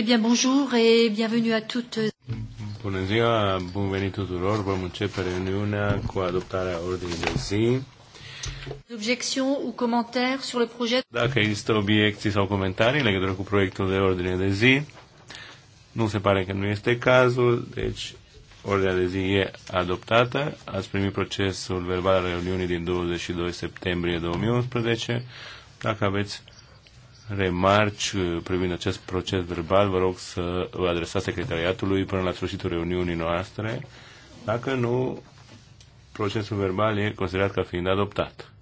Eh bien, bonjour et bienvenue à toutes. Bună ziua, bun venit tuturor. Vom începe reuniunea cu adoptarea ordinii de zi. Objections ou commentaires sur le projet? Dacă există obiecții sau comentarii în legătură cu proiectul de ordine de zi, nu se pare că nu este cazul, deci ordinea de zi e adoptată. Ați primit procesul verbal al reuniunii din 22 septembrie 2011. Dacă aveți remarci privind acest proces verbal, vă rog să vă adresați secretariatului până la sfârșitul reuniunii noastre. Dacă nu, procesul verbal e considerat ca fiind adoptat.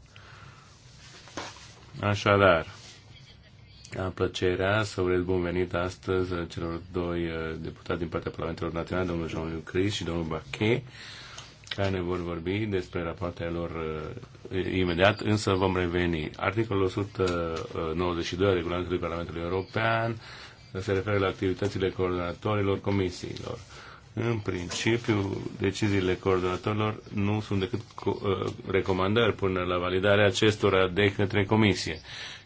Așadar, am plăcerea să urez bun venit astăzi celor doi eh, deputați din partea Parlamentelor Naționale, domnul Jean-Luc Cris și domnul Bachet, care ne vor vorbi despre rapoartele lor uh, imediat, însă vom reveni. Articolul 192 al regulamentului Parlamentului European se referă la activitățile coordonatorilor comisiilor. În principiu, deciziile coordonatorilor nu sunt decât uh, recomandări până la validarea acestora de către comisie.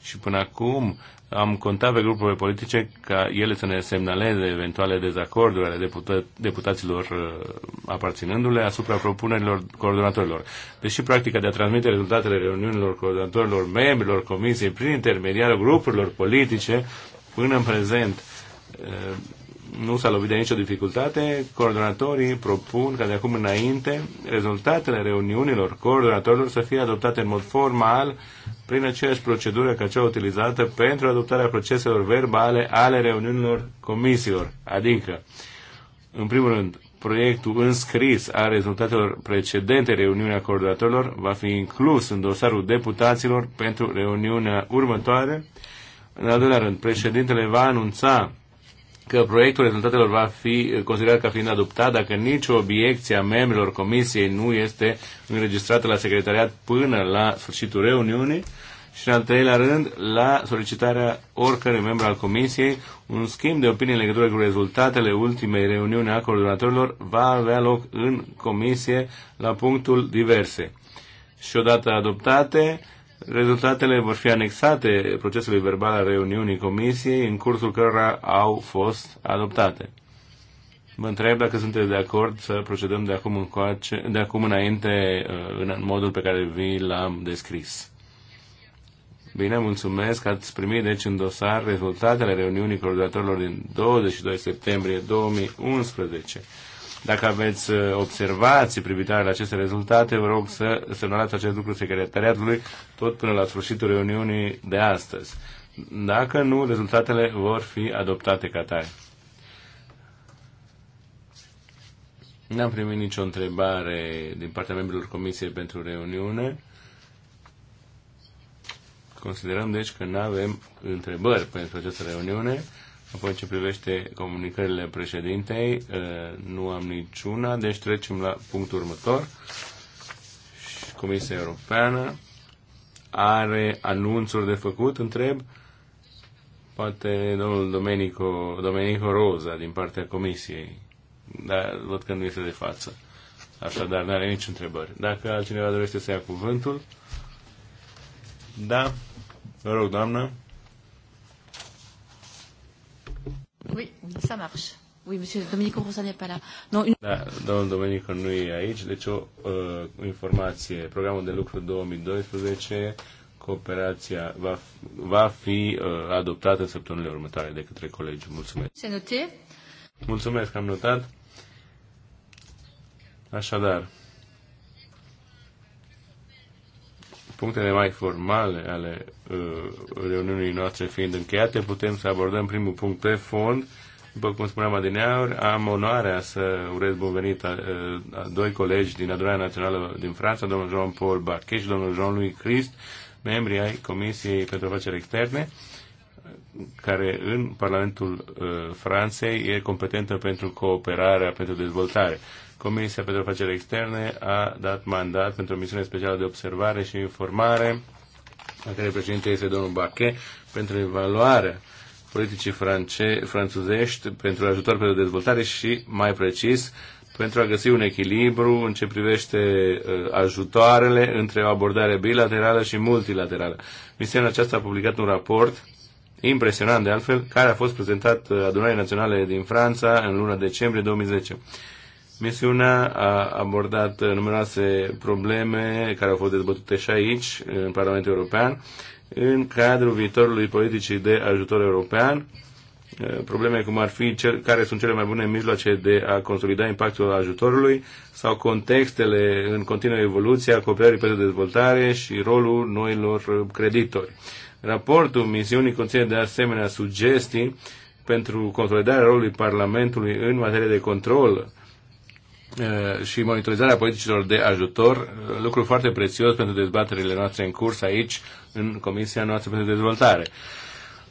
Și până acum, am contat pe grupurile politice ca ele să ne semnaleze eventuale dezacorduri ale deputa- deputaților uh, aparținându-le asupra propunerilor coordonatorilor. Deși practica de a transmite rezultatele reuniunilor coordonatorilor membrilor comisiei prin intermediarul grupurilor politice până în prezent uh, nu s-a lovit de nicio dificultate, coordonatorii propun ca de acum înainte rezultatele reuniunilor coordonatorilor să fie adoptate în mod formal prin aceeași procedură ca cea utilizată pentru adoptarea proceselor verbale ale reuniunilor comisiilor. Adică, în primul rând, proiectul înscris a rezultatelor precedente reuniunea coordonatorilor va fi inclus în dosarul deputaților pentru reuniunea următoare. În al doilea rând, președintele va anunța că proiectul rezultatelor va fi considerat ca fiind adoptat dacă nicio obiecție a membrilor comisiei nu este înregistrată la secretariat până la sfârșitul reuniunii și în al treilea rând la solicitarea oricărui membru al comisiei un schimb de opinie în legătură cu rezultatele ultimei reuniuni a coordonatorilor va avea loc în comisie la punctul diverse. Și odată adoptate, Rezultatele vor fi anexate procesului verbal al reuniunii comisiei, în cursul cărora au fost adoptate. Vă întreb dacă sunteți de acord să procedăm de acum, încoace, de acum înainte uh, în modul pe care vi l-am descris. Bine, mulțumesc. Ați primit deci în dosar rezultatele reuniunii coordonatorilor din 22 septembrie 2011. Dacă aveți uh, observații privitoare la aceste rezultate, vă rog să semnalați acest lucru secretariatului tot până la sfârșitul reuniunii de astăzi. Dacă nu, rezultatele vor fi adoptate ca tare. N-am primit nicio întrebare din partea membrilor Comisiei pentru reuniune. Considerăm, deci, că nu avem întrebări pentru această reuniune. Apoi ce privește comunicările președintei, eh, nu am niciuna, deci trecem la punctul următor. Comisia Europeană are anunțuri de făcut, întreb, poate domnul Domenico, Domenico Roza din partea Comisiei, dar văd că nu este de față. Așadar, nu are nici întrebări. Dacă altcineva dorește să ia cuvântul, da, vă rog, doamnă. Oui, ça marche. Oui, monsieur Domenico Rosa n'est pas là. Non, une... Da, domnul Domenico nu e aici, deci o uh, informație. Programul de lucru 2012, cooperația va, va fi uh, adoptată săptămânile următoare de către colegi. Mulțumesc. Se note. Mulțumesc, am notat. Așadar, punctele mai formale ale uh, reuniunii noastre fiind încheiate, putem să abordăm primul punct pe fond. După cum spuneam adineauri, am onoarea să urez bun venit a, uh, a, a doi colegi din Adunarea Națională din Franța, domnul Jean-Paul Barchet și domnul Jean-Louis Christ, membri ai Comisiei pentru Afaceri Externe, care în Parlamentul uh, Franței e competentă pentru cooperarea pentru dezvoltare. Comisia pentru Afaceri Externe a dat mandat pentru o misiune specială de observare și informare, a care președinte este domnul Bache, pentru evaluarea politicii franțuzești pentru ajutor pentru dezvoltare și, mai precis, pentru a găsi un echilibru în ce privește uh, ajutoarele între o abordare bilaterală și multilaterală. Misiunea aceasta a publicat un raport impresionant de altfel, care a fost prezentat uh, adunării naționale din Franța în luna decembrie 2010. Misiunea a abordat numeroase probleme care au fost dezbătute și aici, în Parlamentul European, în cadrul viitorului politicii de ajutor european, probleme cum ar fi cel, care sunt cele mai bune mijloace de a consolida impactul ajutorului sau contextele în continuă evoluție a cooperării pentru dezvoltare și rolul noilor creditori. Raportul misiunii conține de asemenea sugestii pentru consolidarea rolului Parlamentului în materie de control Eh, și monitorizarea politicilor de ajutor, eh, lucru foarte prețios pentru dezbaterile noastre în curs aici, în Comisia noastră pentru dezvoltare.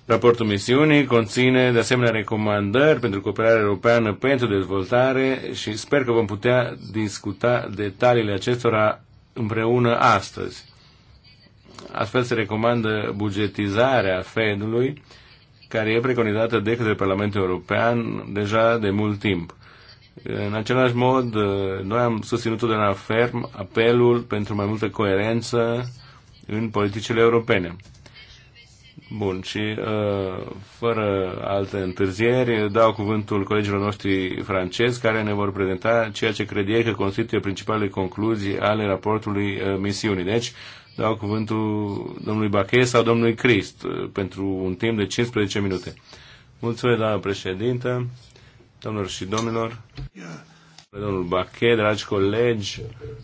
Raportul misiunii conține de asemenea recomandări pentru cooperarea europeană pentru dezvoltare și sper că vom putea discuta detaliile acestora împreună astăzi. Astfel se recomandă bugetizarea FED-ului, care e preconizată de către Parlamentul European deja de mult timp. În același mod, uh, noi am susținut de la ferm apelul pentru mai multă coerență în politicile europene. Bun, și uh, fără alte întârzieri, dau cuvântul colegilor noștri francezi care ne vor prezenta ceea ce cred ei că constituie principalele concluzii ale raportului uh, misiunii. Deci, dau cuvântul domnului Bachet sau domnului Crist pentru un timp de 15 minute. Mulțumesc, doamnă președintă. Domnilor și domnilor, domnul Bache, dragi colegi,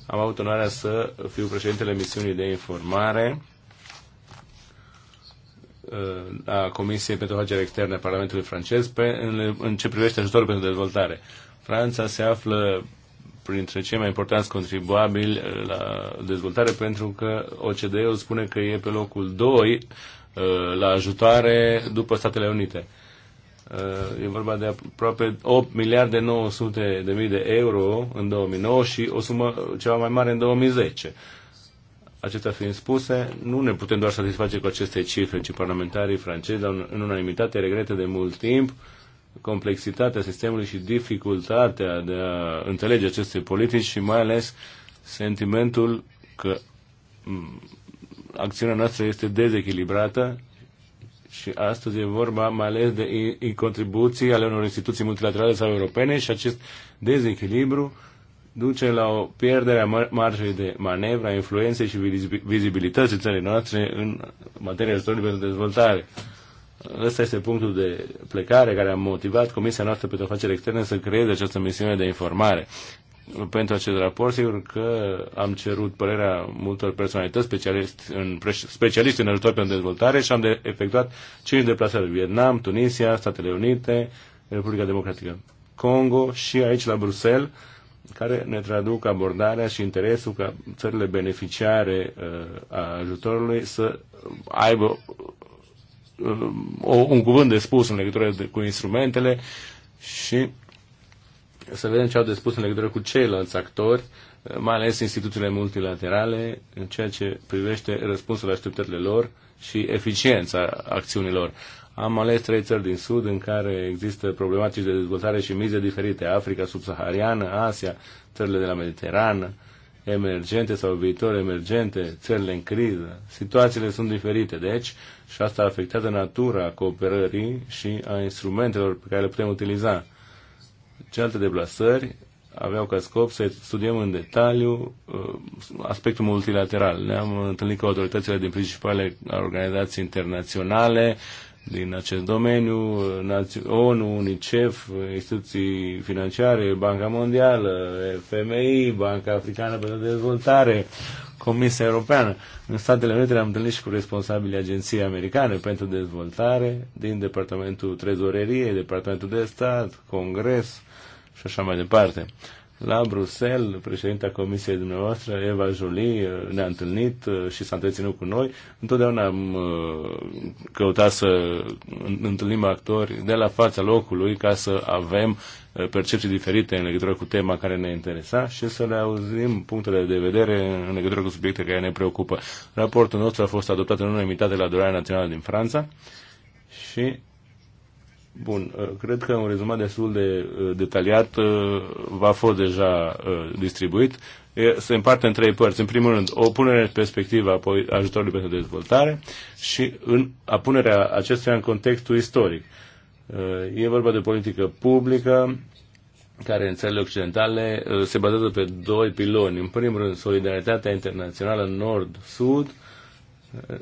am avut onoarea să fiu președintele misiunii de informare uh, a Comisiei pentru Afaceri Externe a Parlamentului francez pe, în, în ce privește ajutorul pentru dezvoltare. Franța se află printre cei mai importanți contribuabili uh, la dezvoltare pentru că OCDE-ul spune că e pe locul 2 uh, la ajutoare după Statele Unite. Eh, e vorba de aproape 8 miliarde 900 de mii de euro în 2009 și o sumă ceva mai mare în 2010. Acestea fiind spuse, nu ne putem doar satisface cu aceste cifre, ci parlamentarii francezi, în unanimitate, regretă de mult timp complexitatea sistemului și dificultatea de a înțelege aceste politici și mai ales sentimentul că acțiunea noastră este dezechilibrată și astăzi e vorba mai ales de contribuții ale unor instituții multilaterale sau europene și acest dezechilibru duce la o pierdere a marjei de manevră, a influenței și vizibilității țării noastre în materie ajutorului pentru dezvoltare. Ăsta este punctul de plecare care a motivat Comisia noastră pentru afaceri externe să creeze această misiune de informare pentru acest raport. Sigur că am cerut părerea multor personalități, specialiști în, specialiști în ajutor pentru dezvoltare și am de, efectuat 5 deplasări. Vietnam, Tunisia, Statele Unite, Republica Democratică Congo și aici la Bruxelles, care ne traduc abordarea și interesul ca țările beneficiare uh, a ajutorului să aibă uh, o, un cuvânt de spus în legătură de, cu instrumentele și să vedem ce au de spus în legătură cu ceilalți actori, mai ales instituțiile multilaterale, în ceea ce privește răspunsul așteptările lor și eficiența acțiunilor. Am ales trei țări din Sud în care există problematici de dezvoltare și mize diferite, Africa subsahariană, Asia, țările de la Mediterană, emergente sau viitor emergente, țările în criză. Situațiile sunt diferite, deci, și asta afectează natura cooperării și a instrumentelor pe care le putem utiliza. Celelalte deplasări aveau ca scop să studiem în detaliu uh, aspectul multilateral. Ne-am întâlnit cu autoritățile din principale organizații internaționale din acest domeniu, ONU, UNICEF, instituții financiare, Banca Mondială, FMI, Banca Africană pentru Dezvoltare, Comisia Europeană. În Statele Unite am întâlnit și cu responsabilii agenției americane pentru dezvoltare din Departamentul Trezorerie, Departamentul de Stat, Congres și așa mai departe. La Bruxelles, președinta Comisiei dumneavoastră, Eva Jolie, ne-a întâlnit uh, și s-a întreținut cu noi. Întotdeauna am uh, căutat să întâlnim actori de la fața locului ca să avem percepții diferite în legătură cu tema care ne interesa și să le auzim punctele de vedere în legătură cu subiecte care ne preocupă. Raportul nostru a fost adoptat în unanimitate la adorarea națională din Franța și Bun, cred că un rezumat destul de uh, detaliat uh, va fi deja uh, distribuit. Se împarte în trei părți. În primul rând, o punere în perspectivă a ajutorului pentru dezvoltare și în, a punerea acestuia în contextul istoric. Uh, e vorba de o politică publică care în țările occidentale uh, se bazează pe doi piloni. În primul rând, solidaritatea internațională nord-sud, uh,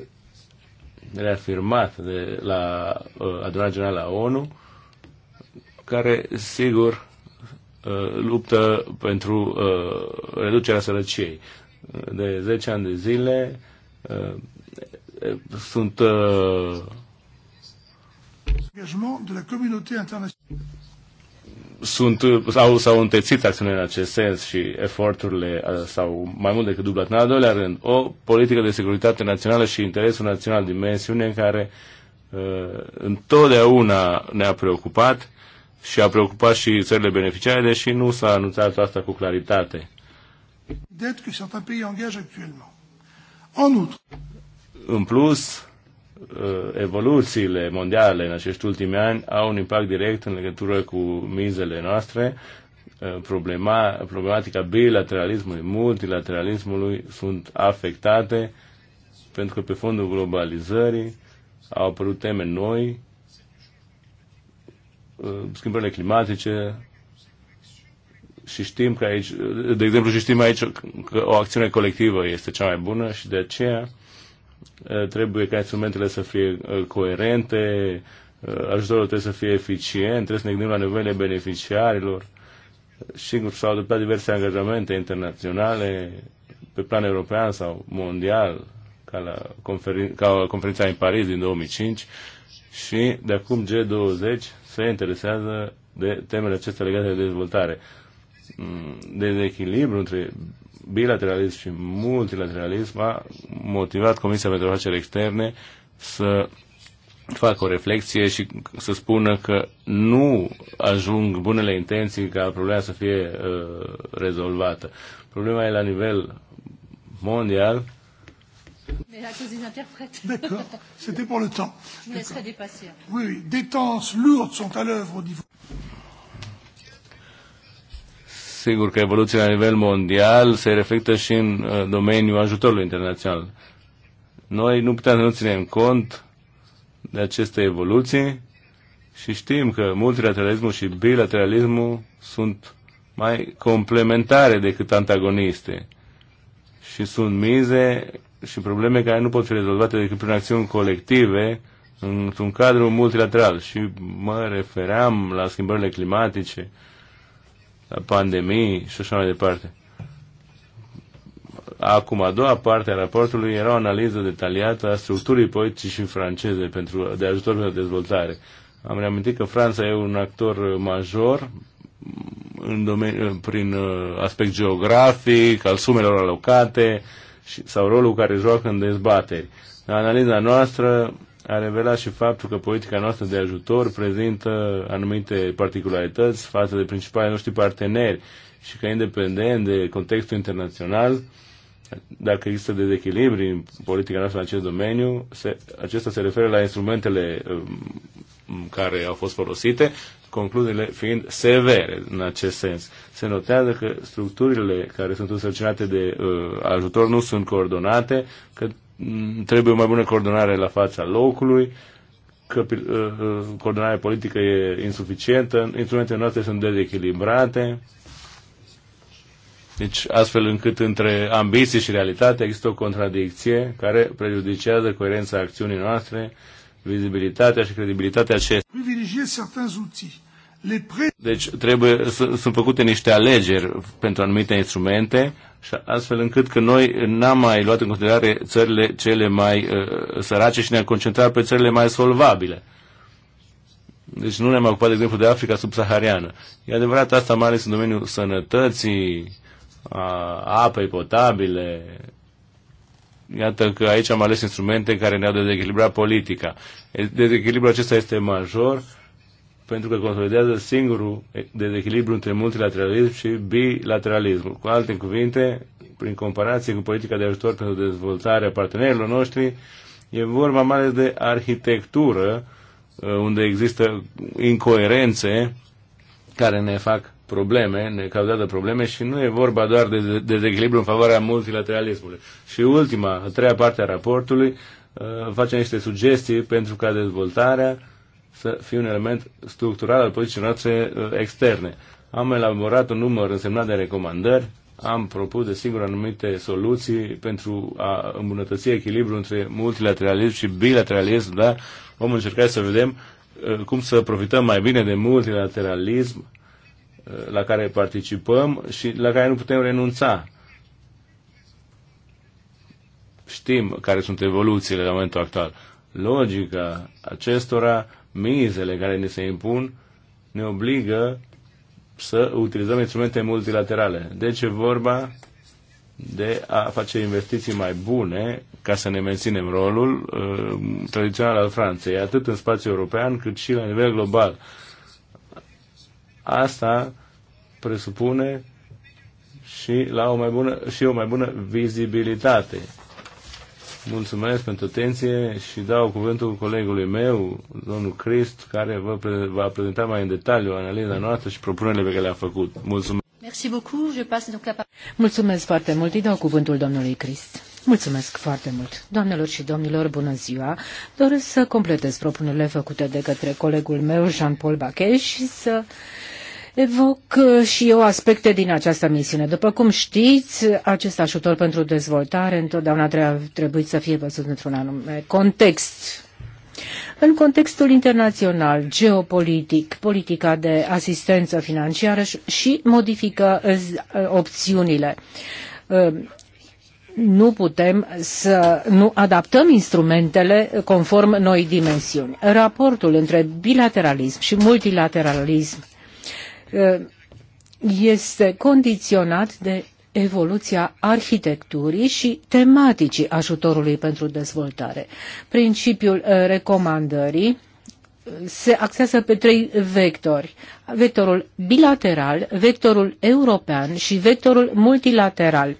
reafirmat de la adunarea generală a ONU, care, sigur, luptă pentru reducerea sărăciei. De 10 ani de zile sunt sunt, sau, s-au întețit acțiunile în acest sens și eforturile uh, s-au mai mult decât dublat. În al doilea rând, o politică de securitate națională și interesul național, dimensiune în care uh, întotdeauna ne-a preocupat și a preocupat și țările beneficiare, deși nu s-a anunțat asta cu claritate. În plus, Uh, evoluțiile mondiale în acești ultimi ani au un impact direct în legătură cu mizele noastre. Uh, problema, problematica bilateralismului, multilateralismului sunt afectate pentru că pe fondul globalizării au apărut teme noi, uh, schimbările climatice, și știm că aici, de exemplu, și știm aici că o acțiune colectivă este cea mai bună și de aceea Eh, trebuie ca instrumentele să fie eh, coerente, eh, ajutorul trebuie să fie eficient, trebuie să ne gândim la nevoile beneficiarilor. Sigur, s-au adoptat diverse angajamente internaționale, pe plan european sau mondial, ca la, conferin- ca la conferința în Paris din 2005, și de acum G20 se interesează de temele acestea legate de dezvoltare. Mm, de Dezechilibru între bilateralism și multilateralism a motivat Comisia pentru Afaceri Externe să facă o reflexie și să spună că nu ajung bunele intenții ca problema să fie uh, rezolvată. Problema e la nivel mondial. Mais à cause des interprètes. D'accord, c'était pour le temps. Je vous laisserai dépasser. Oui, oui, des temps lourdes sont à l'œuvre au niveau. Sigur că evoluția la nivel mondial se reflectă și în uh, domeniul ajutorului internațional. Noi nu putem să nu ținem cont de aceste evoluții și știm că multilateralismul și bilateralismul sunt mai complementare decât antagoniste și sunt mize și probleme care nu pot fi rezolvate decât prin acțiuni colective într-un cadru multilateral. Și mă refeream la schimbările climatice, pandemii și așa mai departe. Acum, a doua parte a raportului era o analiză detaliată a structurii politicii și franceze pentru, de ajutor pentru dezvoltare. Am reamintit că Franța e un actor major în domeniu prin uh, aspect geografic, al sumelor alocate și, sau rolul care joacă în dezbateri. Analiza noastră a revelat și faptul că politica noastră de ajutor prezintă anumite particularități față de principalii noștri parteneri și că independent de contextul internațional, dacă există dezechilibri în politica noastră în acest domeniu, se, acesta se referă la instrumentele um, care au fost folosite, concluziile fiind severe în acest sens. Se notează că structurile care sunt însărcinate de uh, ajutor nu sunt coordonate, că Mm, trebuie o mai bună coordonare la fața locului, că uh, uh, coordonarea politică e insuficientă, instrumentele noastre sunt dezechilibrate, deci astfel încât între ambiții și realitate există o contradicție care prejudicează coerența acțiunii noastre, vizibilitatea și credibilitatea acestei. Privilegiez certains outils deci trebuie să, sunt făcute niște alegeri pentru anumite instrumente, astfel încât că noi n-am mai luat în considerare țările cele mai uh, sărace și ne-am concentrat pe țările mai solvabile. Deci nu ne-am ocupat, de exemplu, de Africa subsahariană. E adevărat asta, mai ales în domeniul sănătății, a apei potabile. Iată că aici am ales instrumente care ne-au dezechilibrat politica. Dezechilibrul acesta este major pentru că consolidează singurul dezechilibru între multilateralism și bilateralism. Cu alte cuvinte, prin comparație cu politica de ajutor pentru dezvoltarea partenerilor noștri, e vorba mai ales de arhitectură, uh, unde există incoerențe care ne fac probleme, ne cauzează probleme și nu e vorba doar de dezechilibru în favoarea multilateralismului. Și ultima, a treia parte a raportului, uh, face niște sugestii pentru ca dezvoltarea să fie un element structural al poziției noastre uh, externe. Am elaborat un număr însemnat de recomandări, am propus, desigur, anumite soluții pentru a îmbunătăți echilibrul între multilateralism și bilateralism, dar vom încerca să vedem uh, cum să profităm mai bine de multilateralism uh, la care participăm și la care nu putem renunța. Știm care sunt evoluțiile la momentul actual. Logica acestora mizele care ne se impun ne obligă să utilizăm instrumente multilaterale. Deci e vorba de a face investiții mai bune ca să ne menținem rolul uh, tradițional al Franței, atât în spațiul european cât și la nivel global. Asta presupune și, la o, mai bună, și o mai bună vizibilitate Mulțumesc pentru atenție și dau cuvântul colegului meu, domnul Crist, care vă pre- va prezenta mai în detaliu analiza noastră și propunerile pe care le-a făcut. Mulțumesc. Merci beaucoup. Je passe donc la... Mulțumesc foarte mult. Îi dau cuvântul domnului Crist. Mulțumesc foarte mult. Doamnelor și domnilor, bună ziua! Doresc să completez propunerile făcute de către colegul meu, Jean-Paul Bache și să Evoc uh, și eu aspecte din această misiune. După cum știți, acest ajutor pentru dezvoltare întotdeauna trebuie să fie văzut într-un anume context. În contextul internațional, geopolitic, politica de asistență financiară și modifică uh, opțiunile uh, nu putem să nu adaptăm instrumentele conform noi dimensiuni. Raportul între bilateralism și multilateralism Uh, este condiționat de evoluția arhitecturii și tematicii ajutorului pentru dezvoltare. Principiul uh, recomandării uh, se axează pe trei vectori. Vectorul bilateral, vectorul european și vectorul multilateral.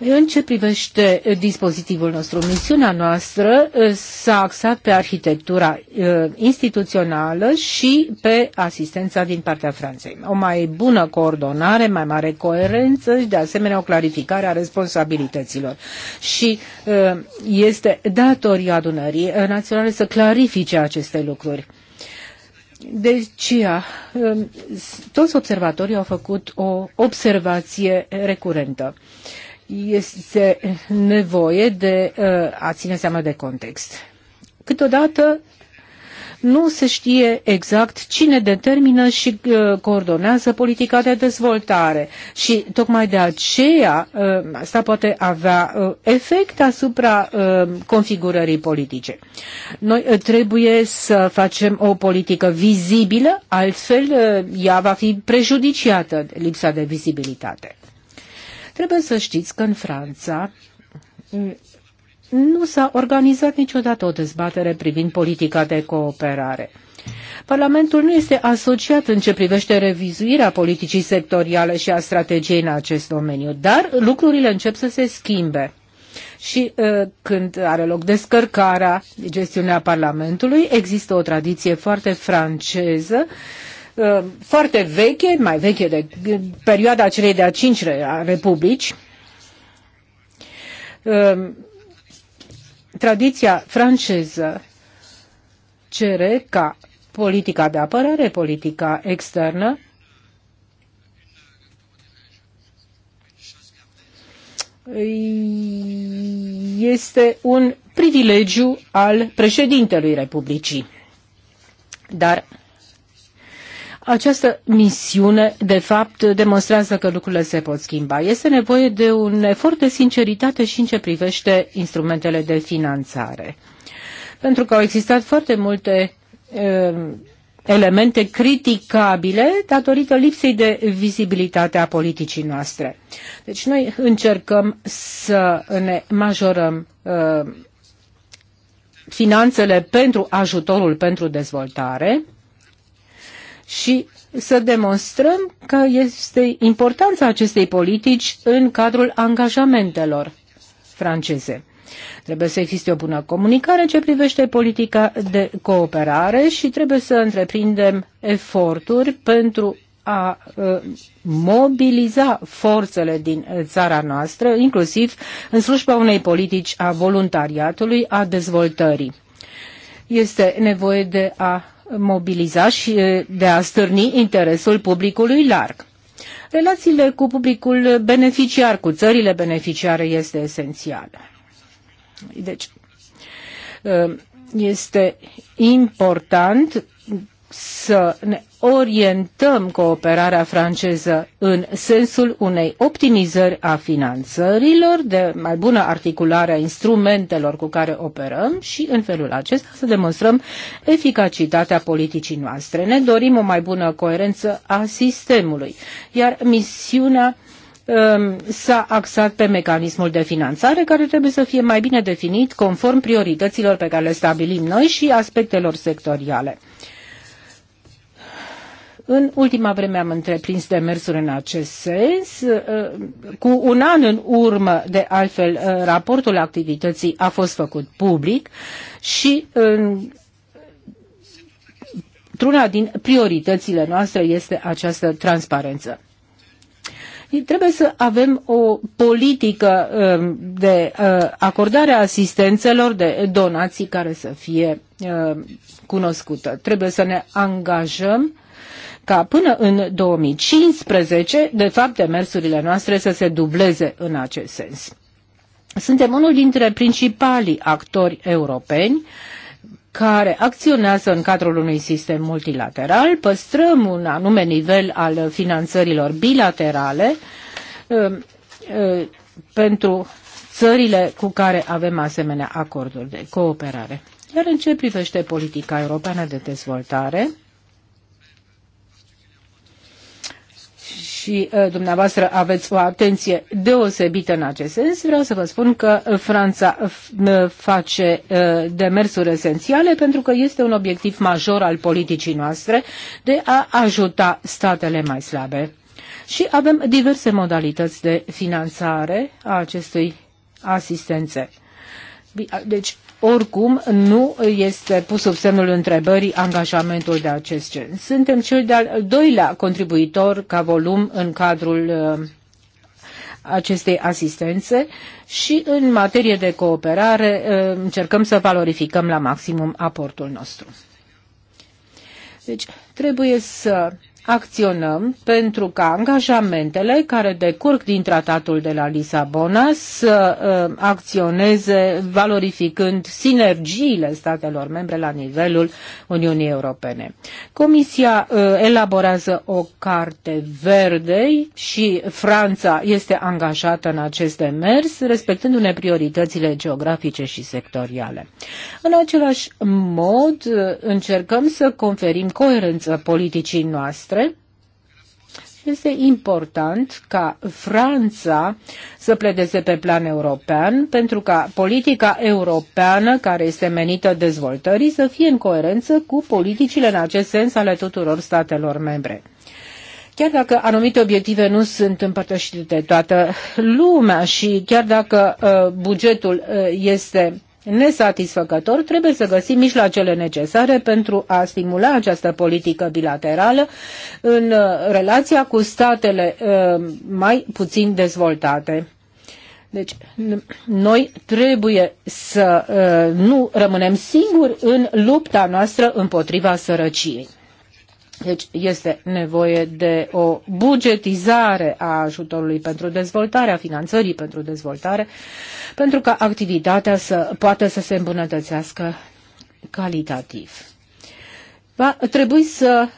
În ce privește eh, dispozitivul nostru, misiunea noastră eh, s-a axat pe arhitectura eh, instituțională și pe asistența din partea Franței. O mai bună coordonare, mai mare coerență și de asemenea o clarificare a responsabilităților. Și este datoria adunării naționale să clarifice aceste lucruri. Deci, toți observatorii au făcut o observație recurentă este nevoie de uh, a ține seama de context. Câteodată nu se știe exact cine determină și uh, coordonează politica de dezvoltare și tocmai de aceea uh, asta poate avea efect asupra configurării politice. Noi trebuie să facem o politică vizibilă, altfel ea va fi prejudiciată de lipsa de vizibilitate. Trebuie să știți că în Franța mm, nu s-a organizat niciodată o dezbatere privind politica de cooperare. Parlamentul nu este asociat în ce privește revizuirea politicii sectoriale și a strategiei în acest domeniu, dar lucrurile încep să se schimbe. Și uh, când are loc descărcarea, gestiunea Parlamentului, există o tradiție foarte franceză uh, Uh, foarte veche, mai veche de perioada celei de-a cinci republici. Uh, tradiția franceză cere ca politica de apărare, politica externă, este un privilegiu al președintelui Republicii. Dar această misiune, de fapt, demonstrează că lucrurile se pot schimba. Este nevoie de un efort de sinceritate și în ce privește instrumentele de finanțare. Pentru că au existat foarte multe uh, elemente criticabile datorită lipsei de vizibilitate a politicii noastre. Deci noi încercăm să ne majorăm uh, finanțele pentru ajutorul pentru dezvoltare, și să demonstrăm că este importanța acestei politici în cadrul angajamentelor franceze. Trebuie să existe o bună comunicare în ce privește politica de cooperare și trebuie să întreprindem eforturi pentru a uh, mobiliza forțele din țara noastră, inclusiv în slujba unei politici a voluntariatului, a dezvoltării. Este nevoie de a mobiliza și de a stârni interesul publicului larg. Relațiile cu publicul beneficiar, cu țările beneficiare, este esențială. Deci, este important să ne orientăm cooperarea franceză în sensul unei optimizări a finanțărilor, de mai bună articulare a instrumentelor cu care operăm și în felul acesta să demonstrăm eficacitatea politicii noastre. Ne dorim o mai bună coerență a sistemului, iar misiunea um, s-a axat pe mecanismul de finanțare care trebuie să fie mai bine definit conform priorităților pe care le stabilim noi și aspectelor sectoriale. În ultima vreme am întreprins demersuri în acest sens. Uh, cu un an în urmă, de altfel, uh, raportul activității a fost făcut public și truna din prioritățile noastre este această transparență. Trebuie să avem o politică um, de uh, acordare a asistențelor, de donații care să fie cunoscută. Trebuie să ne angajăm ca până în 2015, de fapt, demersurile noastre să se dubleze în acest sens. Suntem unul dintre principalii actori europeni care acționează în cadrul unui sistem multilateral, păstrăm un anume nivel al finanțărilor bilaterale um, um, pentru țările cu care avem asemenea acorduri de cooperare. Iar în ce privește politica europeană de dezvoltare, și uh, dumneavoastră aveți o atenție deosebită în acest sens. Vreau să vă spun că Franța uh, face uh, demersuri esențiale pentru că este un obiectiv major al politicii noastre de a ajuta statele mai slabe. Și avem diverse modalități de finanțare a acestei asistențe. Deci, oricum nu este pus sub semnul întrebării angajamentul de acest gen. Suntem cel de-al doilea contribuitor ca volum în cadrul uh, acestei asistențe și în materie de cooperare uh, încercăm să valorificăm la maximum aportul nostru. Deci trebuie să acționăm pentru ca angajamentele care decurg din tratatul de la Lisabona să uh, acționeze valorificând sinergiile statelor membre la nivelul Uniunii Europene. Comisia uh, elaborează o carte verde și Franța este angajată în acest demers, respectându-ne prioritățile geografice și sectoriale. În același mod, uh, încercăm să conferim coerență politicii noastre noastre, este important ca Franța să pledeze pe plan european pentru ca politica europeană care este menită dezvoltării să fie în coerență cu politicile în acest sens ale tuturor statelor membre. Chiar dacă anumite obiective nu sunt împărtășite de toată lumea și chiar dacă uh, bugetul uh, este nesatisfăcător, trebuie să găsim mijloacele necesare pentru a stimula această politică bilaterală în uh, relația cu statele uh, mai puțin dezvoltate. Deci, noi trebuie să uh, nu rămânem singuri în lupta noastră împotriva sărăciei. Deci este nevoie de o bugetizare a ajutorului pentru dezvoltare, a finanțării pentru dezvoltare, pentru ca activitatea să poată să se îmbunătățească calitativ. Va trebui să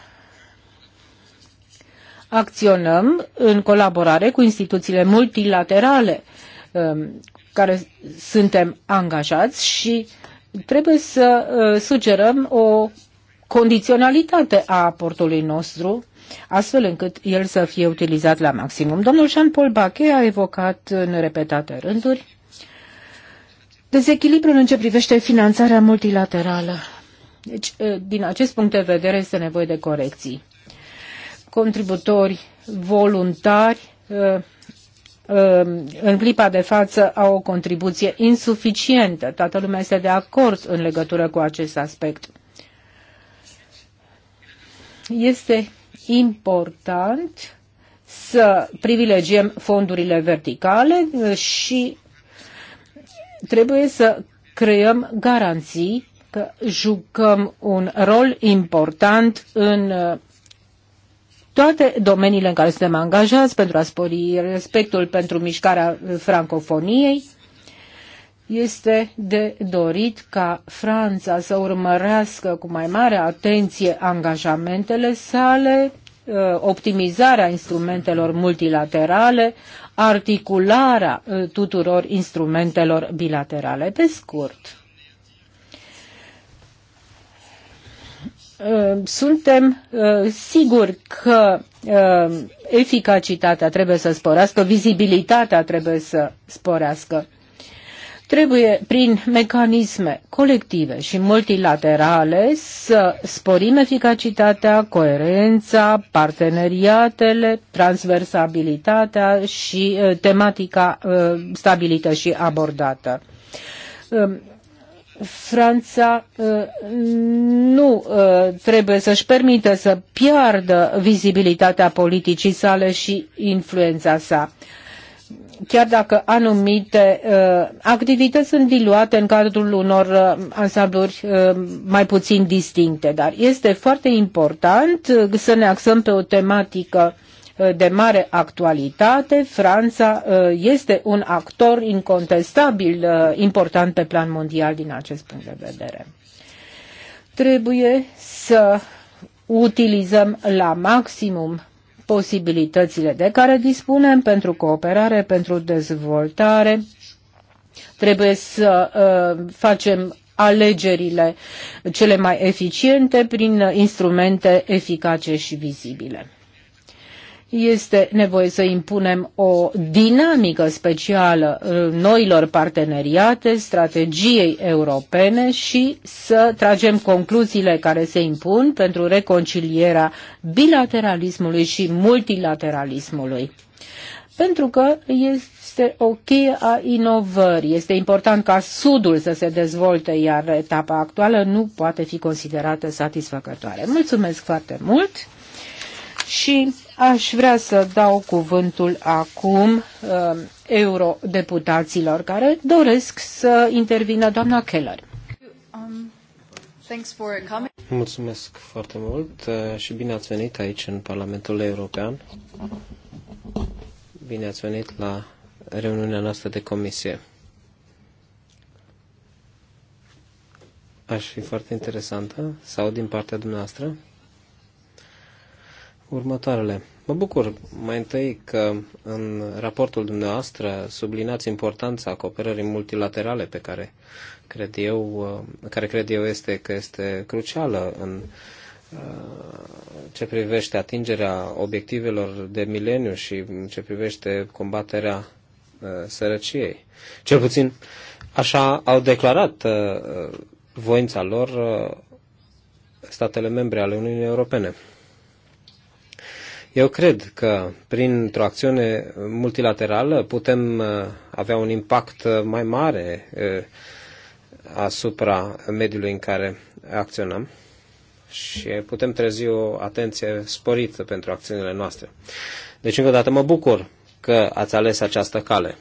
acționăm în colaborare cu instituțiile multilaterale um, care suntem angajați și trebuie să uh, sugerăm o condiționalitate a aportului nostru, astfel încât el să fie utilizat la maximum. Domnul Jean-Paul Bache a evocat în repetate rânduri dezechilibrul în ce privește finanțarea multilaterală. Deci, ă, din acest punct de vedere, este nevoie de corecții. Contributori voluntari ă, ă, în clipa de față au o contribuție insuficientă. Toată lumea este de acord în legătură cu acest aspect este important să privilegiem fondurile verticale uh, și trebuie să creăm garanții că jucăm un rol important în uh, toate domeniile în care suntem angajați pentru a spori respectul pentru mișcarea uh, francofoniei este de dorit ca Franța să urmărească cu mai mare atenție angajamentele sale, uh, optimizarea instrumentelor multilaterale, articularea uh, tuturor instrumentelor bilaterale. Pe scurt, uh, suntem siguri că eficacitatea trebuie să sporească, vizibilitatea trebuie să sporească. Trebuie prin mecanisme colective și multilaterale să sporim eficacitatea, coerența, parteneriatele, transversabilitatea și uh, tematica uh, stabilită și abordată. Um, Franța uh, nu trebuie să-și permită să piardă vizibilitatea politicii sale și influența sa chiar dacă anumite uh, activități sunt diluate în cadrul unor uh, ansambluri uh, mai puțin distincte. Dar este foarte important să ne axăm pe o tematică de mare actualitate. Franța este un actor incontestabil important pe plan mondial din acest punct de vedere. Trebuie să utilizăm la maximum posibilitățile de care dispunem pentru cooperare, pentru dezvoltare. Trebuie să uh, facem alegerile cele mai eficiente prin instrumente eficace și vizibile este nevoie să impunem o dinamică specială uh, noilor parteneriate, strategiei europene și să tragem concluziile care se impun pentru reconcilierea bilateralismului și multilateralismului. Pentru că este o cheie a inovării. Este important ca Sudul să se dezvolte, iar etapa actuală nu poate fi considerată satisfăcătoare. Mulțumesc foarte mult și Aș vrea să dau cuvântul acum uh, eurodeputaților care doresc să intervină doamna Keller. Um, Mulțumesc foarte mult uh, și bine ați venit aici în Parlamentul European. Bine ați venit la reuniunea noastră de comisie. Aș fi foarte interesantă sau din partea dumneavoastră următoarele. Mă bucur mai întâi că în raportul dumneavoastră sublinați importanța cooperării multilaterale pe care cred eu, uh, care cred eu este că este crucială în uh, ce privește atingerea obiectivelor de mileniu și ce privește combaterea uh, sărăciei. Cel puțin așa au declarat voința lor statele membre ale Uniunii Europene. Eu cred că printr-o acțiune multilaterală putem uh, avea un impact uh, mai mare uh, asupra mediului în care acționăm și putem trezi o atenție sporită pentru acțiunile noastre. Deci, încă o dată, mă bucur că ați ales această cale.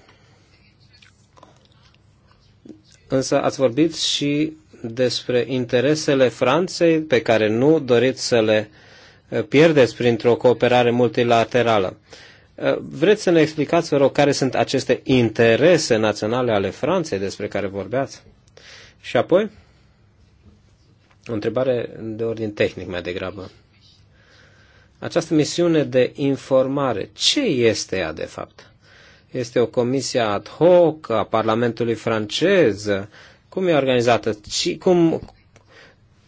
Însă ați vorbit și despre interesele Franței pe care nu doriți să le uh, pierdeți printr-o cooperare multilaterală. Uh, vreți să ne explicați, vă rog, care sunt aceste interese naționale ale Franței despre care vorbeați? Și apoi, o întrebare de ordin tehnic mai degrabă. Această misiune de informare, ce este ea de fapt? Este o comisie ad hoc a Parlamentului francez? Cum e organizată? Cum,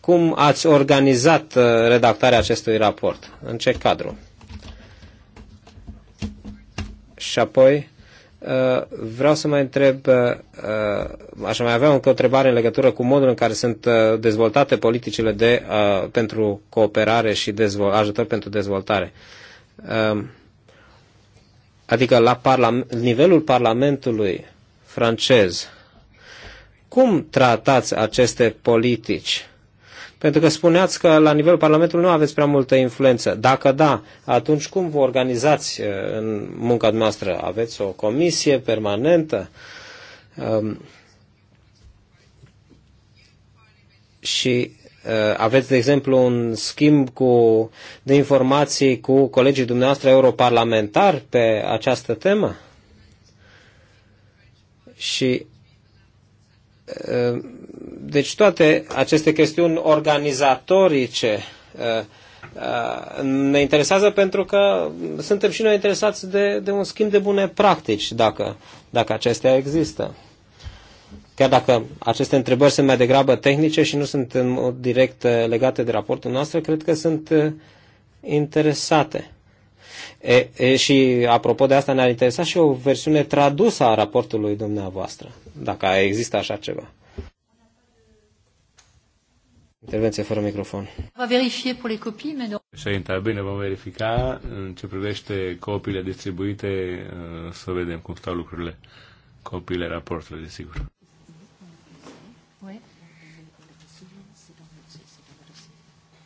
cum ați organizat uh, redactarea acestui raport, în ce cadru. Și apoi uh, vreau să mai întreb, uh, aș mai avea încă o întrebare în legătură cu modul în care sunt dezvoltate politicile de, pentru cooperare și dezvol, ajutor pentru dezvoltare. Um, adică la parlament, nivelul Parlamentului francez, cum tratați aceste politici? Pentru că spuneați că la nivelul Parlamentului nu aveți prea multă influență. Dacă da, atunci cum vă organizați uh, în munca noastră? Aveți o comisie permanentă? Um, și uh, aveți, de exemplu, un schimb cu, de informații cu colegii dumneavoastră europarlamentari pe această temă? Și uh, deci toate aceste chestiuni organizatorice uh, uh, ne interesează pentru că suntem și noi interesați de, de un schimb de bune practici, dacă, dacă acestea există. Chiar dacă aceste întrebări sunt mai degrabă tehnice și nu sunt în mod direct uh, legate de raportul nostru, cred că sunt interesate. E, e, și apropo de asta, ne-ar interesa și o versiune tradusă a raportului dumneavoastră, dacă există așa ceva. Intervenție fără microfon. Va verifica pentru copii, copies, mais non. bine, vom verifica în ce privește copiile distribuite, uh, să vedem cum stau lucrurile. Copiile raportului, desigur.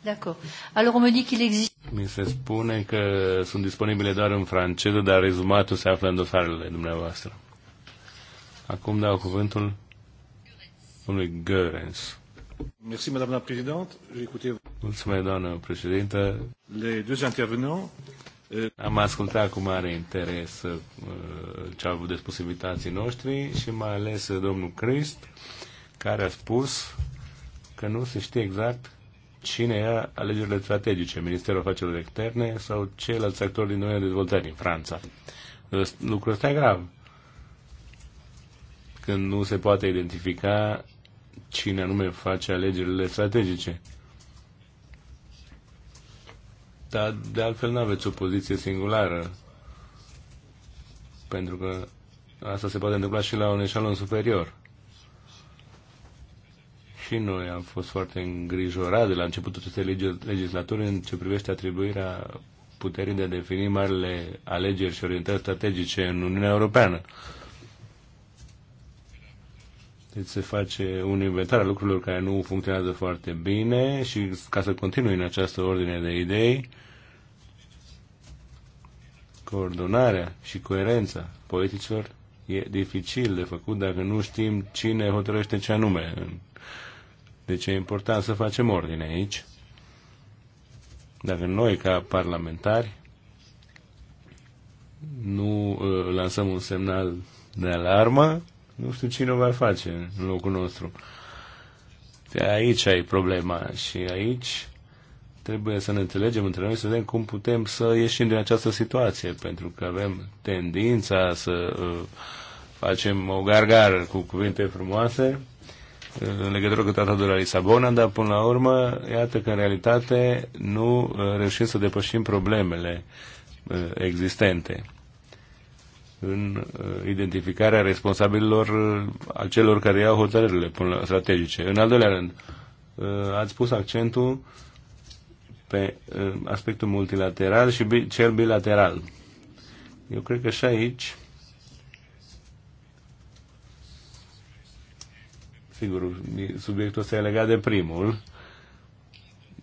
D'accord. Alors on me dit qu'il existe mi se spune că sunt disponibile doar în franceză, dar rezumatul se află în dosarele dumneavoastră. Acum dau cuvântul domnului Görens președinte. Mulțumesc, doamnă președintă. Euh, Am ascultat cu mare interes uh, ce au avut de spus invitații noștri și mai ales uh, domnul Crist, care a spus că nu se știe exact cine ia alegerile strategice, Ministerul Afacerilor Externe sau ceilalți actori din domeniul dezvoltării din Franța. Lucrul ăsta e grav. Când nu se poate identifica cine anume face alegerile strategice. Dar de altfel nu aveți o poziție singulară, pentru că asta se poate întâmpla și la un eșalon superior. Și noi am fost foarte îngrijorați de la începutul acestei legislaturi în ce privește atribuirea puterii de a defini marile alegeri și orientări strategice în Uniunea Europeană. Deci se face un inventar al lucrurilor care nu funcționează foarte bine și ca să continui în această ordine de idei, coordonarea și coerența politicilor e dificil de făcut dacă nu știm cine hotărăște ce anume. Deci e important să facem ordine aici. Dacă noi, ca parlamentari, nu uh, lansăm un semnal de alarmă, nu știu cine o va face în locul nostru. De aici ai problema și aici trebuie să ne înțelegem între noi, să vedem cum putem să ieșim din această situație, pentru că avem tendința să uh, facem o gargară cu cuvinte frumoase uh, în legătură cu tratatul de la Lisabona, dar până la urmă, iată că în realitate nu uh, reușim să depășim problemele uh, existente în uh, identificarea responsabililor uh, a celor care iau hotărârile strategice. În al doilea rând, uh, ați pus accentul pe aspectul multilateral și cel bilateral. Eu cred că și aici sigur, subiectul ăsta e legat de primul.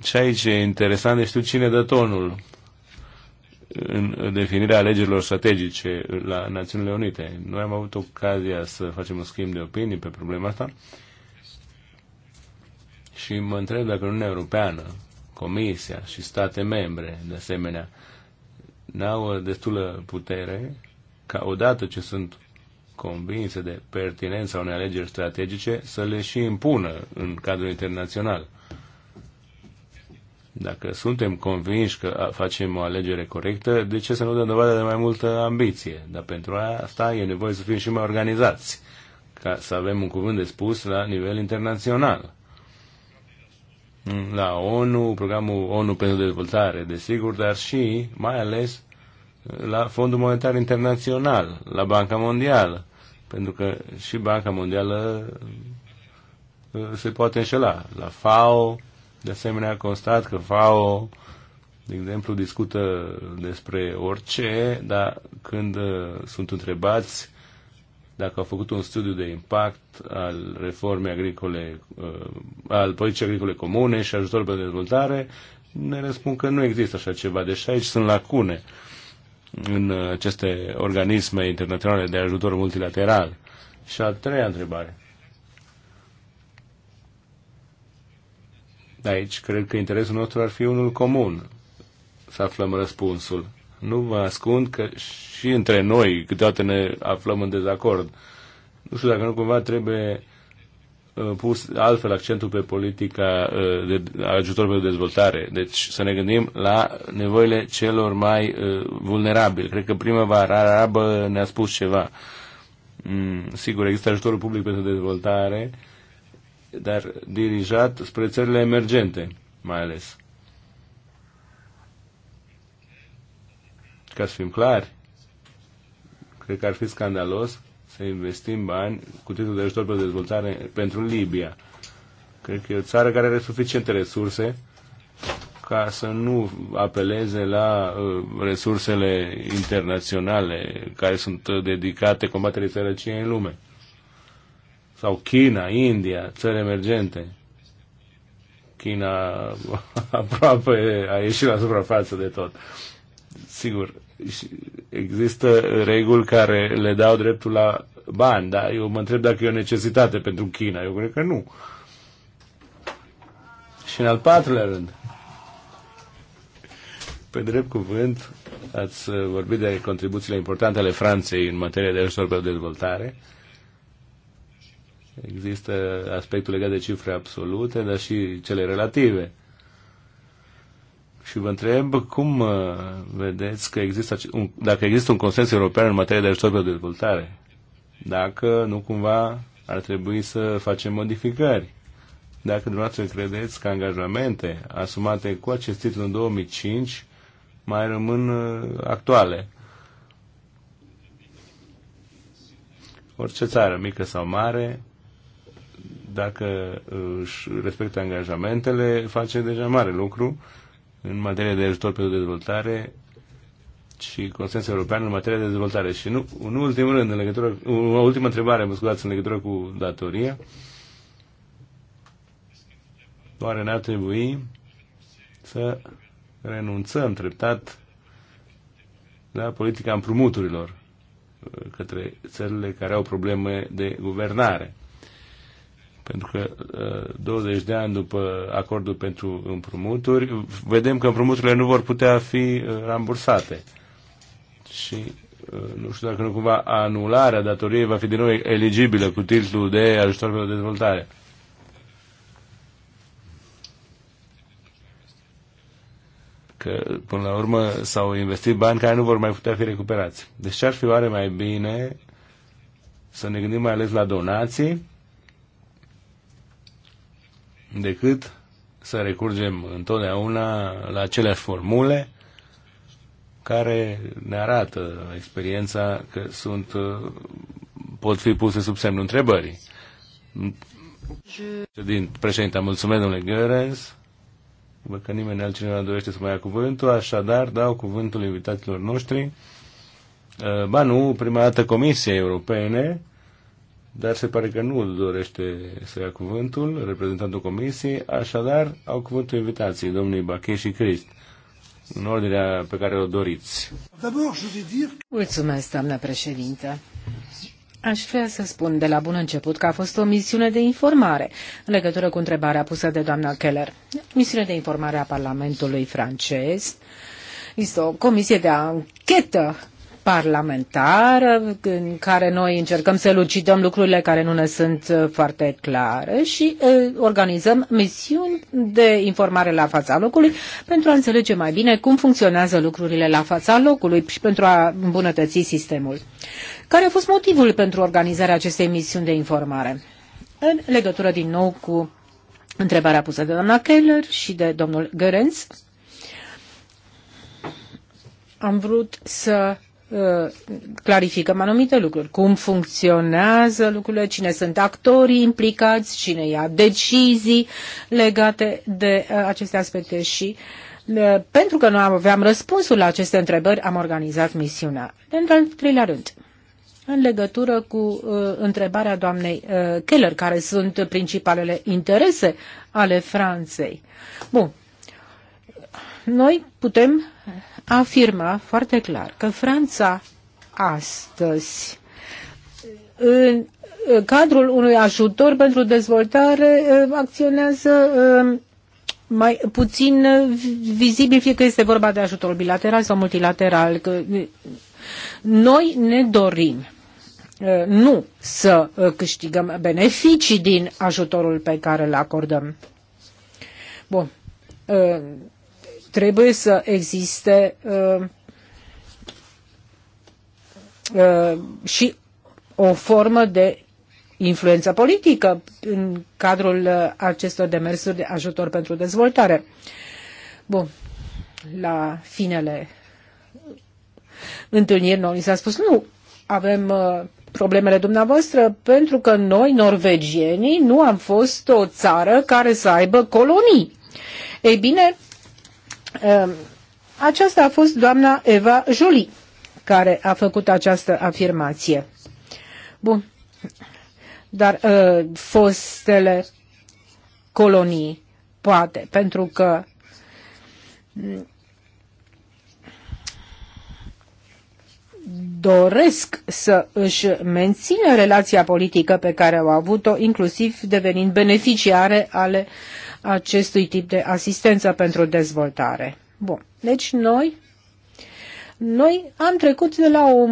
Și aici e interesant de deci știu cine dă tonul în definirea alegerilor strategice la Națiunile Unite. Noi am avut ocazia să facem un schimb de opinii pe problema asta și mă întreb dacă Uniunea Europeană, Comisia și state membre, de asemenea, n-au destulă putere ca odată ce sunt convinse de pertinența unei alegeri strategice să le și impună în cadrul internațional. Dacă suntem convinși că facem o alegere corectă, de ce să nu dăm dovadă de mai multă ambiție? Dar pentru asta e nevoie să fim și mai organizați, ca să avem un cuvânt de spus la nivel internațional. La ONU, programul ONU pentru dezvoltare, desigur, dar și, mai ales, la Fondul Monetar Internațional, la Banca Mondială, pentru că și Banca Mondială uh, se poate înșela, la FAO, de asemenea, constat că FAO, de exemplu, discută despre orice, dar când uh, sunt întrebați dacă au făcut un studiu de impact al reformei agricole, uh, al politicii agricole comune și ajutorul pentru dezvoltare, ne răspund că nu există așa ceva. Deci aici sunt lacune în aceste organisme internaționale de ajutor multilateral. Și a treia întrebare. De aici cred că interesul nostru ar fi unul comun să aflăm răspunsul. Nu vă ascund că și între noi câteodată ne aflăm în dezacord. Nu știu dacă nu cumva trebuie uh, pus altfel accentul pe politica uh, de ajutor pentru dezvoltare. Deci să ne gândim la nevoile celor mai uh, vulnerabili. Cred că primăvara arabă ne-a spus ceva. Mm, sigur, există ajutorul public pentru dezvoltare, dar dirijat spre țările emergente, mai ales. Ca să fim clari, cred că ar fi scandalos să investim bani cu titlul de ajutor pentru dezvoltare pentru Libia. Cred că e o țară care are suficiente resurse ca să nu apeleze la uh, resursele internaționale care sunt dedicate combaterii sărăciei în lume sau China, India, țări emergente. China aproape a ieșit la suprafață de tot. Sigur, există reguli care le dau dreptul la bani, dar eu mă întreb dacă e o necesitate pentru China. Eu cred că nu. Și în al patrulea rând, pe drept cuvânt, ați vorbit de contribuțiile importante ale Franței în materie de ajutor pe dezvoltare. Uh, Există aspectul legat de cifre absolute, dar și cele relative. Și vă întreb cum uh, vedeți că există, un, dacă există un consens european în materie de ajutor de dezvoltare. Dacă nu cumva ar trebui să facem modificări. Dacă dumneavoastră credeți că angajamente asumate cu acest titlu în 2005 mai rămân uh, actuale. Orice țară, mică sau mare, dacă uh, își respectă angajamentele, face deja mare lucru în materie de ajutor pentru dezvoltare și consens european în materie de dezvoltare. Și nu, în ultimul rând, în legătură, o ultimă întrebare, mă scuzați, în legătură cu datoria, oare ne ar trebui să renunțăm treptat la politica împrumuturilor uh, către țările care au probleme de guvernare? pentru că 20 ă, de ani după acordul pentru împrumuturi, vedem că împrumuturile nu vor putea fi ă, rambursate. Și ă, nu știu dacă nu cumva anularea datoriei va fi din nou eligibilă cu titlul de ajutor pentru dezvoltare. Că, până la urmă, s-au investit bani care nu vor mai putea fi recuperați. Deci ce ar fi oare mai bine să ne gândim mai ales la donații, decât să recurgem întotdeauna la acele formule care ne arată experiența că sunt, pot fi puse sub semnul întrebării. Din președinte, mulțumesc, domnule Gărens. Văd că nimeni altcineva dorește să mai ia cuvântul, așadar dau cuvântul invitaților noștri. Ba nu, prima dată Comisia Europene, dar se pare că nu dorește să ia cuvântul reprezentantul comisiei, așadar au cuvântul invitației domnului Bache și Crist în ordinea pe care o doriți. Mulțumesc, doamnă președintă. Aș vrea să spun de la bun început că a fost o misiune de informare în legătură cu întrebarea pusă de doamna Keller. Misiune de informare a Parlamentului francez. Este o comisie de anchetă parlamentară în care noi încercăm să lucidăm lucrurile care nu ne sunt uh, foarte clare și uh, organizăm misiuni de informare la fața locului pentru a înțelege mai bine cum funcționează lucrurile la fața locului și pentru a îmbunătăți sistemul. Care a fost motivul pentru organizarea acestei misiuni de informare? În legătură din nou cu întrebarea pusă de doamna Keller și de domnul Gărenț, am vrut să clarificăm anumite lucruri. Cum funcționează lucrurile, cine sunt actorii implicați, cine ia decizii legate de uh, aceste aspecte și uh, pentru că nu aveam răspunsul la aceste întrebări, am organizat misiunea. În al treilea rând, în legătură cu uh, întrebarea doamnei uh, Keller, care sunt principalele interese ale Franței. Bun. Noi putem afirma foarte clar că Franța astăzi în cadrul unui ajutor pentru dezvoltare ă, acționează ă, mai puțin vizibil, fie că este vorba de ajutor bilateral sau multilateral. Ă, noi ne dorim nu să câștigăm beneficii din ajutorul pe care îl acordăm. Bun trebuie să existe uh, uh, și o formă de influență politică în cadrul uh, acestor demersuri de ajutor pentru dezvoltare. Bun, la finele întâlniri noi s-a spus nu, avem uh, problemele dumneavoastră pentru că noi, norvegienii, nu am fost o țară care să aibă colonii. Ei bine, Ehm, aceasta a fost doamna Eva Jolie care a făcut această afirmație. Bun. Dar uh, fostele colonii, poate, pentru că mm, doresc să își mențină relația politică pe care au avut-o, inclusiv devenind beneficiare ale uh, acestui tip de asistență pentru dezvoltare. Bun. Deci noi, noi am trecut de la o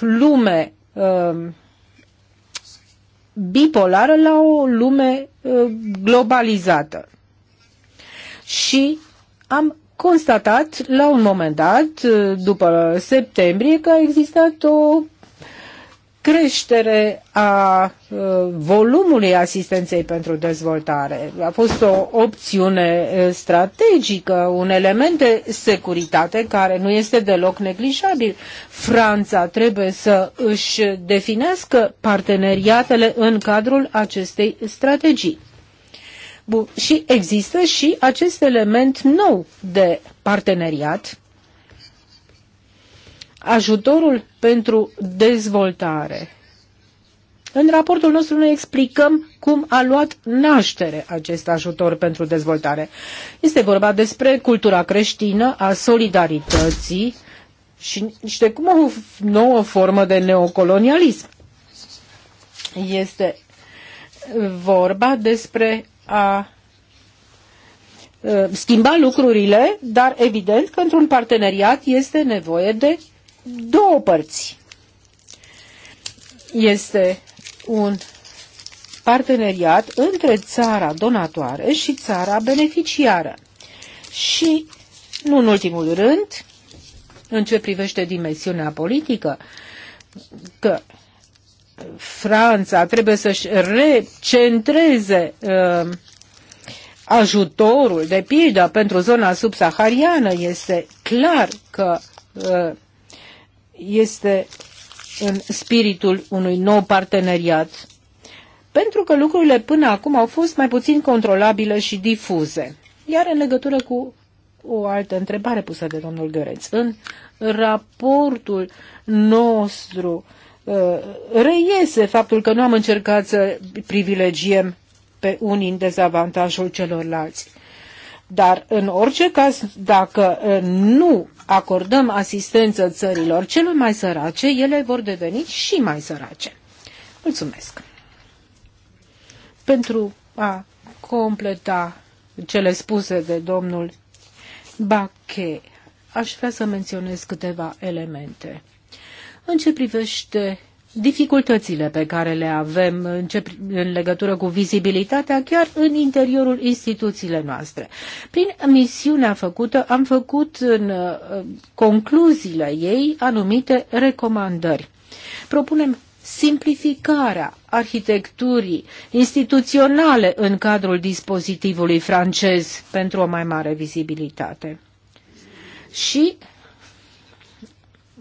lume uh, bipolară la o lume uh, globalizată. Și am constatat la un moment dat, uh, după septembrie, că a existat o creștere a uh, volumului asistenței pentru dezvoltare. A fost o opțiune uh, strategică, un element de securitate care nu este deloc neglijabil. Franța trebuie să își definească parteneriatele în cadrul acestei strategii. Bun. Și există și acest element nou de parteneriat ajutorul pentru dezvoltare. În raportul nostru noi explicăm cum a luat naștere acest ajutor pentru dezvoltare. Este vorba despre cultura creștină a solidarității și, și de cum o nouă formă de neocolonialism. Este vorba despre a schimba lucrurile, dar evident că într-un parteneriat este nevoie de două părți. Este un parteneriat între țara donatoare și țara beneficiară. Și, nu în ultimul rând, în ce privește dimensiunea politică, că Franța trebuie să-și recentreze uh, ajutorul, de pildă, pentru zona subsahariană, este clar că uh, este în spiritul unui nou parteneriat, pentru că lucrurile până acum au fost mai puțin controlabile și difuze. Iar în legătură cu o altă întrebare pusă de domnul Găreț, în raportul nostru uh, reiese faptul că nu am încercat să privilegiem pe unii în dezavantajul celorlalți. Dar, în orice caz, dacă nu acordăm asistență țărilor cele mai sărace, ele vor deveni și mai sărace. Mulțumesc! Pentru a completa cele spuse de domnul Bache, aș vrea să menționez câteva elemente. În ce privește dificultățile pe care le avem în, ce, în legătură cu vizibilitatea chiar în interiorul instituțiile noastre. Prin misiunea făcută am făcut în uh, concluziile ei anumite recomandări. Propunem simplificarea arhitecturii instituționale în cadrul dispozitivului francez pentru o mai mare vizibilitate. Și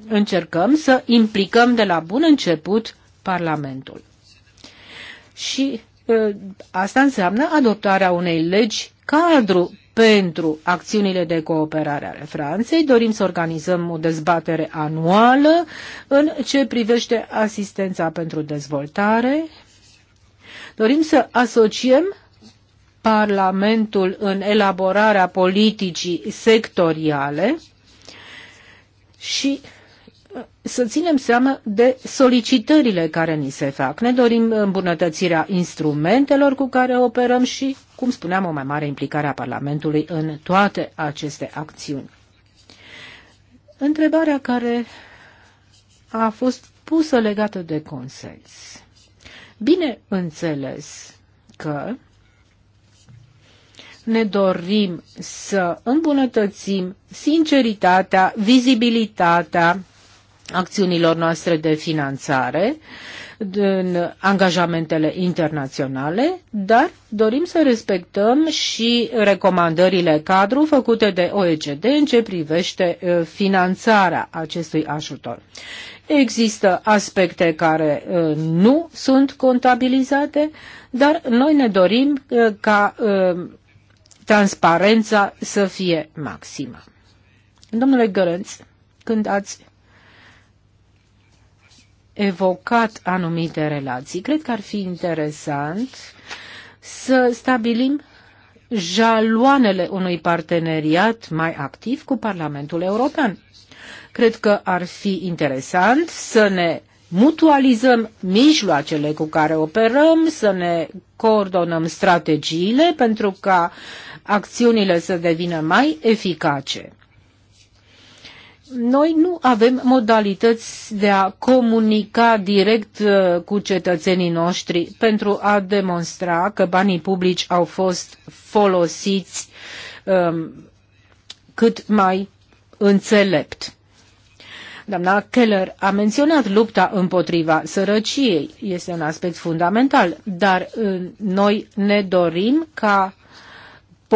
încercăm să implicăm de la bun început Parlamentul. Și ă, asta înseamnă adoptarea unei legi cadru pentru acțiunile de cooperare ale Franței. Dorim să organizăm o dezbatere anuală în ce privește asistența pentru dezvoltare. Dorim să asociem Parlamentul în elaborarea politicii sectoriale și să ținem seama de solicitările care ni se fac. Ne dorim îmbunătățirea instrumentelor cu care operăm și, cum spuneam, o mai mare implicare a Parlamentului în toate aceste acțiuni. Întrebarea care a fost pusă legată de consens. Bine înțeles că ne dorim să îmbunătățim sinceritatea, vizibilitatea acțiunilor noastre de finanțare, din angajamentele internaționale, dar dorim să respectăm și recomandările cadru făcute de OECD în ce privește finanțarea acestui ajutor. Există aspecte care nu sunt contabilizate, dar noi ne dorim ca transparența să fie maximă. Domnule Gărânț, când ați evocat anumite relații. Cred că ar fi interesant să stabilim jaloanele unui parteneriat mai activ cu Parlamentul European. Cred că ar fi interesant să ne mutualizăm mijloacele cu care operăm, să ne coordonăm strategiile pentru ca acțiunile să devină mai eficace. Noi nu avem modalități de a comunica direct uh, cu cetățenii noștri pentru a demonstra că banii publici au fost folosiți um, cât mai înțelept. Doamna Keller a menționat lupta împotriva sărăciei. Este un aspect fundamental, dar uh, noi ne dorim ca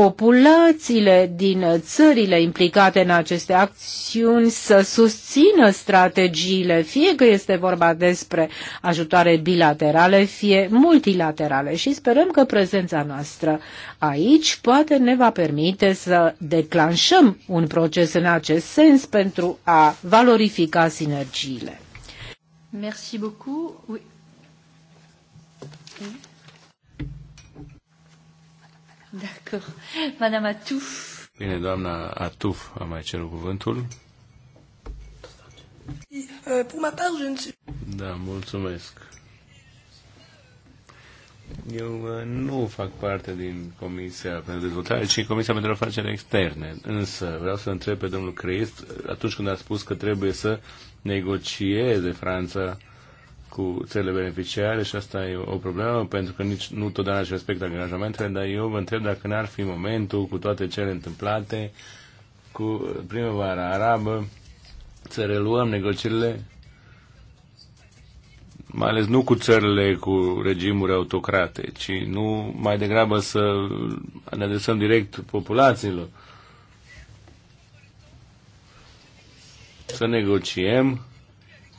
populațiile din țările implicate în aceste acțiuni să susțină strategiile, fie că este vorba despre ajutoare bilaterale, fie multilaterale. Și sperăm că prezența noastră aici poate ne va permite să declanșăm un proces în acest sens pentru a valorifica sinergiile. Merci beaucoup. Oui. D'accord. Madame Atouf. Bine, doamna Atuf a mai cerut cuvântul. Euh, pour ma part, je ne suis... Da, mulțumesc. Eu uh, nu fac parte din Comisia pentru Dezvoltare, ci Comisia pentru Afaceri Externe. Însă vreau să întreb pe domnul Crist, atunci când a spus că trebuie să negocieze Franța cu țările beneficiare și asta e o problemă pentru că nici nu totdeauna își respectă angajamentele, dar eu vă întreb dacă n-ar fi momentul cu toate cele întâmplate cu primăvara arabă să reluăm negocierile mai ales nu cu țările cu regimuri autocrate, ci nu mai degrabă să ne adresăm direct populațiilor. Să negociem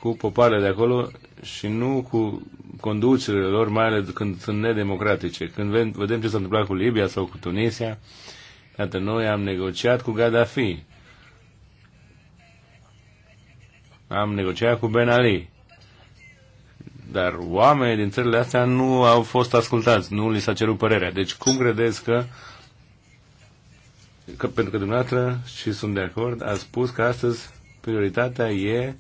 cu popoarele de acolo și nu cu conducerile lor, mai ales când sunt nedemocratice. Când vedem ce s-a întâmplat cu Libia sau cu Tunisia, iată, noi am negociat cu Gaddafi, am negociat cu Ben Ali, dar oamenii din țările astea nu au fost ascultați, nu li s-a cerut părerea. Deci cum credeți că că pentru că dumneavoastră, și sunt de acord, a spus că astăzi prioritatea e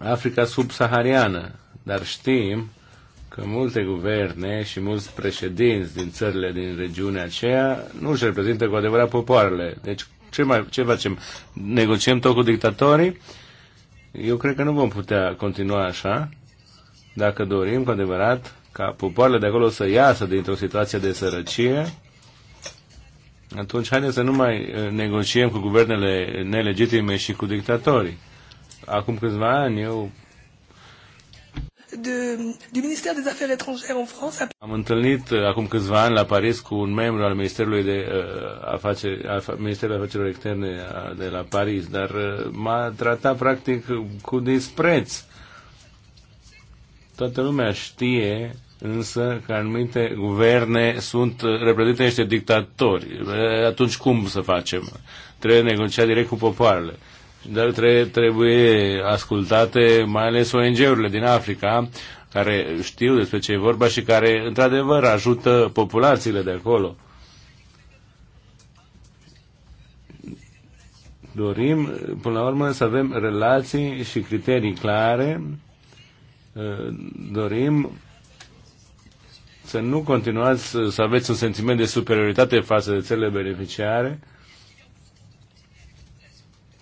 Africa subsahariană, dar știm că multe guverne și mulți președinți din țările din regiunea aceea nu își reprezintă cu adevărat popoarele. Deci ce, mai, ce facem? Negociem tot cu dictatorii? Eu cred că nu vom putea continua așa dacă dorim cu adevărat ca popoarele de acolo să iasă dintr-o situație de sărăcie atunci haideți să nu mai eh, negociem cu guvernele nelegitime și cu dictatorii acum câțiva ani eu de, du ministère des Affaires étrangères en France. Am întâlnit uh, acum câțiva ani la Paris cu un membru al Ministerului de uh, Afaceri, af, Ministerului Afacerilor Externe uh, de la Paris, dar uh, m-a tratat practic cu dispreț. Toată lumea știe însă că anumite guverne sunt uh, reprezintă niște dictatori. Atunci cum să facem? Trebuie negocia direct cu popoarele dar tre- trebuie ascultate mai ales ONG-urile din Africa, care știu despre ce e vorba și care, într-adevăr, ajută populațiile de acolo. Dorim, până la urmă, să avem relații și criterii clare. Dorim să nu continuați să aveți un sentiment de superioritate față de țările beneficiare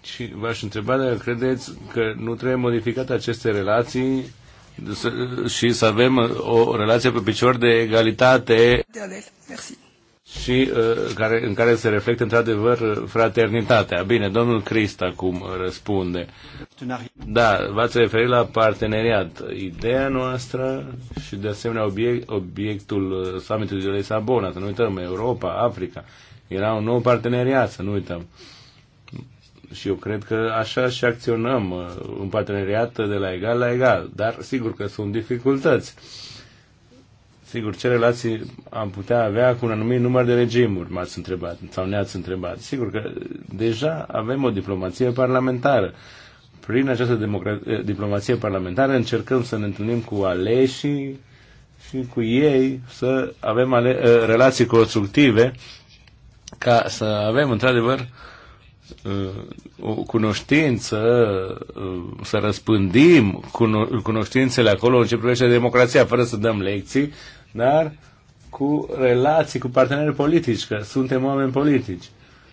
și v-aș întreba dacă credeți că nu trebuie modificate aceste relații și să avem uh, o relație pe picior de egalitate și uh, care, în care se reflectă într-adevăr uh, fraternitatea. Bine, domnul Crist acum uh, răspunde. Da, v-ați referit la parteneriat. Ideea noastră și de asemenea obiect, obiectul summitului de Lisabona, să nu uităm, Europa, Africa, era un nou parteneriat, să nu uităm. Uh, și eu cred că așa și acționăm uh, în parteneriat de la egal la egal. Dar sigur că sunt dificultăți. Sigur, ce relații am putea avea cu un anumit număr de regimuri, m-ați întrebat, sau ne-ați întrebat. Sigur că deja avem o diplomație parlamentară. Prin această eh, diplomație parlamentară încercăm să ne întâlnim cu aleșii și cu ei, să avem ale, eh, relații constructive ca să avem, într-adevăr, Uh, o cunoștință, uh, să răspândim cunoștințele acolo în ce privește democrația, fără să dăm lecții, dar cu relații cu parteneri politici, că suntem oameni politici.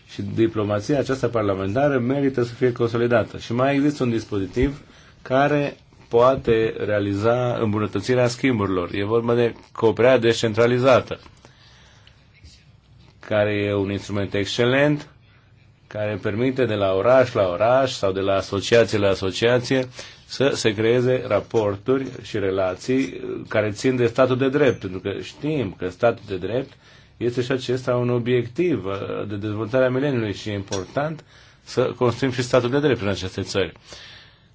Și diplomația aceasta parlamentară merită să fie consolidată. Și mai există un dispozitiv care poate realiza îmbunătățirea schimburilor. E vorba de cooperarea descentralizată, care e un instrument excelent care permite de la oraș la oraș sau de la asociație la asociație să se creeze raporturi și relații care țin de statul de drept, pentru că știm că statul de drept este și acesta un obiectiv uh, de dezvoltare a mileniului și e important să construim și statul de drept în aceste țări.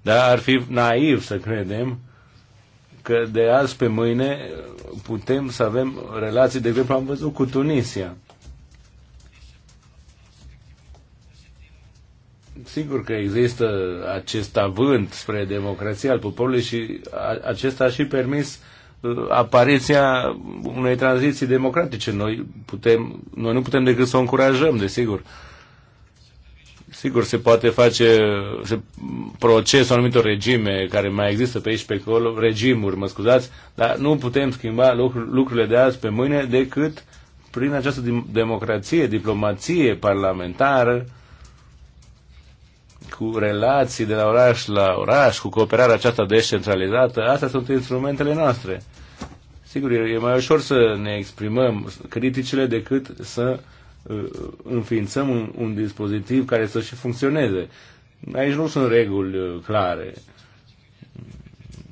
Dar ar fi naiv să credem că de azi pe mâine putem să avem relații, de exemplu am văzut cu Tunisia sigur că există acest avânt spre democrația al poporului și acesta a și permis uh, apariția unei tranziții democratice. Noi, putem, noi nu putem decât să o încurajăm, desigur. Sigur, se poate face se, procesul anumitor regime care mai există pe aici pe acolo, regimuri, mă scuzați, dar nu putem schimba lucr- lucrurile de azi pe mâine decât prin această democrație, diplomație parlamentară, cu relații de la oraș la oraș, cu cooperarea aceasta descentralizată, astea sunt instrumentele noastre. Sigur, e mai ușor să ne exprimăm criticile decât să uh, înființăm un, un dispozitiv care să și funcționeze. Aici nu sunt reguli uh, clare.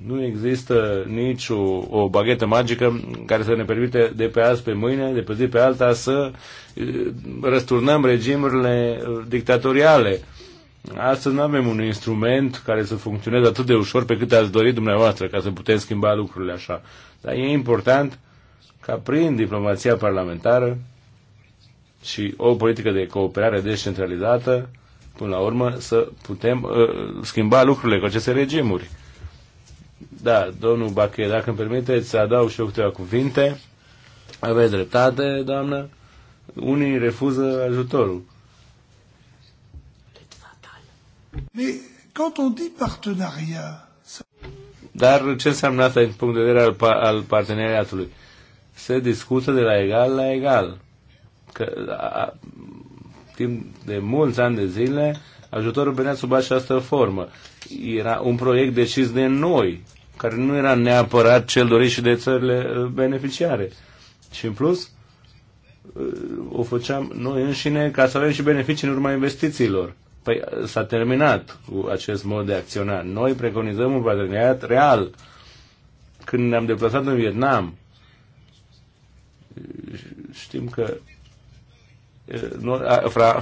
Nu există nici o, o baghetă magică care să ne permite de pe azi pe mâine, de pe zi pe alta, să uh, răsturnăm regimurile dictatoriale Astăzi nu avem un instrument care să funcționeze atât de ușor pe cât ați dorit dumneavoastră ca să putem schimba lucrurile așa. Dar e important ca prin diplomația parlamentară și o politică de cooperare descentralizată, până la urmă, să putem uh, schimba lucrurile cu aceste regimuri. Da, domnul Bache, dacă îmi permiteți să adaug și eu câteva cuvinte, aveți dreptate, doamnă, unii refuză ajutorul. Dar ce înseamnă asta din punct de vedere al, al parteneriatului? Se discută de la egal la egal. Că, a, timp de mulți ani de zile, ajutorul venea sub această formă. Era un proiect decis de noi, care nu era neapărat cel dorit și de țările uh, beneficiare. Și în plus, uh, o făceam noi înșine ca să avem și beneficii în urma investițiilor. Păi s-a terminat cu acest mod de acționare. Noi preconizăm un parteneriat real. Când ne-am deplasat în Vietnam, știm că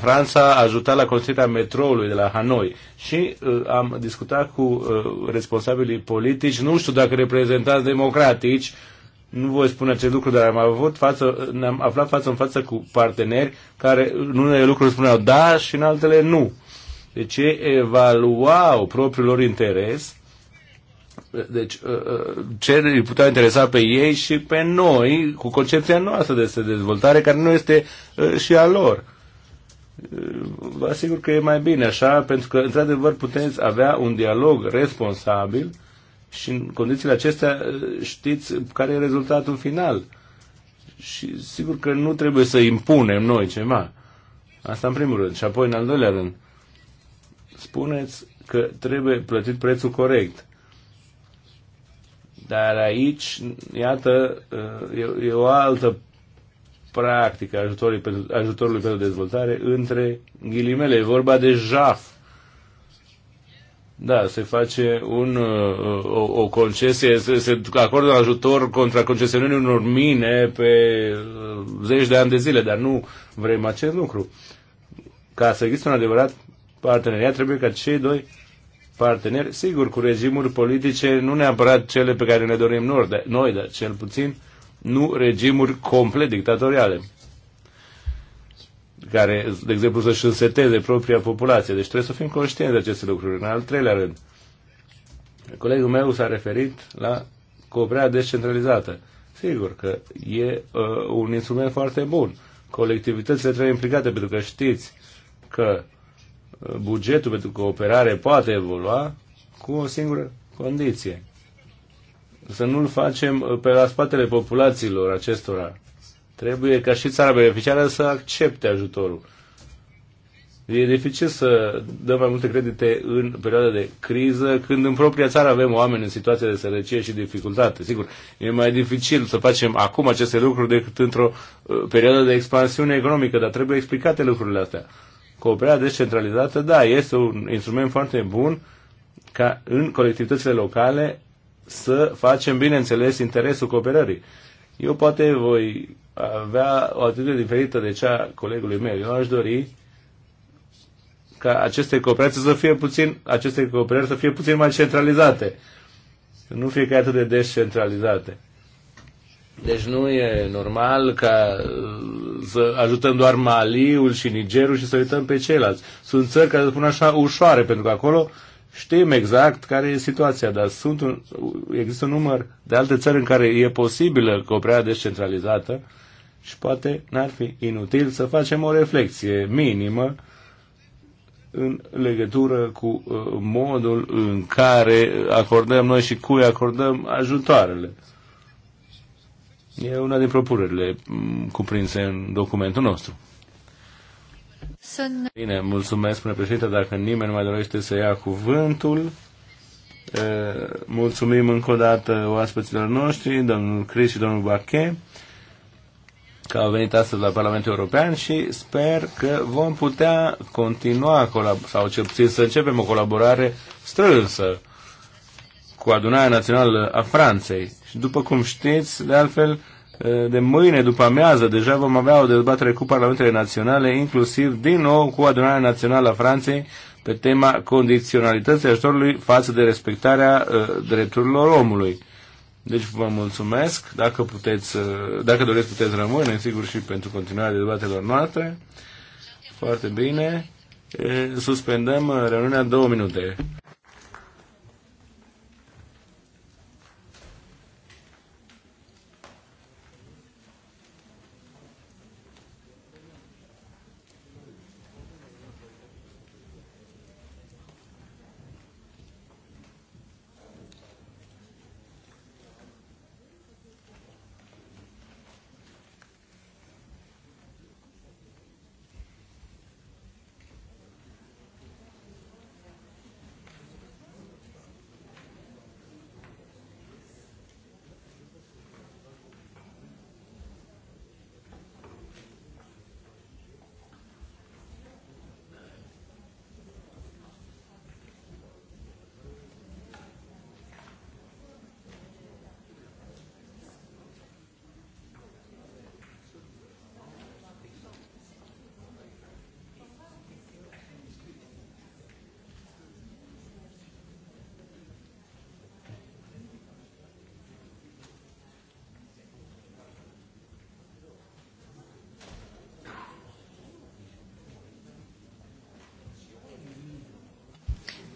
Franța a ajutat la construirea metroului de la Hanoi și am discutat cu responsabilii politici, nu știu dacă reprezentanți democratici, nu voi spune acest lucru, dar am avut față, ne-am aflat față în față cu parteneri care în unele lucruri spuneau da și în altele nu. Deci ei evaluau propriul lor interes deci, uh, uh, ce îi putea interesa pe ei și pe noi, cu concepția noastră de dezvoltare, care nu este uh, și a lor. Vă asigur că e mai bine așa, pentru că, într-adevăr, puteți avea un dialog responsabil și în condițiile acestea știți care e rezultatul final. Și sigur că nu trebuie să impunem noi ceva. Asta în primul rând. Și apoi, în al doilea rând, uh, spuneți că trebuie plătit prețul corect. Dar aici, iată, uh, e, e o altă practică ajutorului pentru, ajutorului pentru dezvoltare între ghilimele. E vorba de jaf. Da, se face un, uh, o, o concesie, se, se acordă ajutor contra concesiunii unor mine pe uh, zeci de ani de zile, dar nu vrem acest lucru. Ca să există un adevărat parteneriat, trebuie ca cei doi parteneri, sigur, cu regimuri politice, nu neapărat cele pe care ne dorim noi, dar, noi, dar cel puțin nu regimuri complet dictatoriale care, de exemplu, să-și înseteze propria populație. Deci trebuie să fim conștienți de aceste lucruri. În al treilea rând, colegul meu s-a referit la cooperarea descentralizată. Sigur că e uh, un instrument foarte bun. Colectivitățile trebuie implicate, pentru că știți că bugetul pentru cooperare poate evolua cu o singură condiție. Să nu-l facem uh, pe la spatele populațiilor acestora. Trebuie ca și țara beneficiară să accepte ajutorul. E dificil să dăm mai multe credite în perioada de criză, când în propria țară avem oameni în situație de sărăcie și dificultate. Sigur, e mai dificil să facem acum aceste lucruri decât într-o uh, perioadă de expansiune economică, dar trebuie explicate lucrurile astea. Cooperarea descentralizată, da, este un instrument foarte bun ca în colectivitățile locale să facem, bineînțeles, interesul cooperării. Eu poate voi avea o atitudine diferită de cea colegului meu. Eu aș dori ca aceste cooperări să fie puțin, aceste cooperări să fie puțin mai centralizate. Să nu fie ca atât de descentralizate. Deci nu e normal ca să ajutăm doar Maliul și Nigerul și să uităm pe ceilalți. Sunt țări care spun așa ușoare, pentru că acolo știm exact care e situația, dar sunt un, există un număr de alte țări în care e posibilă cooperarea descentralizată și poate n-ar fi inutil să facem o reflexie minimă în legătură cu uh, modul în care acordăm noi și cui acordăm ajutoarele. E una din propunerile mm, cuprinse în documentul nostru. Sunt... Bine, mulțumesc, spune președinte, dacă nimeni nu mai dorește să ia cuvântul. Mulțumim încă o dată oaspeților noștri, domnul Cris și domnul Bache, că au venit astăzi la Parlamentul European și sper că vom putea continua, sau cel puțin să începem o colaborare strânsă cu adunarea națională a Franței. Și după cum știți, de altfel, de mâine, după amiază, deja vom avea o dezbatere cu parlamentele naționale, inclusiv din nou cu adunarea națională a Franței, pe tema condiționalității ajutorului față de respectarea drepturilor omului. Deci vă mulțumesc, dacă, puteți, dacă doriți puteți rămâne, sigur și pentru continuarea dezbatelor noastre. Foarte bine. suspendăm reuniunea două minute.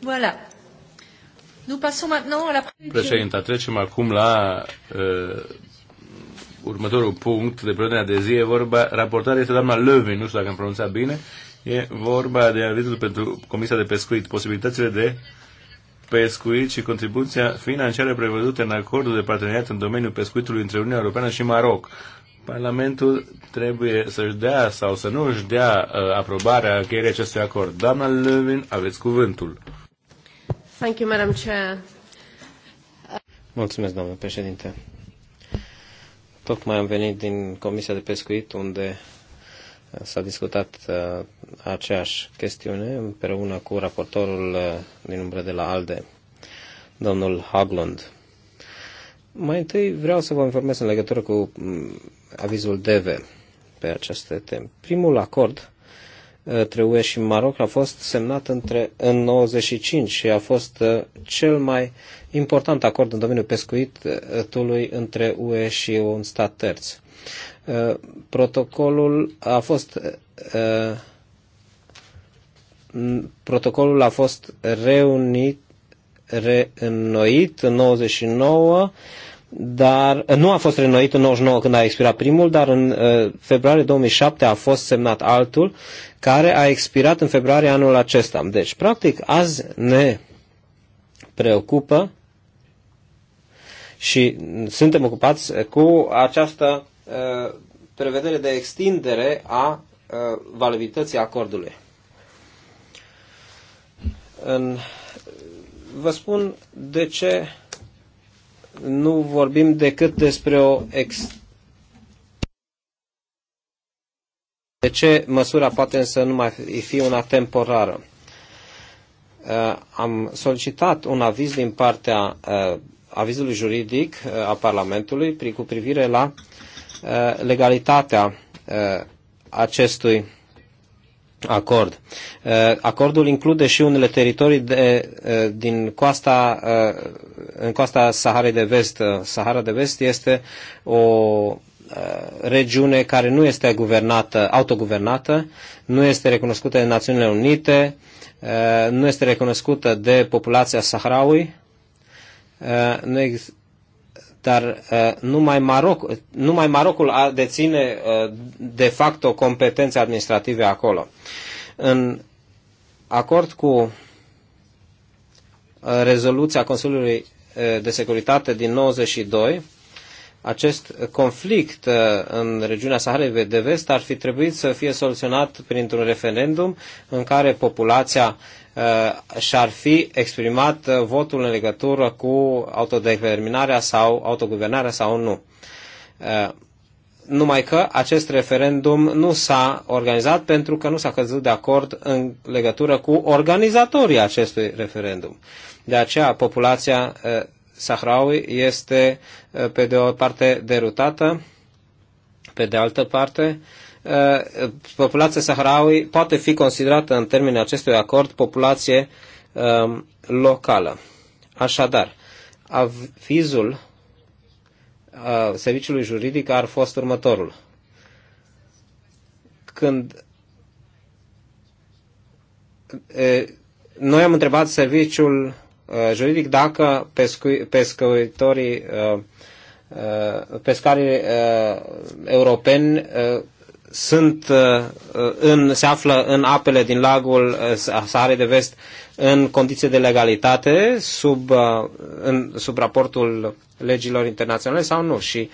Voilà. Nous passons maintenant à la... Președinta, trecem acum la uh, următorul punct de prădinea de zi. E vorba, raportarea este doamna Lövin, nu știu dacă am pronunțat bine. E vorba de avizul pentru Comisia de Pescuit, posibilitățile de pescuit și contribuția financiară prevăzută în acordul de parteneriat în domeniul pescuitului între Uniunea Europeană și Maroc. Parlamentul trebuie să-și dea sau să nu și dea uh, aprobarea încheierii acestui acord. Doamna Lövin, aveți cuvântul. Thank you, Madam Chair. Mulțumesc, doamnă președinte. Tocmai am venit din Comisia de Pescuit, unde uh, s-a discutat uh, aceeași chestiune împreună cu raportorul uh, din umbră de la ALDE, domnul Haglund. Mai întâi vreau să vă informez în legătură cu um, avizul DV pe aceste teme. Primul acord între uh, UE și Maroc a fost semnat între, în 95 și a fost uh, cel mai important acord în domeniul pescuitului uh, între UE și un stat terț. Protocolul a fost protocolul a fost reunit reînnoit în 99 dar eh, nu a fost renoit în 99 când a expirat primul, dar în eh, februarie 2007 a fost semnat altul care a expirat în februarie anul acesta. Deci, practic, azi ne preocupă și suntem ocupați cu această uh, prevedere de extindere a uh, validității acordului. În, vă spun de ce nu vorbim decât despre o ex... De ce măsura poate să nu mai fi una temporară? Uh, am solicitat un aviz din partea uh, avizului juridic uh, a Parlamentului cu privire la legalitatea acestui acord. Uh, acordul include și unele teritorii de, uh, din coasta, uh, în coasta Saharei de Vest. Sahara de Vest este o regiune care nu este guvernată, autoguvernată, nu este recunoscută de Națiunile Unite, nu este recunoscută de populația Sahraui, nu există dar uh, numai, Maroc, numai Marocul deține uh, de fapt o competență administrativă acolo. În acord cu uh, rezoluția Consiliului de Securitate din 92, acest conflict în regiunea Saharei de Vest ar fi trebuit să fie soluționat printr-un referendum în care populația Uh, și-ar fi exprimat uh, votul în legătură cu autodeterminarea sau autoguvernarea sau nu. Uh, numai că acest referendum nu s-a organizat pentru că nu s-a căzut de acord în legătură cu organizatorii acestui referendum. De aceea, populația Sahraui este, pe de o parte, derutată, pe de altă parte, uh, Uh, populația saharaui poate fi considerată în termenii acestui acord populație um, locală. Așadar, avizul uh, serviciului juridic ar fost următorul. Când noi am întrebat serviciul uh, juridic dacă pescuitorii pescarii europeni sunt uh, uh, în, se află în apele din lagul uh, Saharei de Vest în condiții de legalitate sub, în, sub raportul legilor internaționale sau nu. Și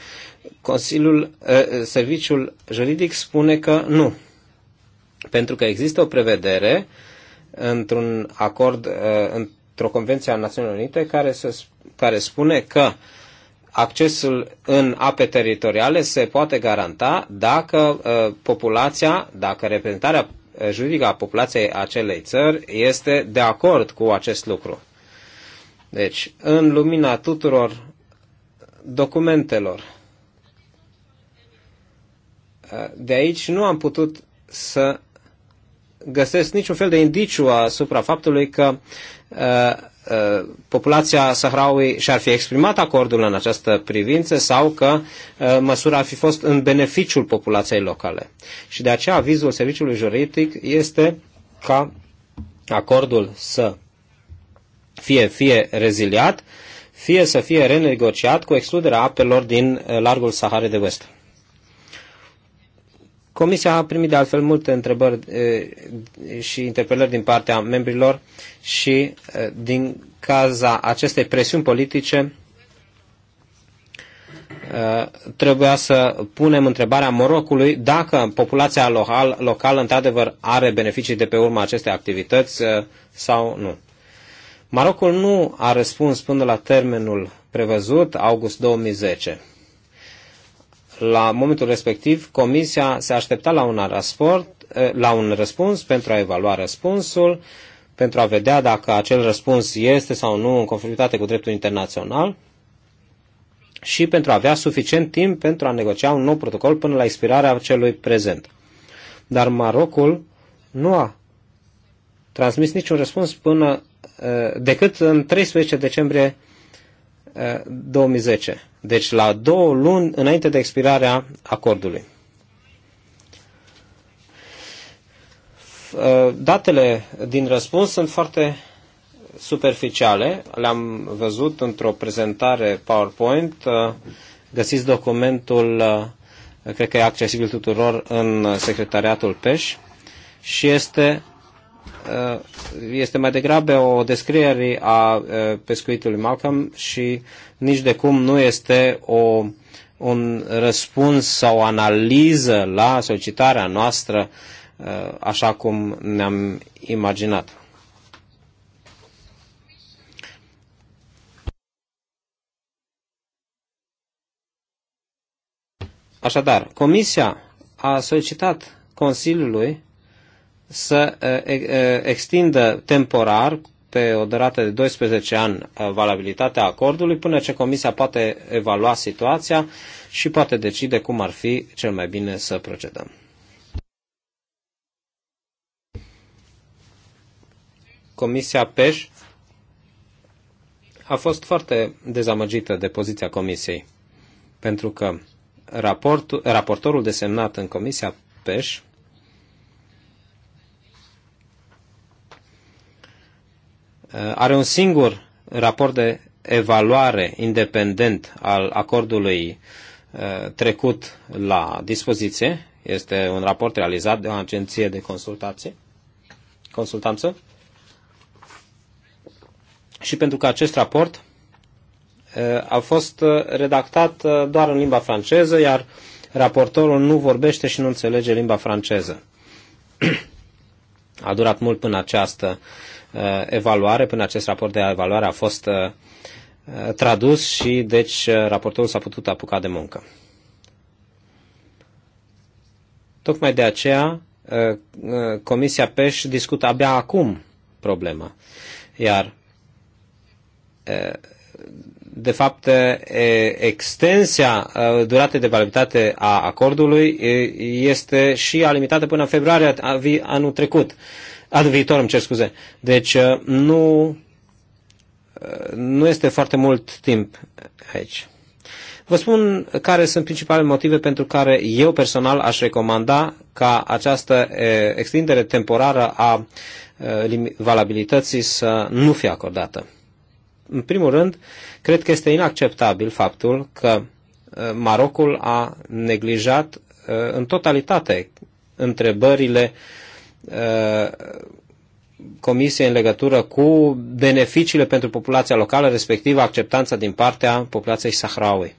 Consiliul, Serviciul Juridic spune că nu. Pentru că există o prevedere într-un acord, într-o convenție a Națiunilor Unite care, se, care spune că uh, accesul în ape teritoriale se poate garanta dacă uh, populația, dacă reprezentarea uh, juridică a populației acelei țări este de acord cu acest lucru. Deci, în lumina tuturor documentelor, uh, de aici nu am putut să găsesc niciun fel de indiciu asupra faptului că uh, Uh, populația Sahraui și-ar fi exprimat acordul în această privință sau că uh, măsura ar fi fost în beneficiul populației locale. Și de aceea avizul serviciului juridic este ca acordul să fie, fie reziliat, fie să fie renegociat cu excluderea apelor din uh, largul Sahare de Vest. Comisia a primit de altfel multe întrebări și interpelări din partea membrilor și din caza acestei presiuni politice trebuia să punem întrebarea Morocului dacă populația local, locală într-adevăr are beneficii de pe urma acestei activități sau nu. Marocul nu a răspuns până la termenul prevăzut, august 2010 la momentul respectiv, comisia se aștepta la un, răsport, eh, la un răspuns pentru a evalua răspunsul, pentru a vedea dacă acel răspuns este sau nu în conformitate cu dreptul internațional și pentru a avea suficient timp pentru a negocia un nou protocol până la expirarea celui prezent. Dar Marocul nu a transmis niciun răspuns până eh, decât în 13 decembrie 2010, deci la două luni înainte de expirarea acordului. Uh, datele din răspuns sunt foarte superficiale, le-am văzut într-o prezentare PowerPoint, uh, găsiți documentul, uh, cred că e accesibil tuturor în secretariatul PEș și este Uh, este mai degrabă o descriere a uh, pescuitului Malcolm și nici de cum nu este o, un răspuns sau o analiză la solicitarea noastră uh, așa cum ne-am imaginat. Așadar, Comisia a solicitat Consiliului să extindă temporar pe o durată de 12 ani valabilitatea acordului până ce Comisia poate evalua situația și poate decide cum ar fi cel mai bine să procedăm. Comisia PEș a fost foarte dezamăgită de poziția Comisiei, pentru că raportul, raportorul desemnat în Comisia PEș Uh, are un singur raport de evaluare independent al acordului uh, trecut la dispoziție. Este un raport realizat de o agenție de consultație, consultanță. Și pentru că acest raport uh, a fost redactat doar în limba franceză, iar raportorul nu vorbește și nu înțelege limba franceză. A durat mult până această Uh, evaluare, până acest raport de evaluare a fost uh, uh, tradus și deci raportorul s-a putut apuca de muncă. Tocmai de aceea Comisia PEș discută abia acum problema. Iar de fapt, extensia duratei de validitate a acordului este și a limitată până în februarie anul trecut anul viitor, îmi cer scuze. Deci uh, nu, uh, nu este foarte mult timp aici. Vă spun care sunt principalele motive pentru care eu personal aș recomanda ca această extindere temporară a valabilității să nu fie acordată. În primul rând, cred că este inacceptabil faptul că Marocul a neglijat în totalitate întrebările uh, Uh, comisie în legătură cu beneficiile pentru populația locală, respectiv acceptanța din partea populației Sahraui.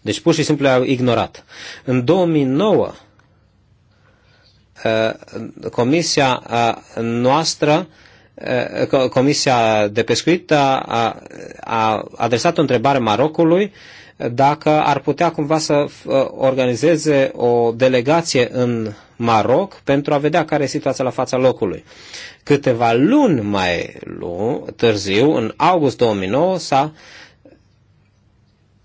Deci pur și simplu au ignorat. În 2009, uh, Comisia uh, noastră, Comisia de Pescuit a, a adresat o întrebare Marocului dacă ar putea cumva să uh, organizeze o delegație în Maroc pentru a vedea care e situația la fața locului. Câteva luni mai lung, târziu, în august 2009, s-a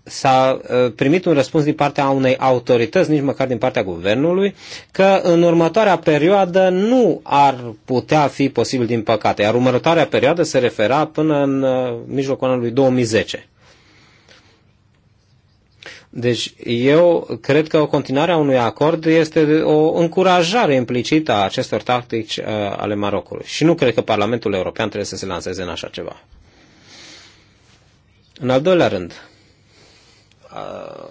s-a uh, primit un răspuns din partea unei autorități, nici măcar din partea guvernului, că în următoarea perioadă nu ar putea fi posibil, din păcate. Iar următoarea perioadă se refera până în uh, mijlocul anului 2010. Deci eu cred că o continuare a unui acord este o încurajare implicită a acestor tactici uh, ale Marocului. Și nu cred că Parlamentul European trebuie să se lanseze în așa ceva. În al doilea rând, uh,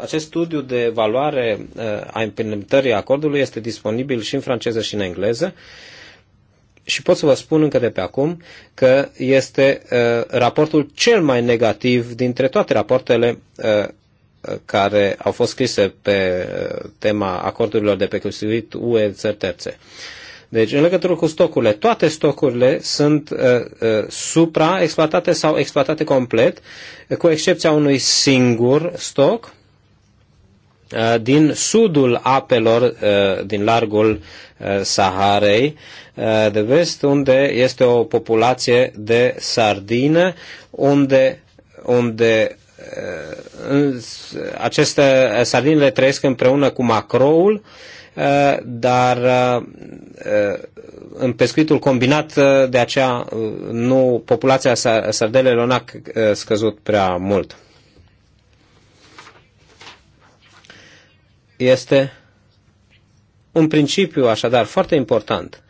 acest studiu de valoare uh, a implementării acordului este disponibil și în franceză și în engleză. Și pot să vă spun încă de pe acum că este uh, raportul cel mai negativ dintre toate rapoartele uh, care au fost scrise pe uh, tema acordurilor de pe construit UE țări terțe. Deci, în legătură cu stocurile, toate stocurile sunt uh, uh, supraexploatate sau exploatate complet, cu excepția unui singur stoc uh, din sudul apelor uh, din largul uh, Saharei uh, de vest, unde este o populație de sardine, unde, unde aceste sardinele trăiesc împreună cu macroul, uh, dar uh, uh, în pescuitul combinat, de aceea nu, populația sardelelor n-a scăzut prea mult. Este un principiu așadar foarte important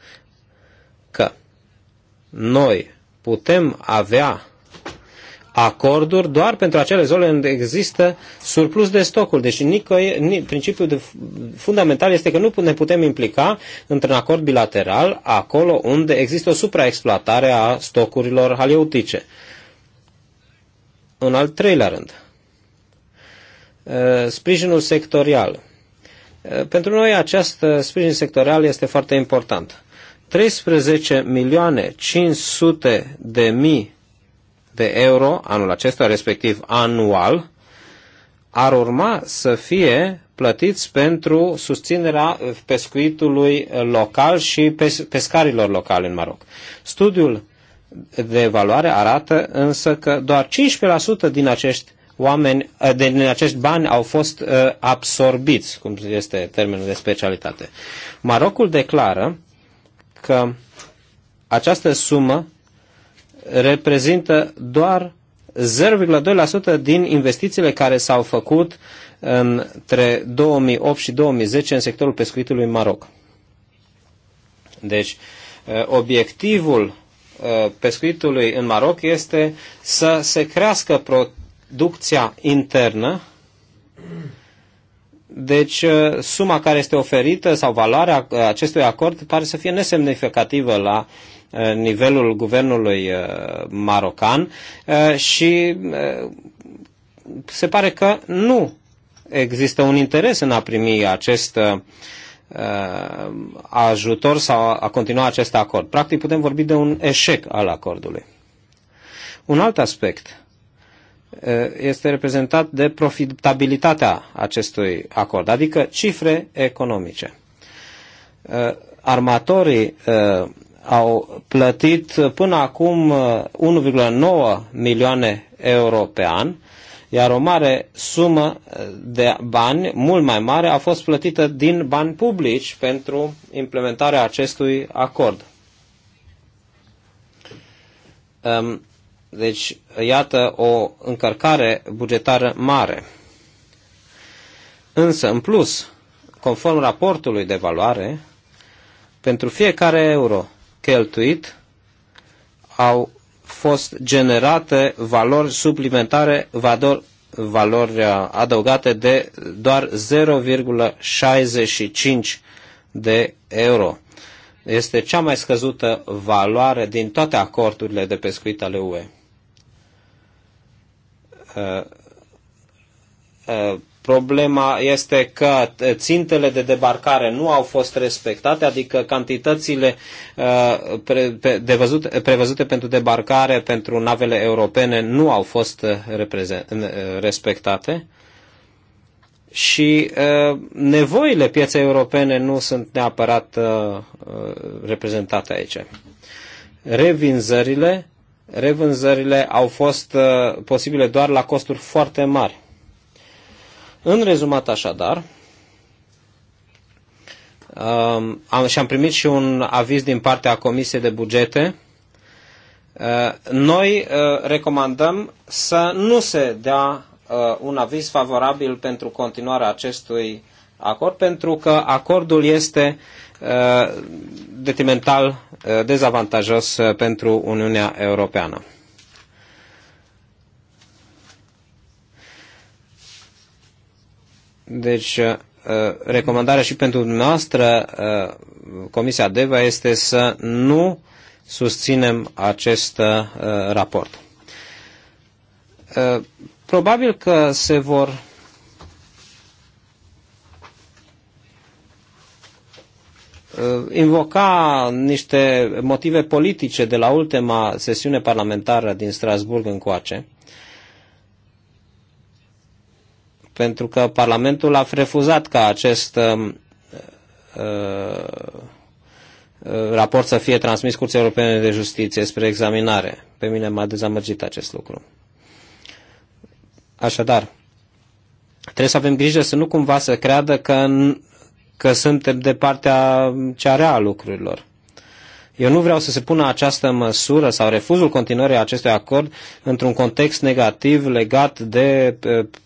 că noi putem avea acorduri doar pentru acele zone unde există surplus de stocuri. Deci nicăie, principiul de, fundamental este că nu ne putem implica într-un acord bilateral acolo unde există o supraexploatare a stocurilor haleutice. În al treilea rând, sprijinul sectorial. Pentru noi acest sprijin sectorial este foarte important. 13 milioane 500 de mii de euro anul acesta, respectiv anual, ar urma să fie plătiți pentru susținerea pescuitului local și pescarilor locali în Maroc. Studiul de evaluare arată însă că doar 15% din acești oameni, eh, din acești bani au fost eh, absorbiți, cum este termenul de specialitate. Marocul declară că această sumă reprezintă doar 0,2% din investițiile care s-au făcut între 2008 și 2010 în sectorul pescuitului Maroc. Deci, eh, obiectivul eh, pescuitului în Maroc este să se crească producția internă, deci eh, suma care este oferită sau valoarea acestui acord pare să fie nesemnificativă la uh, Uh, nivelul guvernului uh, marocan uh, și se pare că nu există un interes în a primi acest ajutor sau a continua acest acord. Practic putem vorbi de un eșec al acordului. Un alt aspect este reprezentat de profitabilitatea acestui acord, adică cifre economice. Armatorii au plătit până acum 1,9 uh, milioane euro pe an, iar o mare sumă uh, de bani, mult mai mare, a fost plătită din bani publici pentru implementarea acestui acord. Um, deci, iată o încărcare bugetară mare. Însă, în plus, conform raportului de valoare, pentru fiecare euro cheltuit au fost generate valori suplimentare, valori, valori uh, adăugate de doar 0,65 de euro. Este cea mai scăzută valoare din toate acordurile de pescuit ale UE. Uh, uh, Problema este că țintele de debarcare nu au fost respectate, adică cantitățile uh, prevăzute pentru debarcare pentru navele europene nu au fost uh, uh, respectate și nevoile pieței europene nu sunt neapărat reprezentate aici. Revinzările, revânzările au fost posibile doar la costuri foarte mari în rezumat așadar, am, și am primit și un aviz din partea Comisiei de Bugete, uh, noi uh, recomandăm să nu se dea uh, un aviz favorabil pentru continuarea acestui acord, pentru că acordul este detrimental dezavantajos pentru Uniunea Europeană. Deci, uh, recomandarea și pentru noastră, uh, Comisia DEVA, este să nu susținem acest uh, raport. Probabil că se vor invoca niște motive politice de la ultima sesiune parlamentară din Strasburg încoace. pentru că Parlamentul a refuzat ca acest um, uh, raport să fie transmis Curții Europene de Justiție spre examinare. Pe mine m-a dezamăgit acest lucru. Așadar, trebuie să avem grijă să nu cumva să creadă că, că suntem de partea cea rea a lucrurilor. Eu nu vreau să se pună această măsură sau refuzul continuării acestui acord într-un context negativ legat de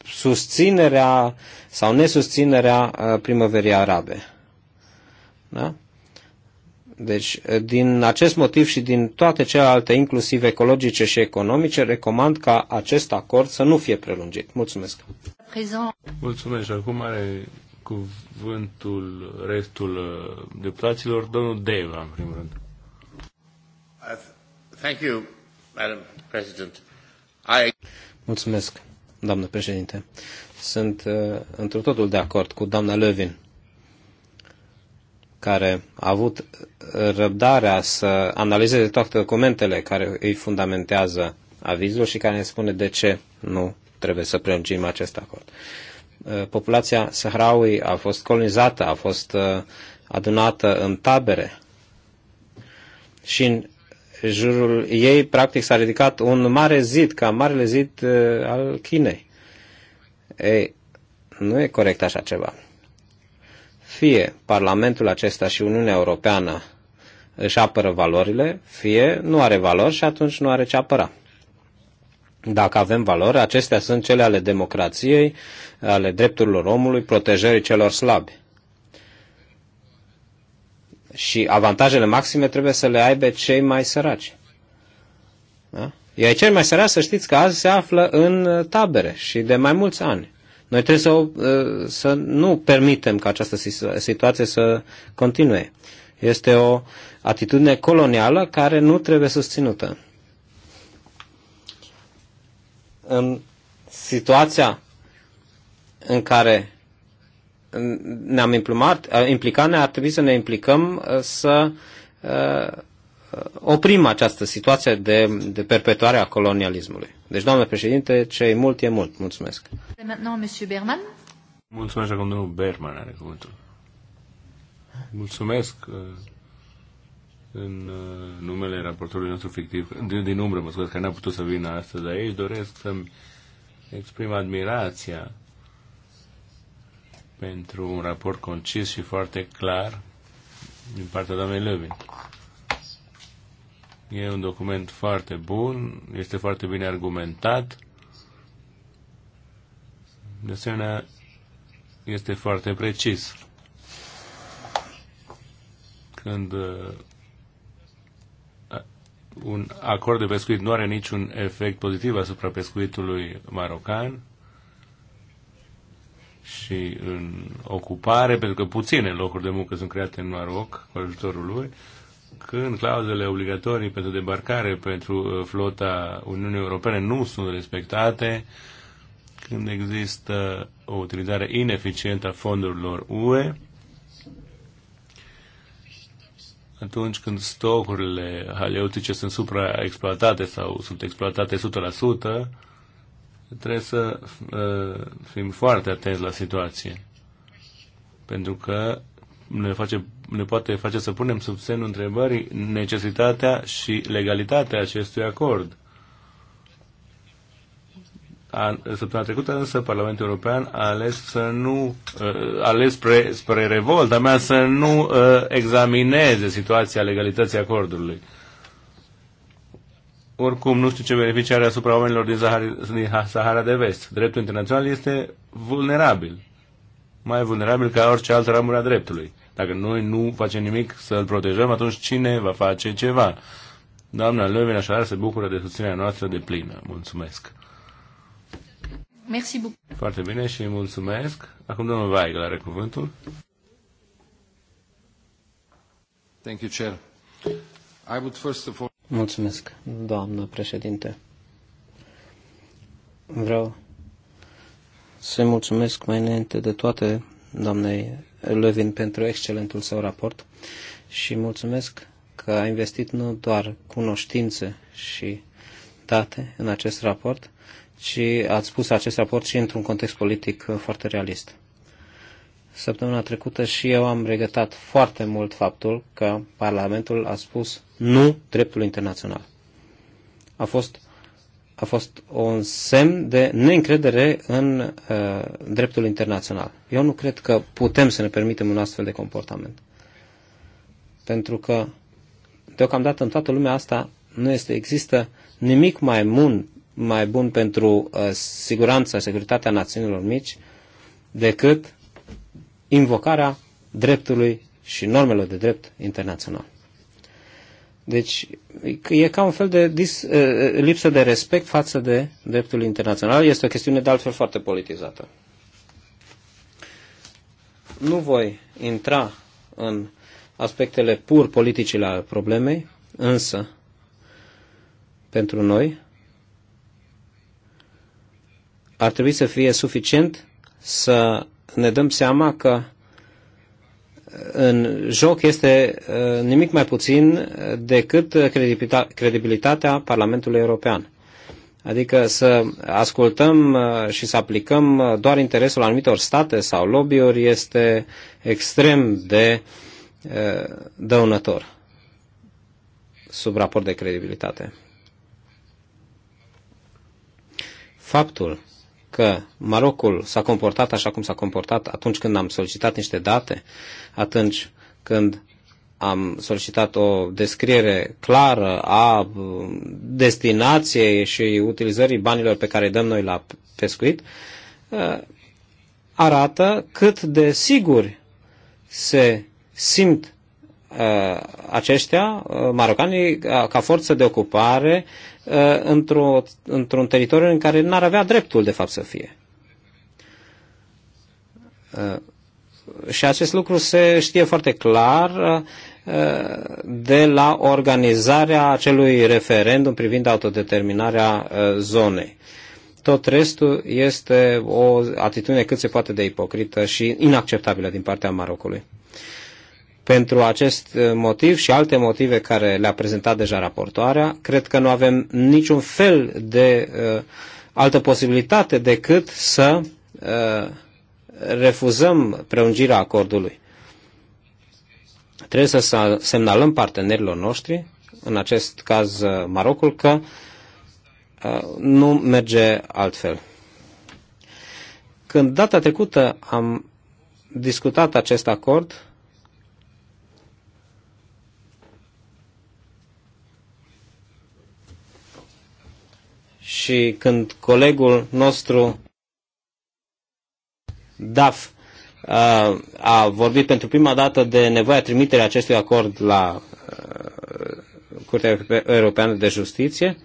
susținerea sau nesusținerea primăverii arabe. Da? Deci, din acest motiv și din toate celelalte, inclusiv ecologice și economice, recomand ca acest acord să nu fie prelungit. Mulțumesc! Mulțumesc! Acum are cuvântul restul uh, deputaților, domnul Deva, în primul rând. Mulțumesc, doamnă președinte. Sunt uh, într totul de acord cu doamna Lövin, care a avut uh, răbdarea să analizeze toate documentele care îi fundamentează avizul și care ne spune de ce nu trebuie să prelungim acest acord. Uh, populația Sahraui a fost colonizată, a fost uh, adunată în tabere și în jurul ei, practic, s-a ridicat un mare zid, ca marele zid uh, al Chinei. Ei, nu e corect așa ceva. Fie Parlamentul acesta și Uniunea Europeană își apără valorile, fie nu are valori și atunci nu are ce apăra. Dacă avem valori, acestea sunt cele ale democrației, ale drepturilor omului, protejării celor slabi. Și avantajele maxime trebuie să le aibă cei mai săraci. Da? Iar cei mai săraci, să știți că azi se află în uh, tabere și de mai mulți ani. Noi trebuie să, uh, să nu permitem ca această situație să continue. Este o atitudine colonială care nu trebuie susținută. În situația în care ne-am implicat, implicat, ne-ar trebui să ne implicăm să oprim această situație de, de perpetuare a colonialismului. Deci, doamne președinte, ce e mult, e mult. Mulțumesc. Mulțumesc, acum domnul Berman are cuvântul. Mulțumesc în numele raportorului nostru fictiv, din, din umbră, mă scuze, că n-a putut să vină astăzi aici, doresc să-mi exprim admirația pentru un raport concis și foarte clar din partea doamnei Levin. E un document foarte bun, este foarte bine argumentat. De asemenea, este foarte precis. Când uh, un acord de pescuit nu are niciun efect pozitiv asupra pescuitului marocan, și în ocupare, pentru că puține locuri de muncă sunt create în Maroc cu ajutorul lui, când clauzele obligatorii pentru debarcare pentru uh, flota Uniunii Europene nu sunt respectate, când există o utilizare ineficientă a fondurilor UE, atunci când stocurile haleutice sunt supraexploatate sau sunt exploatate trebuie să uh, fim foarte atenți la situație. Pentru că ne, face, ne poate face să punem sub semnul întrebării necesitatea și legalitatea acestui acord. A, săptămâna trecută însă Parlamentul European a ales să nu uh, ales spre, spre revolta mea să nu uh, examineze situația legalității acordului. Uh, oricum nu știu ce beneficii are asupra oamenilor din Sahara, din Sahara de Vest. Dreptul internațional este vulnerabil, mai vulnerabil ca orice altă ramură a dreptului. Dacă noi nu facem nimic să îl protejăm, atunci cine va face ceva? Doamna Leuven așadar se bucură de susținerea noastră de plină. Mulțumesc! Merci beaucoup. Foarte bine și mulțumesc. Acum domnul Weigel are cuvântul. Thank you, Chair. I would first of all... Mulțumesc, doamnă președinte. Vreau să-i mulțumesc mai înainte de toate doamnei Levin pentru excelentul său raport și mulțumesc că a investit nu doar cunoștințe și date în acest raport, ci ați pus acest raport și într-un context politic foarte realist. Săptămâna trecută și eu am regătat foarte mult faptul că Parlamentul a spus nu dreptul internațional. A fost, a fost un semn de neîncredere în uh, dreptul internațional. Eu nu cred că putem să ne permitem un astfel de comportament. Pentru că, deocamdată, în toată lumea asta nu este, există nimic mai bun, mai bun pentru uh, siguranța, securitatea națiunilor mici decât invocarea dreptului și normelor de drept internațional. Deci e ca un fel de dis, uh, uh, lipsă de respect față de dreptul internațional. Este o chestiune de altfel foarte politizată. Nu voi intra în aspectele pur politice ale problemei, însă pentru noi ar trebui să fie suficient să ne dăm seama că uh, în joc este uh, nimic mai puțin uh, decât credibilitatea Parlamentului European. Adică să ascultăm și să aplicăm doar interesul anumitor state sau lobby-uri este extrem de dăunător sub raport de credibilitate. Faptul că Marocul s-a comportat așa cum s-a comportat atunci când am solicitat niște date, atunci când am solicitat o descriere clară a uh, destinației și utilizării banilor pe care îi dăm noi la pescuit, uh, arată cât de siguri se simt Uh, aceștia, uh, marocanii, ca forță de ocupare uh, într-o, într-un teritoriu în care n-ar avea dreptul, de fapt, să fie. Și acest lucru se știe foarte clar de la organizarea acelui referendum privind autodeterminarea zonei. Tot restul este o atitudine cât se poate de ipocrită și inacceptabilă din partea Marocului. Pentru acest uh, motiv și alte motive care le-a prezentat deja raportoarea, cred că nu avem niciun fel de uh, altă posibilitate decât să uh, refuzăm prelungirea acordului. Trebuie să semnalăm partenerilor noștri, în acest caz uh, Marocul, că uh, nu merge altfel. Când data trecută am discutat acest acord, și când colegul nostru DAF a vorbit pentru prima dată de nevoia trimiterii acestui acord la Curtea Europeană de Justiție,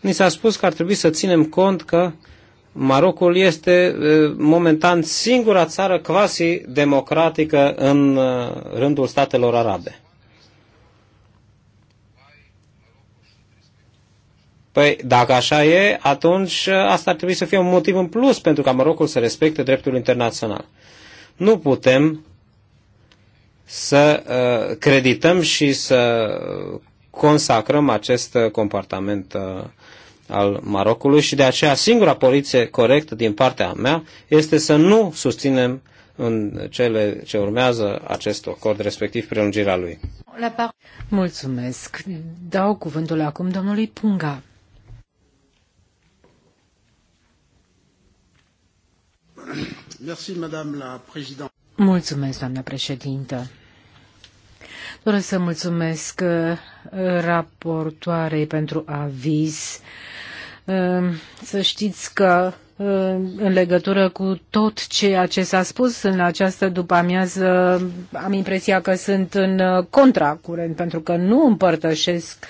ni s-a spus că ar trebui să ținem cont că Marocul este momentan singura țară quasi democratică în rândul statelor arabe. Păi, dacă așa e, atunci uh, asta ar trebui să fie un motiv în plus pentru ca Marocul să respecte dreptul internațional. Nu putem să uh, credităm și să consacrăm acest uh, comportament uh, al Marocului și de aceea singura poliție corectă din partea mea este să nu susținem în cele ce urmează acest acord, respectiv prelungirea lui. Mulțumesc. Dau cuvântul acum domnului Punga. Mulțumesc, doamnă președintă. Doresc să mulțumesc uh, raportoarei pentru aviz. Um, să știți că uh, în legătură cu tot ceea ce s-a spus în această după-amiază, am impresia că sunt în uh, contracurent, pentru că nu împărtășesc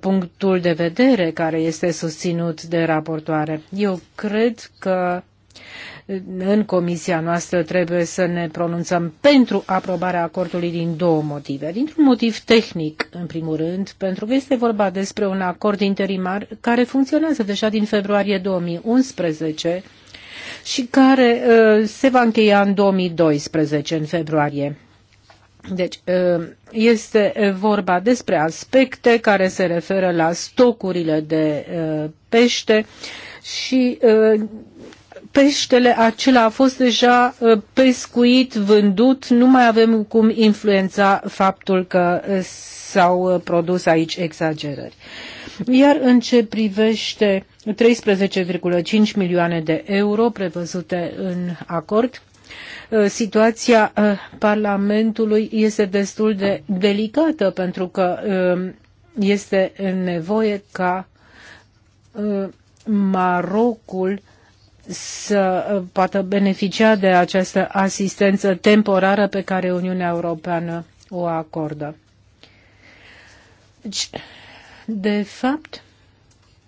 punctul de vedere care este susținut de raportoare. Eu cred că în comisia noastră trebuie să ne pronunțăm pentru aprobarea acordului din două motive. Dintr-un motiv tehnic, în primul rând, pentru că este vorba despre un acord interimar care funcționează deja din februarie 2011 și care uh, se va încheia în 2012, în februarie. Deci, uh, este vorba despre aspecte care se referă la stocurile de uh, pește și uh, peștele acela a fost deja uh, pescuit, vândut, nu mai avem cum influența faptul că uh, s-au uh, produs aici exagerări. Iar în ce privește 13,5 milioane de euro prevăzute în acord, situația Parlamentului este destul de delicată pentru că este nevoie ca Marocul să uh, poată beneficia de această asistență temporară pe care Uniunea Europeană o acordă. Deci, de fapt,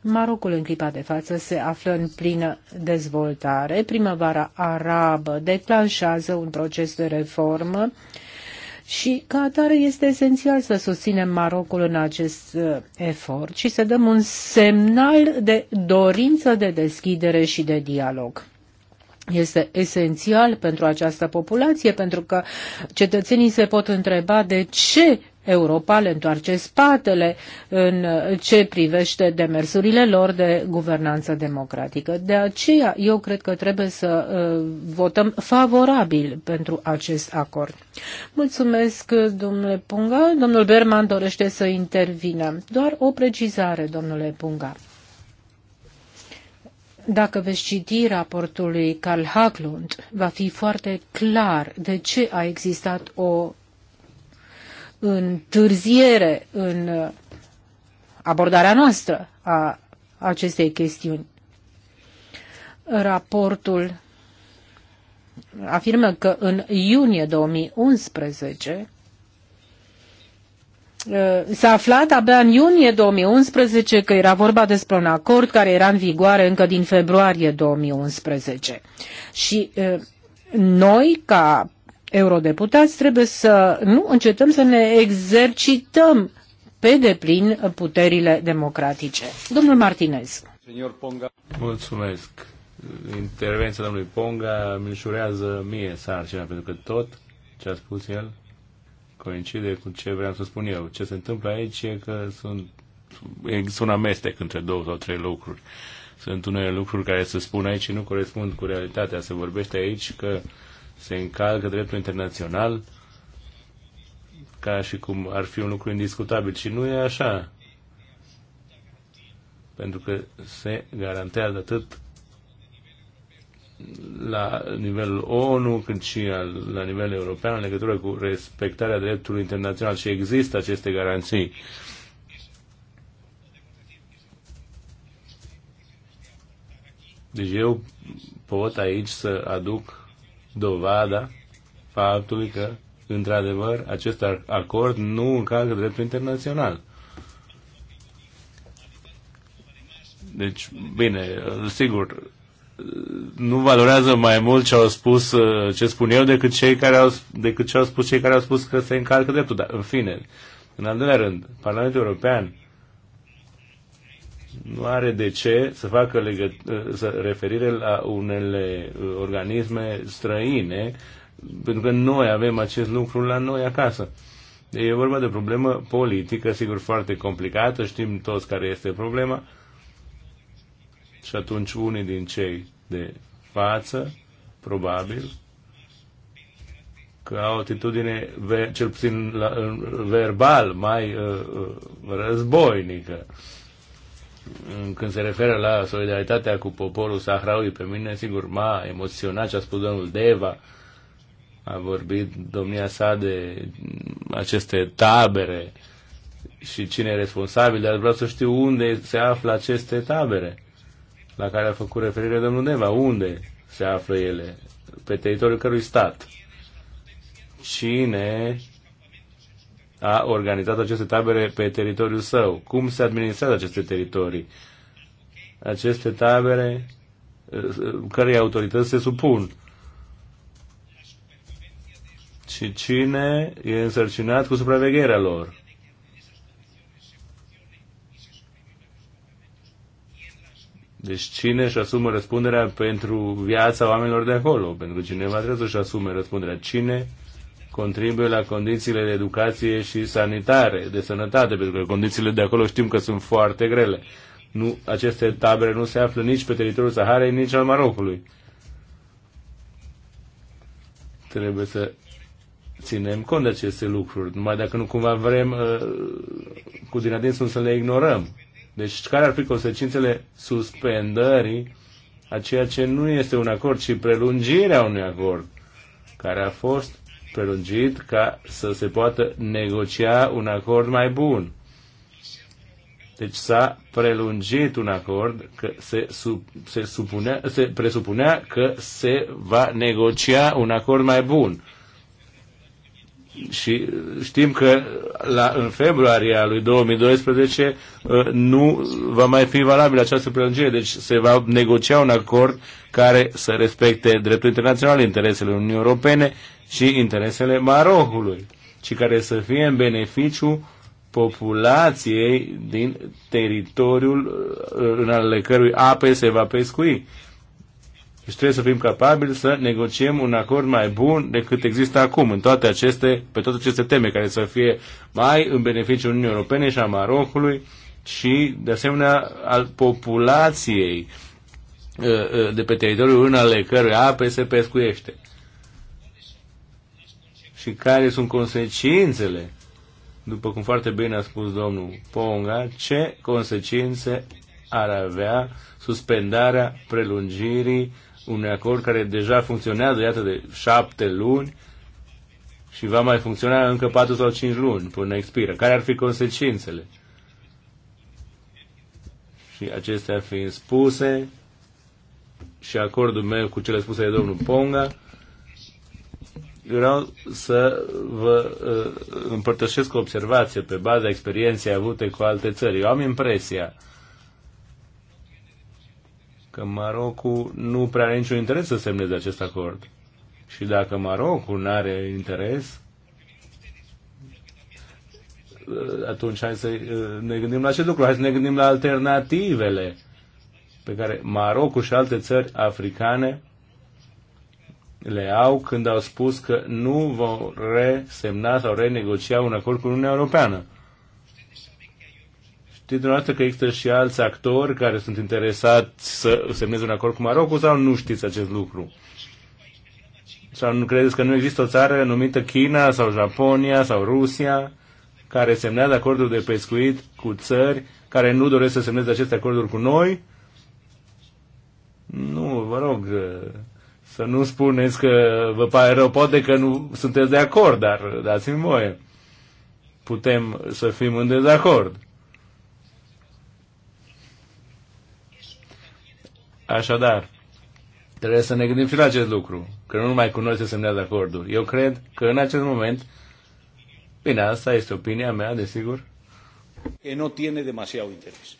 Marocul în clipa de față se află în plină dezvoltare. Primăvara arabă declanșează un proces de reformă uh, și ca atare este esențial să susținem Marocul în acest uh, efort și să dăm un semnal de dorință de deschidere și de dialog este esențial pentru această populație, pentru că cetățenii se pot întreba de ce Europa le întoarce spatele în ce privește demersurile lor de guvernanță democratică. De aceea, eu cred că trebuie să uh, votăm favorabil pentru acest acord. Mulțumesc, domnule Punga. Domnul Berman dorește să intervină. Doar o precizare, domnule Punga dacă veți citi raportul lui Carl Haglund, va fi foarte clar de ce a existat o întârziere în uh, abordarea noastră a acestei chestiuni. Raportul afirmă că în iunie 2011 uh, s-a aflat abia în iunie 2011 că era vorba despre un acord care era în vigoare încă din februarie 2011. Și uh, noi, ca eurodeputați, trebuie să nu încetăm să ne exercităm pe deplin puterile democratice. Domnul Martinez. Mulțumesc. Intervenția domnului Ponga minșurează mie sarcina, pentru că tot ce a spus el coincide cu ce vreau să spun eu. Ce se întâmplă aici e că sunt, există un amestec între două sau trei lucruri. Sunt unele lucruri care se spun aici și nu corespund cu realitatea. Se vorbește aici că uh, se încalcă dreptul internațional ca și cum ar fi un lucru indiscutabil. Și nu e așa. Pentru că se garantează atât la nivelul ONU, cât și la nivel european, în legătură cu respectarea dreptului internațional și există aceste garanții. Deci eu pot aici să aduc dovada faptului că, într-adevăr, acest acord nu încalcă dreptul internațional. Deci, bine, sigur, nu valorează mai mult ce au spus uh, ce spun eu decât, cei care au, decât ce au spus cei care au spus că se încalcă dreptul. Dar, în fine, în al doilea rând, Parlamentul European nu are de ce să facă legăt- să referire la unele uh, organisme străine, pentru că noi avem acest lucru la noi acasă. E vorba de o problemă politică, sigur, foarte complicată, știm toți care este problema. Și atunci unii din cei de față, probabil, că au o atitudine, cel puțin la, verbal, mai uh, uh războinică când se referă la solidaritatea cu poporul sahraui, pe mine, sigur, m-a emoționat ce a spus domnul Deva. A vorbit domnia sa de aceste tabere și cine e responsabil, dar vreau să știu unde se află aceste tabere la care a făcut referire domnul Deva. Unde se află ele? Pe teritoriul cărui stat? Cine a organizat aceste tabere pe teritoriul său. Cum se administrează aceste teritorii? Aceste tabere uh, cărei autorități se supun. Și cine e însărcinat cu supravegherea lor? Deci cine își asumă răspunderea pentru viața oamenilor de acolo? Pentru cineva trebuie să-și asume răspunderea. Cine contribuie la condițiile de educație și sanitare, de sănătate, pentru că condițiile de acolo știm că sunt foarte grele. Nu, aceste tabere nu se află nici pe teritoriul Saharei, nici al Marocului. Trebuie să ținem cont de aceste lucruri, numai dacă nu cumva vrem uh, cu din adinsul să le ignorăm. Deci care ar fi consecințele suspendării a ceea ce nu este un acord, ci prelungirea unui acord care a fost prelungit ca să se poată negocia un acord mai bun. Deci s-a prelungit un acord că se, sub, se, supunea, se presupunea că se va negocia un acord mai bun. Și știm că la, în februarie lui 2012 uh, nu va mai fi valabilă această prelungire, deci se va negocia un acord care să respecte dreptul internațional, interesele Uniunii Europene și interesele Marocului, ci care să fie în beneficiu populației din teritoriul uh, în ale cărui ape se va pescui. Deci trebuie să fim capabili să negociem un acord mai bun decât există acum în toate aceste, pe toate aceste teme care să fie mai în beneficiul Uniunii Europene și a Marocului și de asemenea al populației uh, uh, de pe teritoriul în ale cărui ape se pescuiește și care sunt consecințele, după cum foarte bine a spus domnul Ponga, ce consecințe ar avea suspendarea prelungirii unui acord care deja funcționează, iată, de șapte luni și va mai funcționa încă patru sau cinci luni până expiră. Care ar fi consecințele? Și acestea fiind spuse, și acordul meu cu cele spuse de domnul Ponga, vreau să vă uh, împărtășesc o observație pe baza experienței avute cu alte țări. Eu am impresia că Marocul nu prea are niciun interes să semneze acest acord. Și dacă Marocul nu are interes, uh, atunci hai să uh, ne gândim la ce lucru, hai să ne gândim la alternativele pe care Marocul și alte țări africane le au când au spus că nu vor resemna sau renegocia un acord cu Uniunea Europeană. Știți dumneavoastră că există și alți actori care sunt interesați să semneze un acord cu Marocul sau nu știți acest lucru? Sau nu credeți că nu există o țară numită China sau Japonia sau Rusia care semnează acorduri de pescuit cu țări care nu doresc să semneze aceste acorduri cu noi? Nu, vă rog, să nu spuneți că vă pare rău, poate că nu sunteți de acord, dar dați-mi voie. Putem să fim în dezacord. Așadar, trebuie să ne gândim și la acest lucru, că nu numai cu noi se semnează acordul. Eu cred că în acest moment, bine, asta este opinia mea, desigur. Că nu tiene demasiado interes.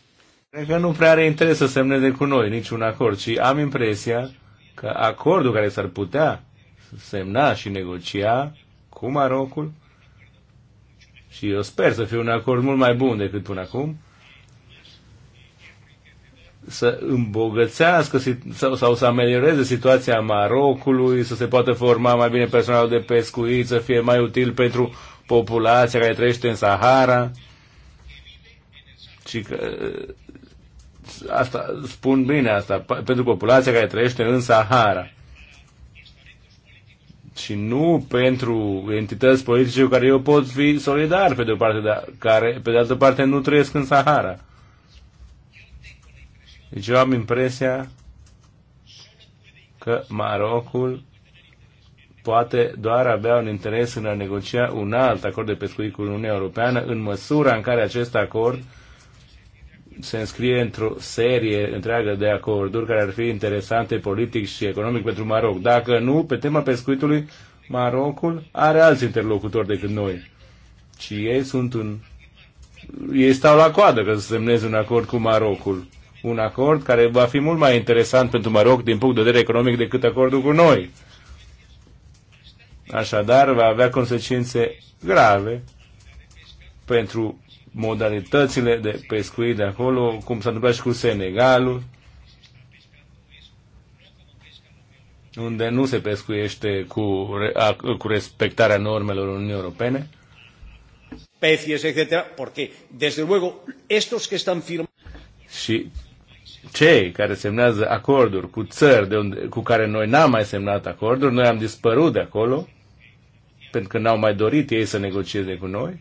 Cred că nu prea are interes să semneze cu noi niciun acord, ci am impresia că acordul care s-ar putea semna și negocia cu Marocul, și eu sper să fie un acord mult mai bun decât până acum, să îmbogățească sau, sau să amelioreze situația Marocului, să se poată forma mai bine personalul de pescuit, să fie mai util pentru populația care trăiește în Sahara. Și că, asta, spun bine asta, pentru populația care trăiește în Sahara și nu pentru entități politice cu care eu pot fi solidar pe de o parte, dar care pe de altă parte nu trăiesc în Sahara. Deci eu am impresia că Marocul poate doar avea un interes în a negocia un alt acord de pescuit cu Uniunea Europeană în măsura în care acest acord se înscrie într-o serie întreagă de acorduri care ar fi interesante politic și economic pentru Maroc. Dacă nu, pe tema pescuitului, Marocul are alți interlocutori decât noi. Și ei sunt un... Ei stau la coadă că să semneze un acord cu Marocul. Un acord care va fi mult mai interesant pentru Maroc din punct de vedere economic decât acordul cu noi. Așadar, va avea consecințe grave pentru modalitățile de pescuit de acolo, cum s-a întâmplat și cu Senegalul, unde nu se pescuiește cu, cu respectarea normelor Uniunii Europene. Pecies, etc. Porque, desde luego, estos que están firmados... Și cei care semnează acorduri cu țări de unde, cu care noi n-am mai semnat acorduri, noi am dispărut de acolo, pentru că n-au mai dorit ei să negocieze cu noi,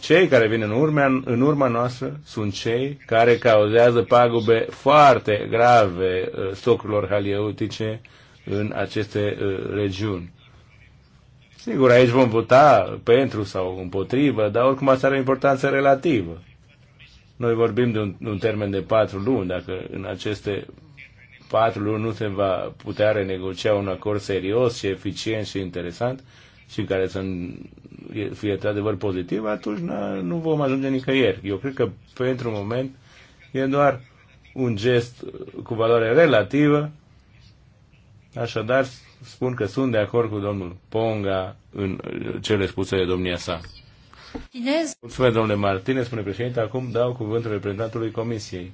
cei care vin în urma, în urma noastră sunt cei care cauzează pagube foarte grave uh, stocurilor halieutice în aceste uh, regiuni. Sigur, aici vom vota pentru sau împotrivă, dar oricum asta are o importanță relativă. Noi vorbim de un, un termen de patru luni. Dacă în aceste patru luni nu se va putea renegocia un acord serios și eficient și interesant, și care să fie într-adevăr pozitiv, atunci nu vom ajunge nicăieri. Eu cred că pentru moment e doar un gest cu valoare relativă. Așadar, spun că sunt de acord cu domnul Ponga în uh, cele spuse de domnia sa. Chinez. Mulțumesc, domnule Martine, spune președinte. Acum dau cuvântul reprezentantului Comisiei,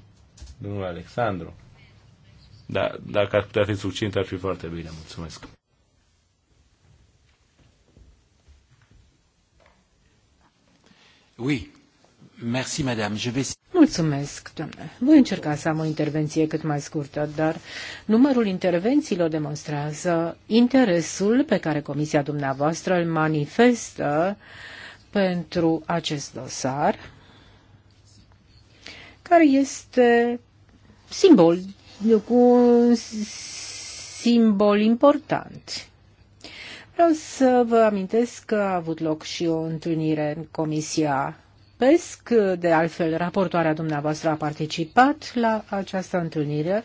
domnul Alexandru. Da, dacă ar putea fi succint, ar fi foarte bine. Mulțumesc. Mulțumesc, doamne. Voi încerca să am o intervenție cât mai scurtă, dar numărul intervențiilor demonstrează interesul pe care comisia dumneavoastră îl manifestă pentru acest dosar, care este simbol, cu un simbol important. Vreau să vă amintesc că a avut loc și o întâlnire în Comisia PESC, de altfel raportoarea dumneavoastră a participat la această întâlnire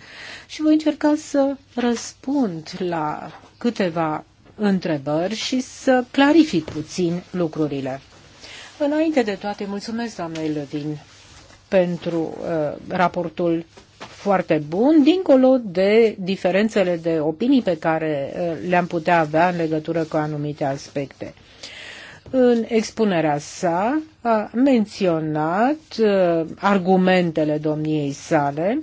și voi încerca să răspund la câteva întrebări și să clarific puțin lucrurile. Înainte de toate, mulțumesc doamnei Levin pentru uh, raportul foarte bun, dincolo de diferențele de opinii pe care uh, le-am putea avea în legătură cu anumite aspecte. În expunerea sa a menționat uh, argumentele domniei sale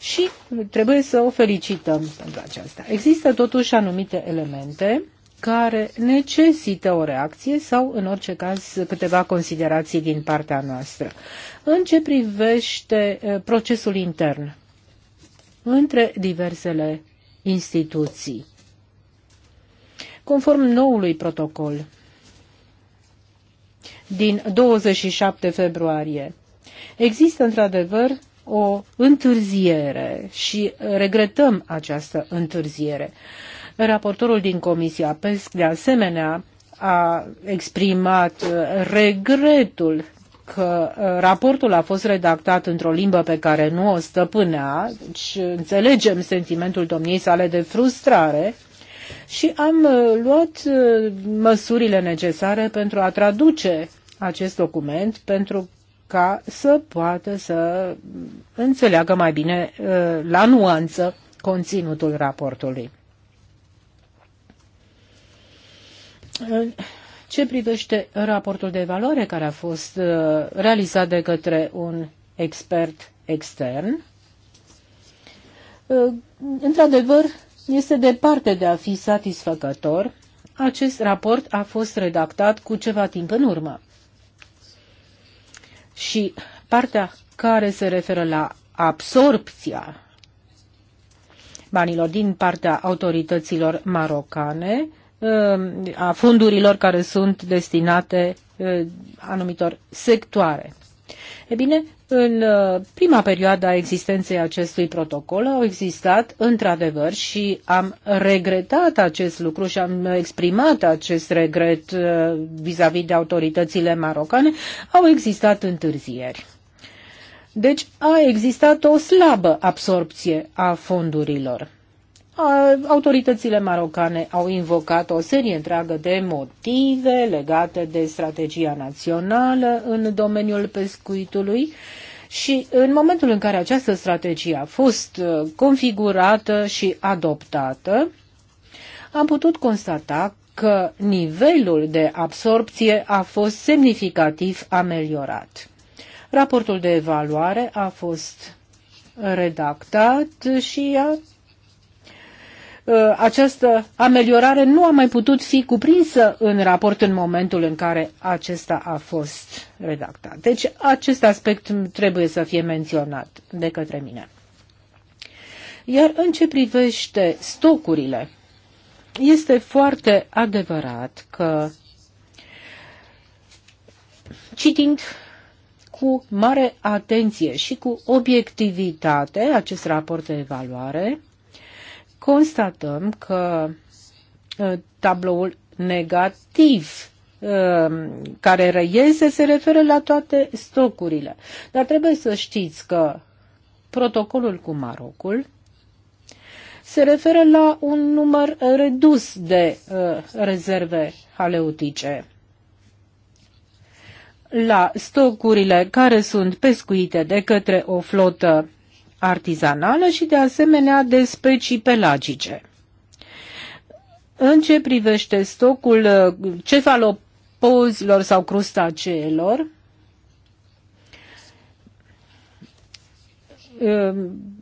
și trebuie să o felicităm pentru aceasta. Există totuși anumite elemente care necesită o reacție sau, în orice caz, câteva considerații din partea noastră. În ce privește procesul intern între diversele instituții, conform noului protocol din 27 februarie, există într-adevăr o întârziere și regretăm această întârziere. Raportorul din Comisia PESC, de asemenea, a exprimat regretul că uh, raportul a fost redactat într-o limbă pe care nu o stăpânea, deci înțelegem sentimentul domniei sale de frustrare și am uh, luat uh, măsurile necesare pentru a traduce acest document, pentru ca să poată să înțeleagă mai bine la nuanță conținutul raportului ce privește raportul de valoare care a fost uh, realizat de către un expert extern, uh, într-adevăr, este departe de a fi satisfăcător. Acest raport a fost redactat cu ceva timp în urmă. Și partea care se referă la absorpția banilor din partea autorităților marocane a fondurilor care sunt destinate uh, anumitor sectoare. E bine, în uh, prima perioadă a existenței acestui protocol au existat, într-adevăr, și am regretat acest lucru și am exprimat acest regret uh, vis-a-vis -vis de autoritățile marocane, au existat întârzieri. Deci a existat o slabă absorpție a fondurilor autoritățile marocane au invocat o serie întreagă de motive legate de strategia națională în domeniul pescuitului și în momentul în care această strategie a fost uh, configurată și adoptată, am putut constata că nivelul de absorpție a fost semnificativ ameliorat. Raportul de evaluare a fost redactat și a Uh, această ameliorare nu a mai putut fi cuprinsă în raport în momentul în care acesta a fost redactat. Deci acest aspect trebuie să fie menționat de către mine. Iar în ce privește stocurile, este foarte adevărat că citind cu mare atenție și cu obiectivitate acest raport de evaluare, constatăm că uh, tabloul negativ uh, care răiese se referă la toate stocurile. Dar trebuie să știți că protocolul cu Marocul se referă la un număr redus de uh, rezerve haleutice. La stocurile care sunt pescuite de către o flotă artizanală și de asemenea de specii pelagice. În ce privește stocul uh, cefalopozilor sau crustaceelor, uh,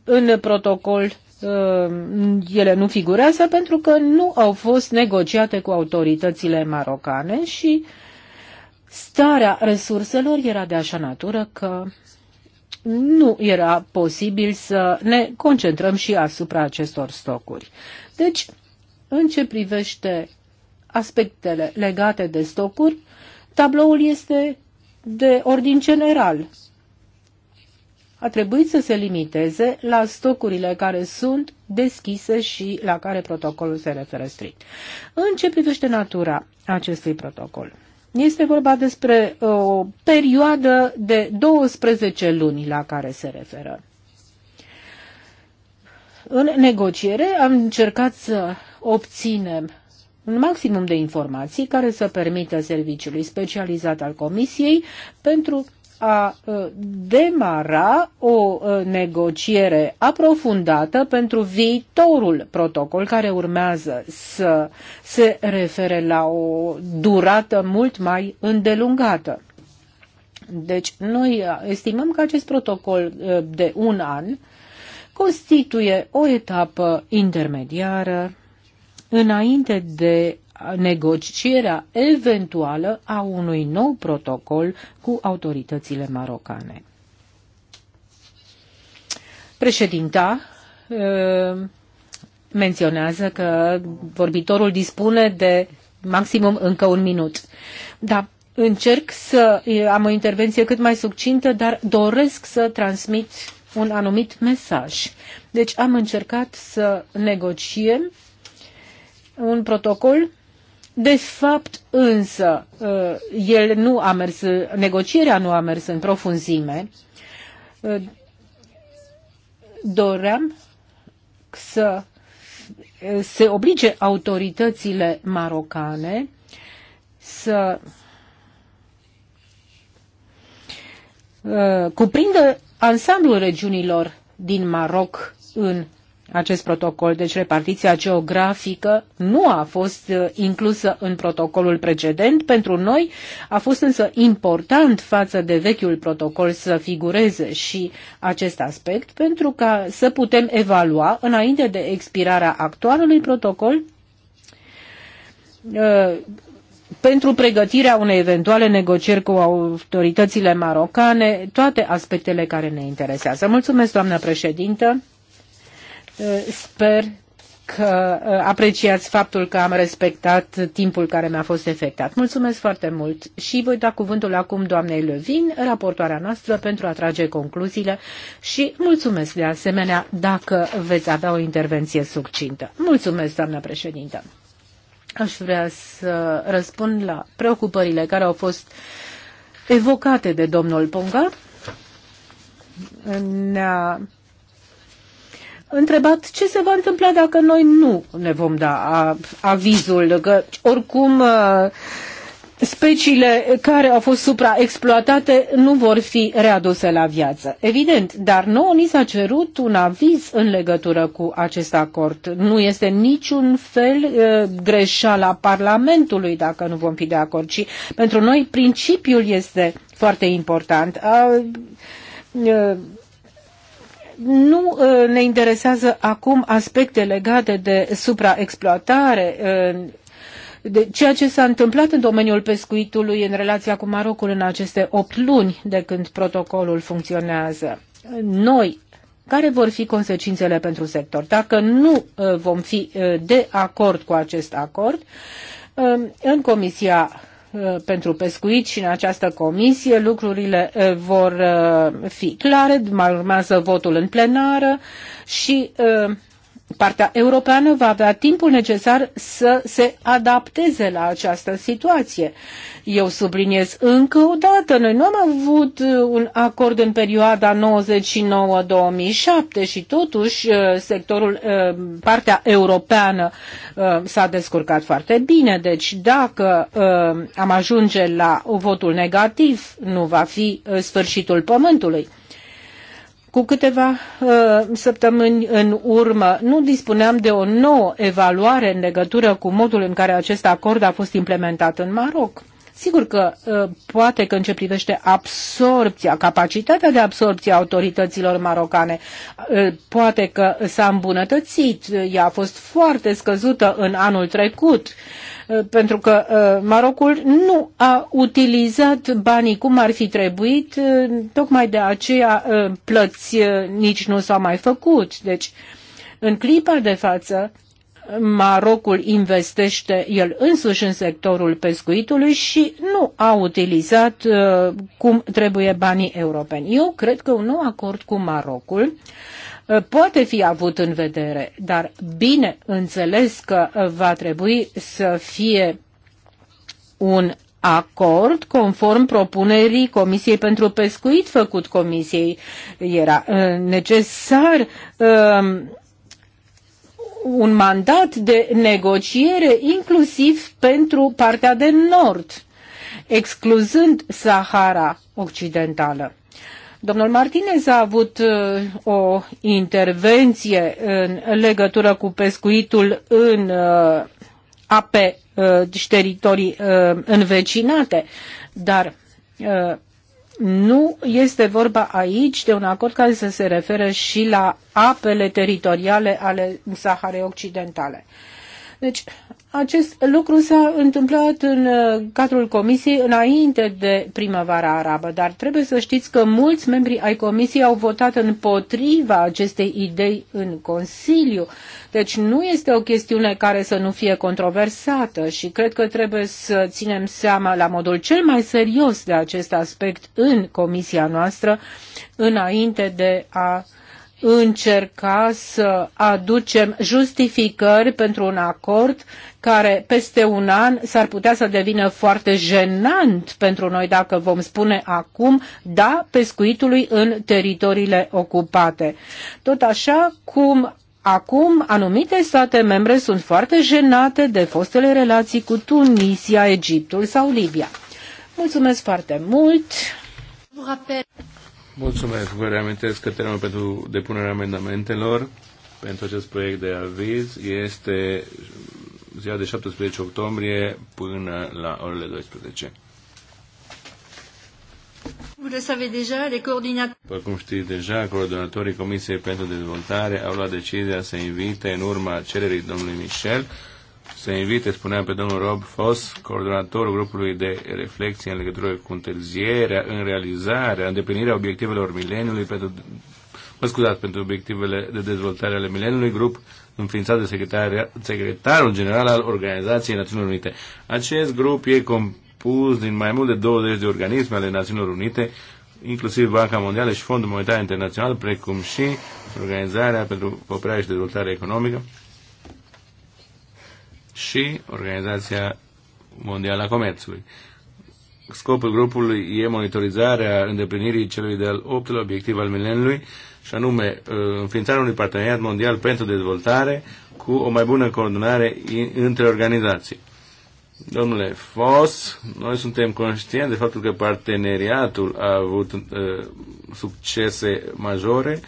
în protocol uh, ele nu figurează pentru că nu au fost negociate cu autoritățile marocane și starea resurselor era de așa natură că nu era posibil să ne concentrăm și asupra acestor stocuri. Deci, în ce privește aspectele legate de stocuri, tabloul este de ordin general. A trebuit să se limiteze la stocurile care sunt deschise și la care protocolul se referă strict. În ce privește natura acestui protocol? Este vorba despre uh, o perioadă de 12 luni la care se referă. În negociere am încercat să obținem un maximum de informații care să permită serviciului specializat al Comisiei pentru a demara o negociere aprofundată pentru viitorul protocol care urmează să se refere la o durată mult mai îndelungată. Deci noi estimăm că acest protocol de un an constituie o etapă intermediară înainte de negocierea eventuală a unui nou protocol cu autoritățile marocane. Președinta uh, menționează că vorbitorul dispune de maximum încă un minut. Da, încerc să uh, am o intervenție cât mai succintă, dar doresc să transmit un anumit mesaj. Deci am încercat să negociem un protocol de fapt, însă, uh, el nu a mers, negocierea nu a mers în profunzime. Uh, doream să se oblige autoritățile marocane să uh, cuprindă ansamblul regiunilor din Maroc în acest protocol, deci repartiția geografică nu a fost uh, inclusă în protocolul precedent. Pentru noi a fost însă important față de vechiul protocol să figureze și acest aspect pentru ca să putem evalua înainte de expirarea actualului protocol uh, pentru pregătirea unei eventuale negocieri cu autoritățile marocane, toate aspectele care ne interesează. Mulțumesc, doamnă președintă. Eh, sper că eh, apreciați faptul că am respectat timpul care mi-a fost efectat. Mulțumesc foarte mult și voi da cuvântul acum doamnei Levin, raportoarea noastră, pentru a trage concluziile și mulțumesc de asemenea dacă veți avea o intervenție succintă. Mulțumesc, doamna președintă. Aș vrea să răspund la preocupările care au fost evocate de domnul Ponga. Ne-a întrebat ce se va întâmpla dacă noi nu ne vom da avizul, că oricum speciile care au fost supraexploatate nu vor fi readuse la viață. Evident, dar nouă ni s-a cerut un aviz în legătură cu acest acord. Nu este niciun fel e, greșeala Parlamentului dacă nu vom fi de acord, ci pentru noi principiul este foarte important. A, e, nu uh, ne interesează acum aspecte legate de supraexploatare, uh, de ceea ce s-a întâmplat în domeniul pescuitului în relația cu Marocul în aceste opt luni de când protocolul funcționează. Noi, care vor fi consecințele pentru sector? Dacă nu uh, vom fi de acord cu acest acord, în Comisia Eh, pentru pescuit și în această comisie lucrurile eh, vor eh, fi clare, mai urmează votul în plenară și partea europeană va avea timpul necesar să se adapteze la această situație. Eu subliniez încă o dată, noi nu am avut uh, un acord în perioada 99-2007 și totuși uh, sectorul, uh, partea europeană s-a descurcat foarte bine, deci dacă am ajunge la votul negativ, nu va fi sfârșitul pământului. Cu câteva uh, săptămâni în urmă nu dispuneam de o nouă evaluare în legătură cu modul în care acest acord a fost implementat în Maroc. Sigur că uh, poate că în ce privește absorpția, capacitatea de absorpție a autorităților marocane, uh, poate că s-a îmbunătățit, ea a fost foarte scăzută în anul trecut, Eh, pentru că eh, Marocul nu a utilizat banii cum ar fi trebuit, eh, tocmai de aceea plăți nici nu s-au mai făcut. Deci, în clipa de față, Marocul investește el însuși în sectorul pescuitului și nu a utilizat uh, cum trebuie banii europeni. Eu cred că un nou acord cu Marocul Eh, poate fi avut în vedere, dar bine înțeles că eh, va trebui să fie un acord conform propunerii Comisiei pentru Pescuit făcut Comisiei. Era eh, necesar um, un mandat de negociere inclusiv pentru partea de nord, excluzând Sahara Occidentală. Domnul Martinez a avut uh, o intervenție în legătură cu pescuitul în uh, ape uh, și teritorii învecinate, dar nu este vorba aici de un acord care să se referă și la apele teritoriale ale Saharei Occidentale. Deci, acest lucru s-a întâmplat în uh, cadrul comisiei înainte de primăvara arabă, dar trebuie să știți că mulți membri ai comisiei au votat împotriva acestei idei în Consiliu. Deci nu este o chestiune care să nu fie controversată și cred că trebuie să ținem seama la modul cel mai serios de acest aspect în comisia noastră înainte de a uh, încerca să aducem justificări pentru un acord care peste un an s-ar putea să devină foarte jenant pentru noi dacă vom spune acum da pescuitului în teritoriile ocupate. Tot așa cum Acum, anumite state membre sunt foarte jenate de fostele relații cu Tunisia, Egiptul sau Libia. Mulțumesc foarte mult! Mulțumesc. Vă reamintesc că termenul pentru depunerea amendamentelor pentru acest proiect de aviz este ziua de 17 octombrie până la orele 12. Vous le savez déjà, les coordinateurs... După cum știți deja, coordonatorii Comisiei pentru Dezvoltare au luat decizia să invite în urma cererii domnului Michel se invite, spuneam pe domnul Rob Foss, coordonatorul grupului de reflexie în legătură cu întârzierea, în realizarea, îndeplinirea obiectivelor mileniului pentru mă scuzați, pentru obiectivele de dezvoltare ale mileniului, grup înființat de secretar, secretarul general al Organizației Națiunilor Unite. Acest grup e compus din mai mult de 20 de organisme ale Națiunilor Unite, inclusiv Banca Mondială și Fondul Monetar Internațional, precum și Organizarea pentru Cooperare și Dezvoltare Economică, și Organizația Mondială a Comerțului. Scopul grupului e monitorizarea îndeplinirii celui de-al optul obiectiv al mileniului, și anume uh, înființarea unui parteneriat mondial pentru dezvoltare cu o mai bună coordonare între organizații. Domnule Fos, noi suntem conștienți de faptul că parteneriatul a avut uh, succese majore uh,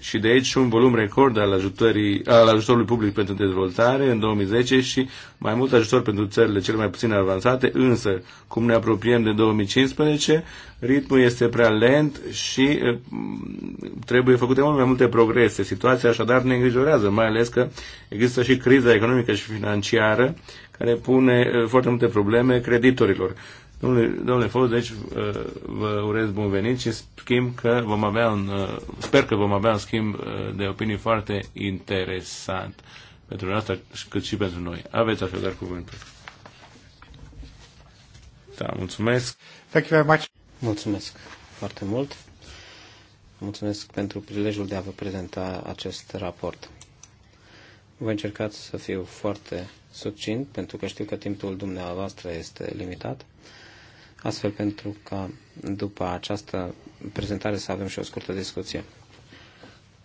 și de aici un volum record al, ajutării, al ajutorului public pentru dezvoltare în 2010 și mai mult ajutor pentru țările cele mai puțin avansate, însă, cum ne apropiem de 2015, ritmul este prea lent și eh, trebuie făcute mult mai multe progrese. Situația așadar ne îngrijorează, mai ales că există și criza economică și financiară care pune eh, foarte multe probleme creditorilor. Domnule, domnule Folu, deci uh, vă urez bun venit și schimb că vom avea un, uh, sper că vom avea un schimb uh, de opinii foarte interesant pentru noastră cât și pentru noi. Aveți așadar cuvântul. Da, mulțumesc. Thank you very much. Mulțumesc foarte mult. Mulțumesc pentru prilejul de a vă prezenta acest raport. Voi încercați să fiu foarte succint, pentru că știu că timpul dumneavoastră este limitat astfel pentru ca după această prezentare să avem și o scurtă discuție.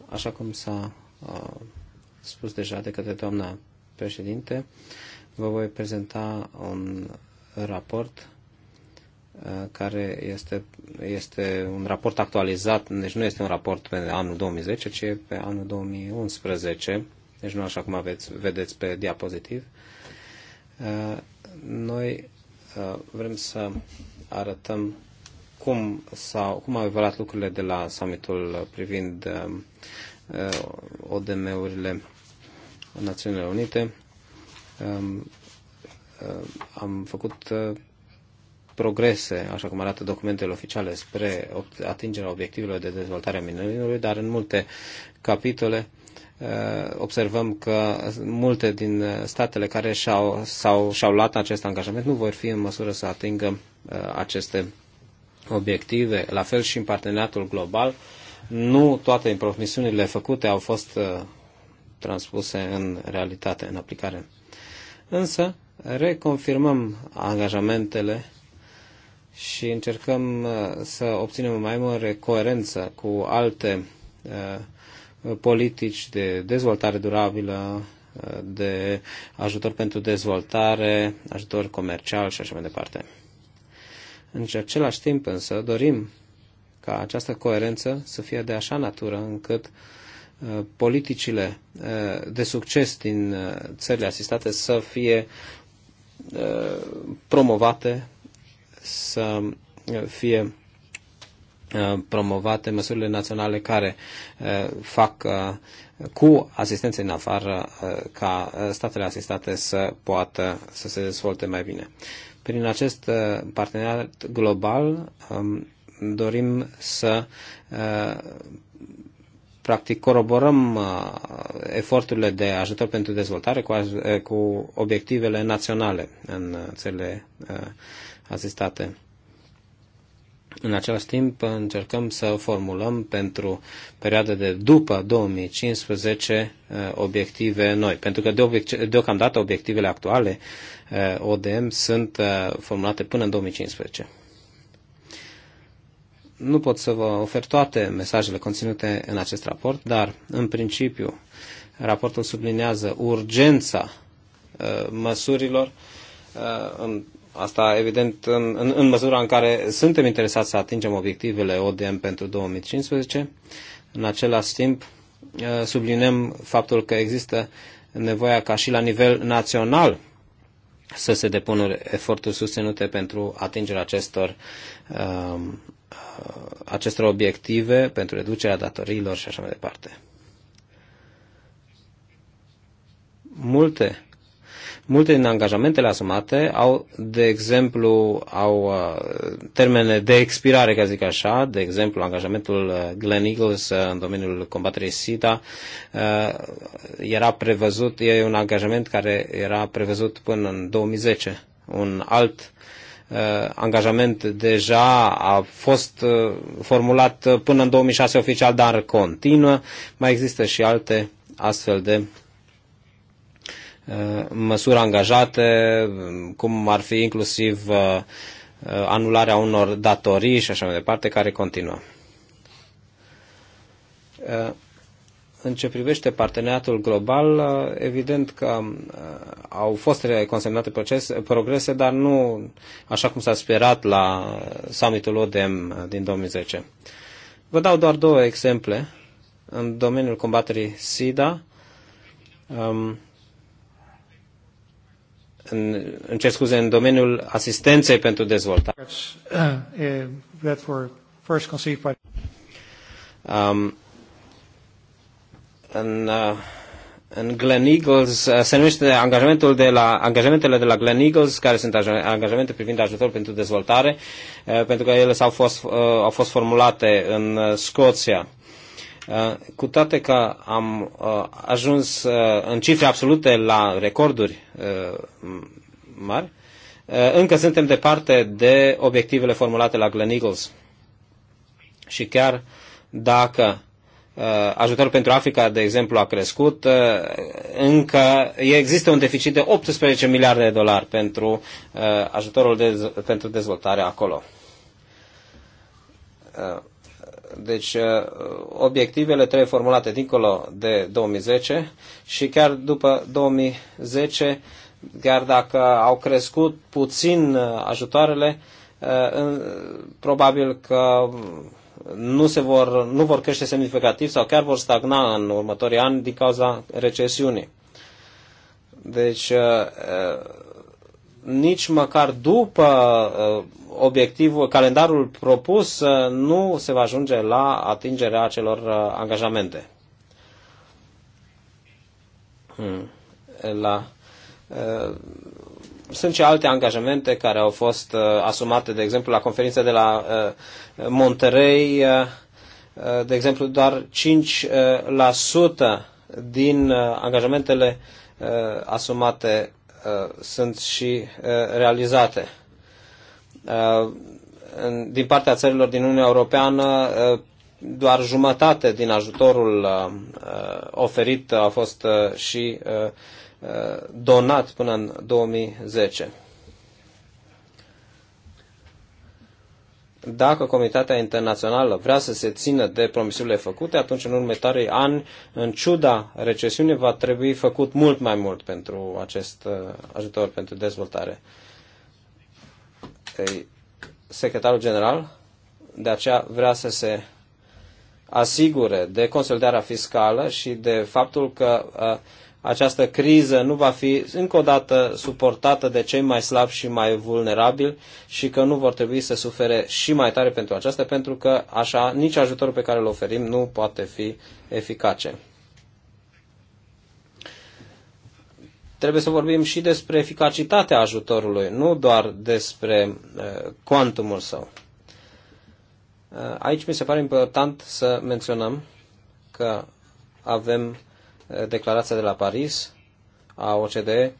Așa cum s-a uh, spus deja de către doamna președinte, vă voi prezenta un raport uh, care este, este un raport actualizat, deci nu este un raport pe anul 2010, ci pe anul 2011, deci nu așa cum aveți, vedeți pe diapozitiv. Uh, noi Uh, vrem să arătăm cum, sau cum au evoluat lucrurile de la summitul privind um, uh, ODM-urile Națiunilor Unite. Um, uh, am făcut progrese, așa cum arată documentele oficiale, spre atingerea obiectivelor de dezvoltare a minerilor, dar în multe capitole uh, Eh, observăm că multe din statele care și-au, sau, și-au luat acest angajament nu vor fi în măsură să atingă eh, aceste obiective. La fel și în parteneriatul global, nu toate promisiunile făcute au fost eh, transpuse în realitate, în aplicare. Însă, reconfirmăm angajamentele și încercăm să obținem mai mare coerență cu alte uh, politici de dezvoltare durabilă, de ajutor pentru dezvoltare, ajutor comercial și așa mai departe. În același timp însă dorim ca această coerență să fie de așa natură încât uh, politicile uh, de succes din uh, țările asistate să fie promovate, să fie Uh, promovate măsurile naționale care uh, fac uh, cu asistență în afară ca statele asistate să poată să se dezvolte mai bine. Prin acest parteneriat global um, dorim să practic coroborăm eforturile de ajutor pentru dezvoltare cu, obiectivele naționale în țările asistate. În același timp, încercăm să formulăm pentru perioada de după 2015 uh, obiective noi, pentru că deocamdată obiectivele actuale uh, ODM sunt uh, formulate până în 2015 nu pot să vă ofer toate mesajele conținute în acest raport, dar, în principiu, raportul sublinează urgența măsurilor Asta, evident, în, în, în măsura în care suntem interesați să atingem obiectivele ODM pentru 2015, în același timp uh, subliniem faptul că există nevoia ca și la nivel național să se depună eforturi susținute pentru atingerea acestor, uh, acestor obiective, pentru reducerea datoriilor și așa mai departe. Multe Multe din angajamentele asumate au, de exemplu, au uh, termene de expirare, ca zic așa, de exemplu, angajamentul uh, Glen Eagles uh, în domeniul combaterii SIDA era prevăzut, e un angajament care era prevăzut până în 2010. Un alt angajament deja a fost formulat până în 2006 oficial, dar continuă. Mai există și alte astfel de Uh, măsuri angajate, cum ar fi inclusiv uh, uh, anularea unor datorii și așa mai departe, care continuă. În ce privește parteneriatul global, evident că au fost consemnate procese, progrese, dar nu așa cum s-a sperat la summitul ODM din 2010. Vă dau doar două exemple. În domeniul combaterii SIDA, um, în, în ce scuze, în domeniul asistenței pentru dezvoltare. Uh, eh, um, în, uh, în Glen Eagles uh, se numește angajamentul de la, angajamentele de la Glen Eagles, care sunt angajamente privind ajutor pentru dezvoltare, pentru că ele s-au fost, au fost formulate în Scoția. Uh, cu toate că am uh, ajuns uh, în cifre absolute la recorduri mari, încă suntem departe de obiectivele formulate la Glen Eagles. Și chiar dacă ajutorul pentru Africa, de exemplu, a crescut, încă există un deficit de 18 miliarde de dolari pentru ajutorul de, pentru dezvoltare acolo. Deci, uh, obiectivele trebuie formulate dincolo de 2010 și chiar după 2010, chiar dacă au crescut puțin uh, ajutoarele, uh, probabil că nu, se vor, nu vor crește semnificativ sau chiar vor stagna în următorii ani din cauza recesiunii. Deci, nici măcar după uh, obiectivul, calendarul propus, uh, nu se va ajunge la atingerea acelor uh, angajamente. Hmm. La, sunt și alte angajamente care au fost asumate, de exemplu, la conferința de la Monterey, de exemplu, doar 5% din angajamentele asumate Uh, sunt și uh, realizate. Uh, din partea țărilor din Uniunea Europeană, doar jumătate din ajutorul oferit a fost și donat până în 2010. dacă comunitatea internațională vrea să se țină de promisiunile făcute, atunci în următorii ani, în ciuda recesiunii, va trebui făcut mult mai mult pentru acest uh, ajutor pentru dezvoltare. Secretarul general de aceea vrea să se asigure de consolidarea fiscală și de faptul că uh, această criză nu va fi încă o dată suportată de cei mai slabi și mai vulnerabili și că nu vor trebui să sufere și mai tare pentru aceasta, pentru că așa nici ajutorul pe care îl oferim nu poate fi eficace. Trebuie să vorbim și despre eficacitatea ajutorului, nu doar despre uh, quantumul său. Uh, aici mi se pare important să menționăm că avem uh, declarația de la Paris a OCDE,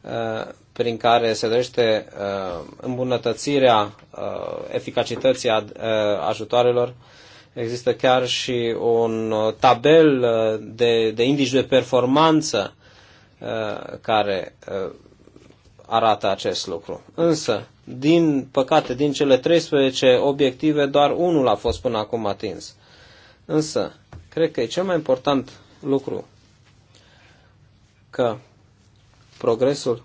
uh, prin care se dorește uh, îmbunătățirea uh, eficacității ajutoarelor. Există chiar și un tabel de, de indici de performanță care arată acest lucru. Însă, din păcate, din cele 13 obiective, doar unul a fost până acum atins. Însă, cred că e cel mai important lucru, că progresul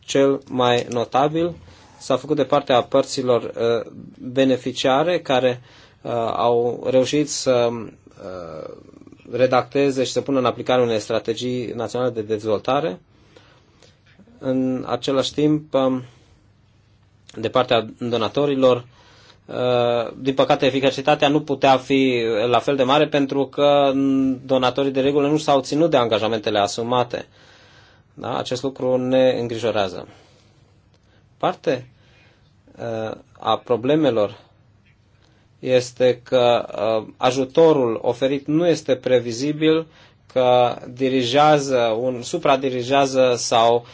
cel mai notabil s-a făcut de partea părților uh, beneficiare care uh, au reușit să uh, redacteze și să pună în aplicare unei strategii naționale de dezvoltare. În același timp, um, de partea donatorilor, Uh, din păcate, eficacitatea nu putea fi la fel de mare pentru că donatorii de regulă nu s-au ținut de angajamentele asumate. Da? Acest lucru ne îngrijorează. Parte uh, a problemelor este că uh, ajutorul oferit nu este previzibil, că dirigează, un, supradirigează sau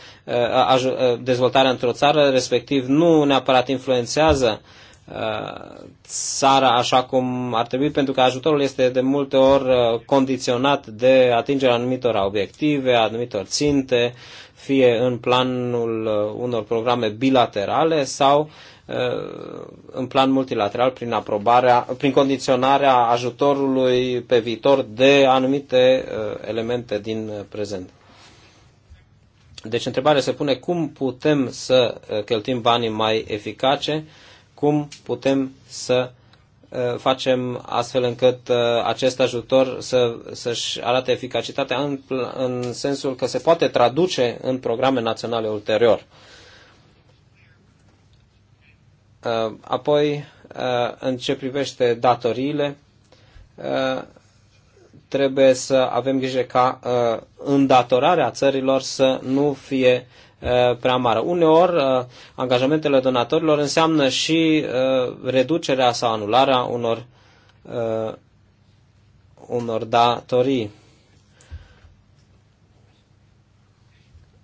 dezvoltarea într-o țară, respectiv nu neapărat influențează Uh, țara așa cum ar trebui, pentru că ajutorul este de multe ori uh, condiționat de atingerea anumitor obiective, anumitor ținte, fie în planul uh, unor programe bilaterale sau în plan multilateral prin aprobarea, prin condiționarea ajutorului pe viitor de anumite elemente din prezent. Deci întrebarea se pune cum putem să cheltuim banii mai eficace uh, cum putem să uh, facem astfel încât uh, acest ajutor să, să-și arate eficacitatea în, în sensul că se poate traduce în programe naționale ulterior. Uh, apoi, în ce privește datoriile, trebuie să avem grijă ca îndatorarea țărilor să nu fie Uh, prea mare. Uneori, uh, angajamentele donatorilor înseamnă și uh, reducerea sau anularea unor, unor datorii.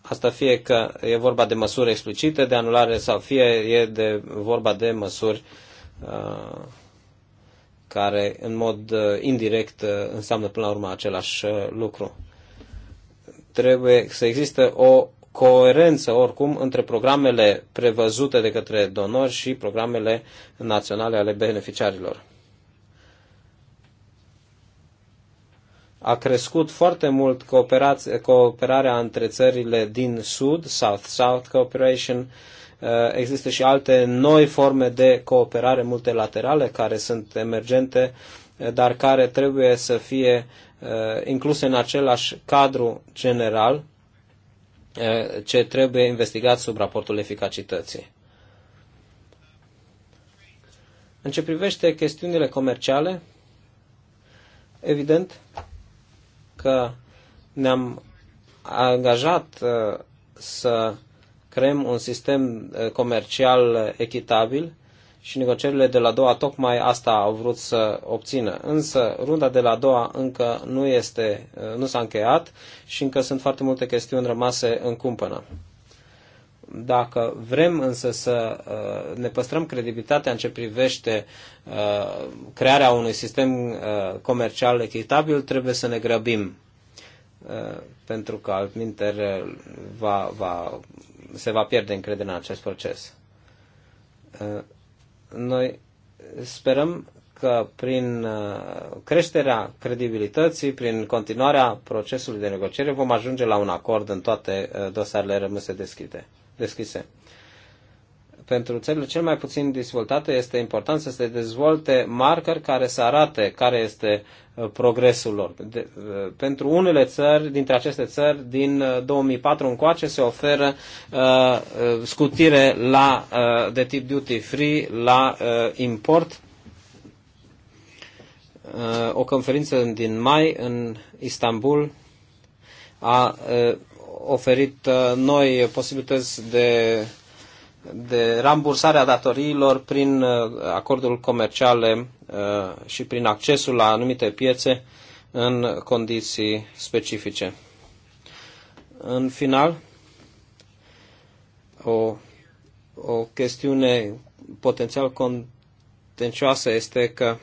Asta fie că e vorba de măsuri explicite de anulare sau fie e de vorba de măsuri care în mod indirect înseamnă până la urmă același lucru. Trebuie să existe o coerență oricum între programele prevăzute de către donori și programele naționale ale beneficiarilor. A crescut foarte mult cooperarea între țările din Sud, South-South Cooperation. Uh, există și alte noi forme de cooperare multilaterale care sunt emergente, uh, dar care trebuie să fie uh, incluse în același cadru general Eh, ce trebuie investigat sub raportul eficacității. În ce privește chestiunile comerciale, evident că ne-am angajat eh, să creăm un sistem eh, comercial echitabil și negocierile de la doua tocmai asta au vrut să obțină. Însă runda de la doua încă nu, este, nu s-a încheiat și încă sunt foarte multe chestiuni rămase în cumpănă. Dacă vrem însă să uh, ne păstrăm credibilitatea în ce privește uh, crearea unui sistem uh, comercial echitabil, trebuie să ne grăbim. Pentru că altminter va, va, se va pierde încrederea în acest proces noi sperăm că prin uh, creșterea credibilității, prin continuarea procesului de negociere, vom ajunge la un acord în toate uh, dosarele rămâse deschide, deschise pentru țările cel mai puțin dezvoltate este important să se dezvolte marcări care să arate care este uh, progresul lor. De, uh, pentru unele țări, dintre aceste țări, din 2004 uh, încoace se oferă uh, scutire la, uh, de tip duty free la uh, import. Uh, o conferință din mai în Istanbul a uh, oferit uh, noi posibilități de de rambursare a datoriilor prin uh, acorduri comerciale uh, și prin accesul la anumite piețe în condiții specifice. În final, o, o chestiune potențial contencioasă este că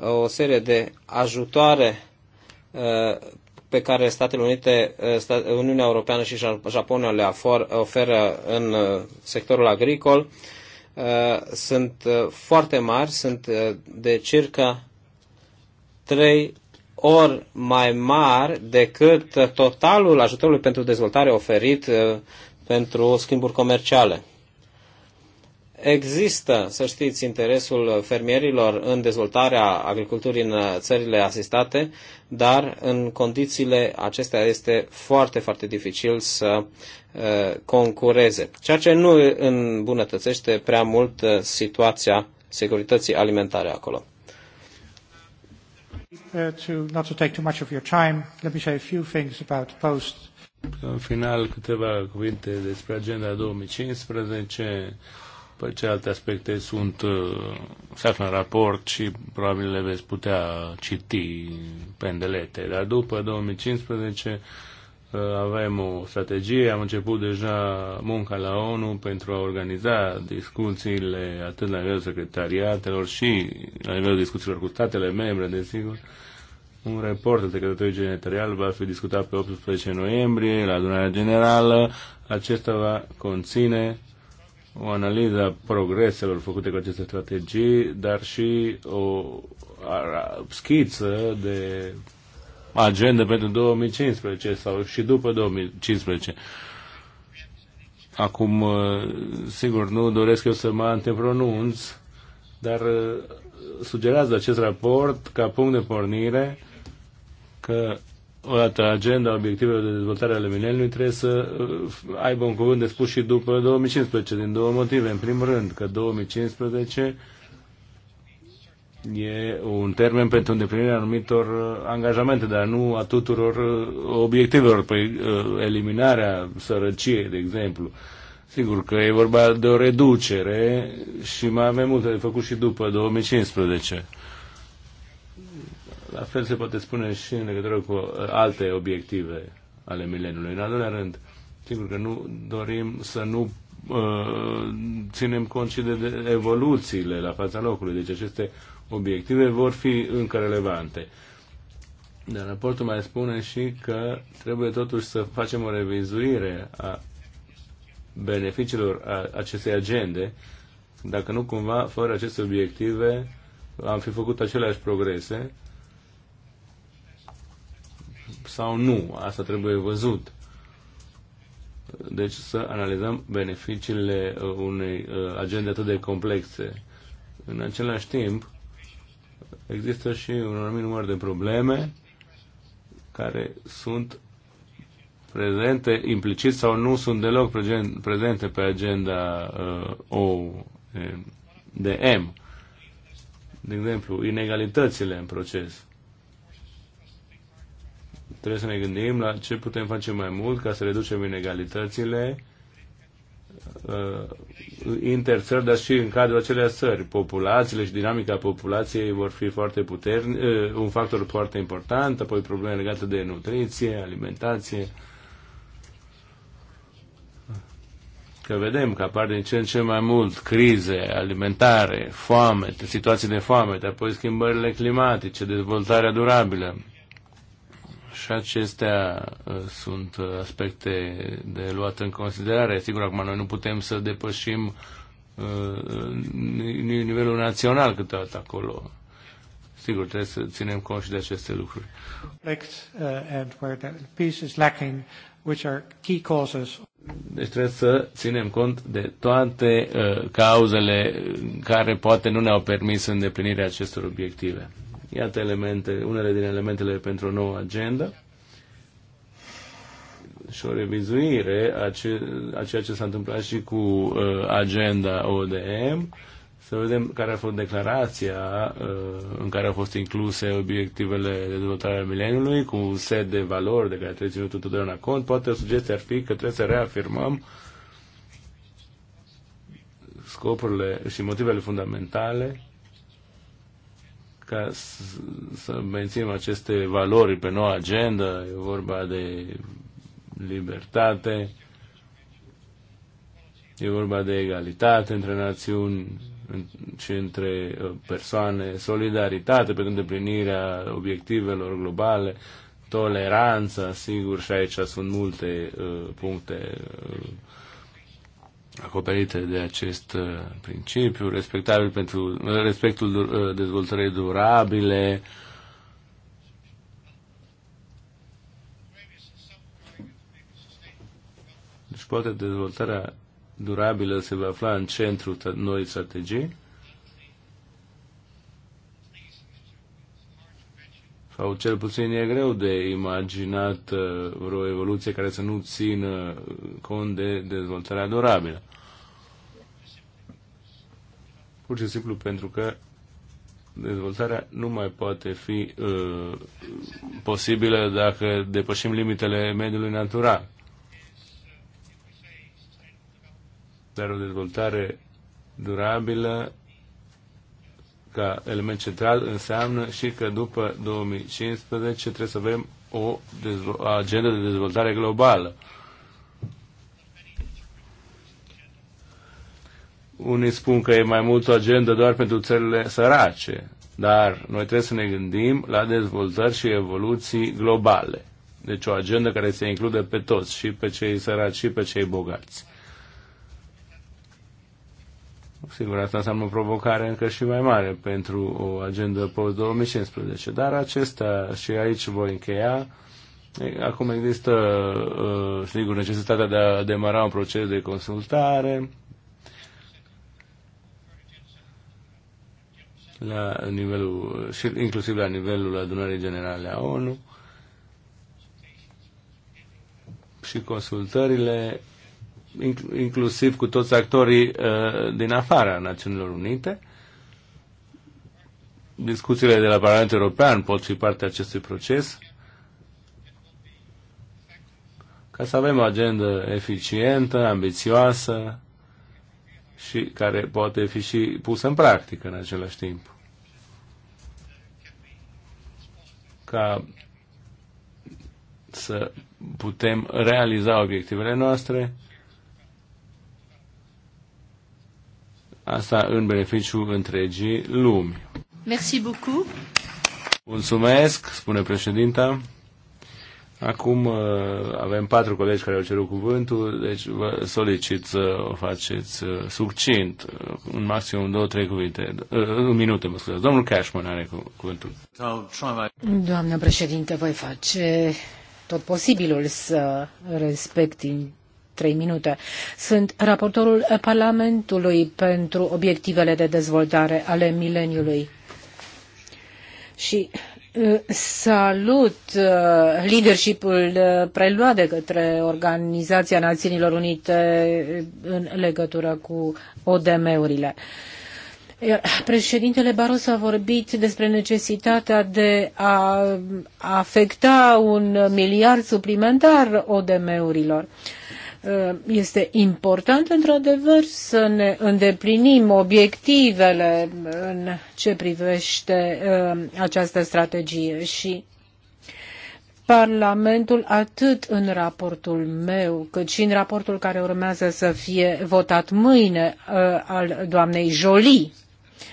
o serie de ajutoare uh, pe care Statele Unite, eh, Uniunea Europeană și Japonia le oferă în eh, sectorul agricol eh, sunt foarte mari, sunt de circa 3 ori mai mari decât totalul ajutorului pentru dezvoltare oferit pentru schimburi comerciale. Există, să știți, interesul fermierilor în dezvoltarea agriculturii în țările asistate, dar în condițiile acestea este foarte, foarte dificil să uh, concureze, ceea ce nu îmbunătățește prea mult uh, situația securității alimentare acolo. În final, câteva cuvinte despre agenda 2015 Păi alte aspecte sunt, uh, se află în raport și probabil le veți putea citi pendelete. Dar după 2015 uh, avem o strategie, am început deja munca la ONU pentru a organiza discuțiile atât la nivelul secretariatelor și la nivelul discuțiilor cu statele membre, desigur. Un report al secretarului general va fi discutat pe 18 noiembrie la adunarea generală. Acesta va conține o analiză a progreselor făcute cu aceste strategii, dar și o schiță de agenda pentru 2015 sau și după 2015. Acum, uh, sigur, nu doresc eu să mă antepronunț, dar uh, sugerează acest raport ca punct de pornire că odată agenda obiectivelor de dezvoltare ale mileniului trebuie să uh, aibă un cuvânt de spus și după 2015, din două motive. În primul rând, că 2015 e un termen pentru îndeplinirea anumitor uh, angajamente, dar nu a tuturor uh, obiectivelor, pe păi, eliminarea sărăciei, de exemplu. Sigur că e vorba de o reducere și mai avem multe de făcut și după 2015. La fel se poate spune și în legătură cu alte obiective ale mileniului. În al doilea rând, sigur că nu dorim să nu uh, ținem cont și de evoluțiile la fața locului. Deci aceste obiective vor fi încă relevante. Dar raportul mai spune și că trebuie totuși să facem o revizuire a beneficiilor a acestei agende, dacă nu cumva, fără aceste obiective, am fi făcut aceleași progrese sau nu. Asta trebuie văzut. Deci să analizăm beneficiile uh, unei uh, agende atât de complexe. În același timp, există și un anumit număr de probleme care sunt prezente, implicit sau nu sunt deloc prezente pe agenda uh, ODM. De exemplu, inegalitățile în proces trebuie să ne gândim la ce putem face mai mult ca să reducem inegalitățile uh, interțări, dar și în cadrul acelea țări. Populațiile și dinamica populației vor fi foarte puterni, uh, un factor foarte important, apoi probleme legate de nutriție, alimentație. Că vedem că apar din ce în ce mai mult crize alimentare, foame, situații de foame, apoi schimbările climatice, dezvoltarea durabilă și acestea uh, sunt uh, aspecte de luat în considerare. Sigur, acum noi nu putem să depășim uh, nivelul național câteodată acolo. Sigur, trebuie să ținem cont și de aceste lucruri. Deci trebuie să ținem cont de toate uh, cauzele care poate nu ne-au permis îndeplinirea acestor obiective. Iată elemente, unele din elementele pentru o nouă agenda și o revizuire a, ce, a ceea ce s-a întâmplat și cu uh, agenda ODM, să vedem care a fost declarația uh, în care au fost incluse obiectivele de dezvoltare al mileniului cu un set de valori de care trebuie ținut întotdeauna cont. Poate o sugestie ar fi că trebuie să reafirmăm scopurile și motivele fundamentale ca să menținem aceste valori pe noua agenda, e vorba de libertate, e vorba de egalitate între națiuni și între uh, persoane, solidaritate pentru îndeplinirea obiectivelor globale, toleranță, sigur, și aici sunt multe uh, puncte uh, acoperite de acest uh, principiu, respectabil pentru uh, respectul uh, dezvoltării durabile, Deci poate dezvoltarea durabilă se va afla în centrul noi strategii. sau cel puțin e greu de imaginat uh, vreo evoluție care să nu țină cont de dezvoltarea durabilă. Pur și simplu pentru că dezvoltarea nu mai poate fi uh, posibilă dacă depășim limitele mediului natural. Dar o dezvoltare durabilă ca element central înseamnă și că după 2015 trebuie să avem o agendă de dezvoltare globală. Unii spun că e mai mult o agendă doar pentru țările sărace, dar noi trebuie să ne gândim la dezvoltări și evoluții globale. Deci o agendă care se include pe toți, și pe cei săraci, și pe cei bogați. Sigur, asta înseamnă o provocare încă și mai mare pentru o agendă post-2015, dar acesta și aici voi încheia. Acum există, uh, sigur, necesitatea de a demara un proces de consultare la nivelul, și inclusiv la nivelul adunării generale a ONU și consultările inclusiv cu toți actorii uh, din afara Națiunilor Unite. Discuțiile de la Parlamentul European pot fi parte a acestui proces ca să avem o agendă eficientă, ambițioasă și care poate fi și pusă în practică în același timp. Ca să putem realiza obiectivele noastre asta în beneficiu întregii lumi. Merci beaucoup. Mulțumesc, spune președinta. Acum uh, avem patru colegi care au cerut cuvântul, deci vă solicit să o faceți uh, succint, uh, în maximum două, trei cuvinte, în minute, mă scuzați. Domnul Cashman are cuvântul. Doamnă președinte, voi face tot posibilul să respect trei minute. Sunt raportorul Parlamentului pentru obiectivele de dezvoltare ale mileniului. Și uh, Salut uh, leadershipul uh, preluat de către Organizația Națiunilor Unite în legătură cu ODM-urile. Președintele Barroso a vorbit despre necesitatea de a afecta un miliard suplimentar ODM-urilor. Uh, Uh, este important, într-adevăr, să ne îndeplinim obiectivele în ce privește uh, această strategie și Parlamentul, atât în raportul meu, cât și în raportul care urmează să fie votat mâine uh, al doamnei Jolie,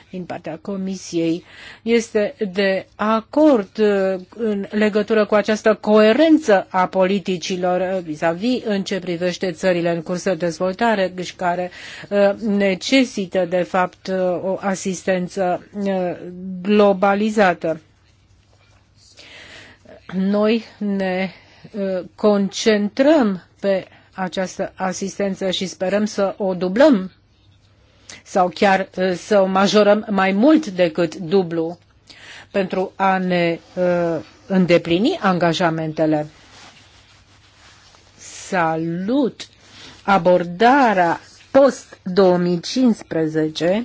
din partea Comisiei este de acord uh, în legătură cu această coerență a politicilor uh, vis-a-vis -vis în ce privește țările în curs de dezvoltare și deci care uh, necesită de fapt o asistență globalizată. Noi ne concentrăm pe această asistență și sperăm să o dublăm sau chiar uh, să o majorăm mai mult decât dublu pentru a ne uh, îndeplini angajamentele. Salut abordarea post-2015.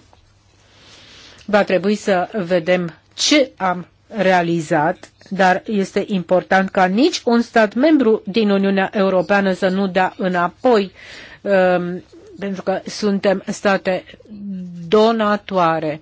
Va trebui să vedem ce am realizat, dar este important ca nici un stat membru din Uniunea Europeană să nu dea înapoi um, pentru că suntem state donatoare.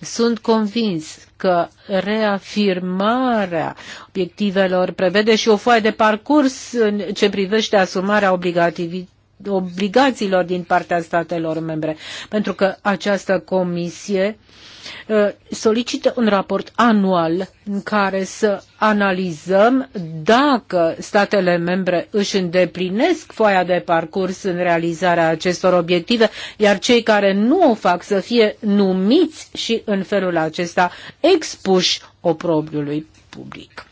Sunt convins că reafirmarea obiectivelor prevede și o foaie de parcurs în ce privește asumarea obligativității obligațiilor din partea statelor membre, pentru că această comisie uh, Uh, solicită un raport anual în care să analizăm dacă statele membre își îndeplinesc foaia de parcurs în realizarea acestor obiective, iar cei care nu o fac să fie numiți și în felul acesta expuși oprobiului public.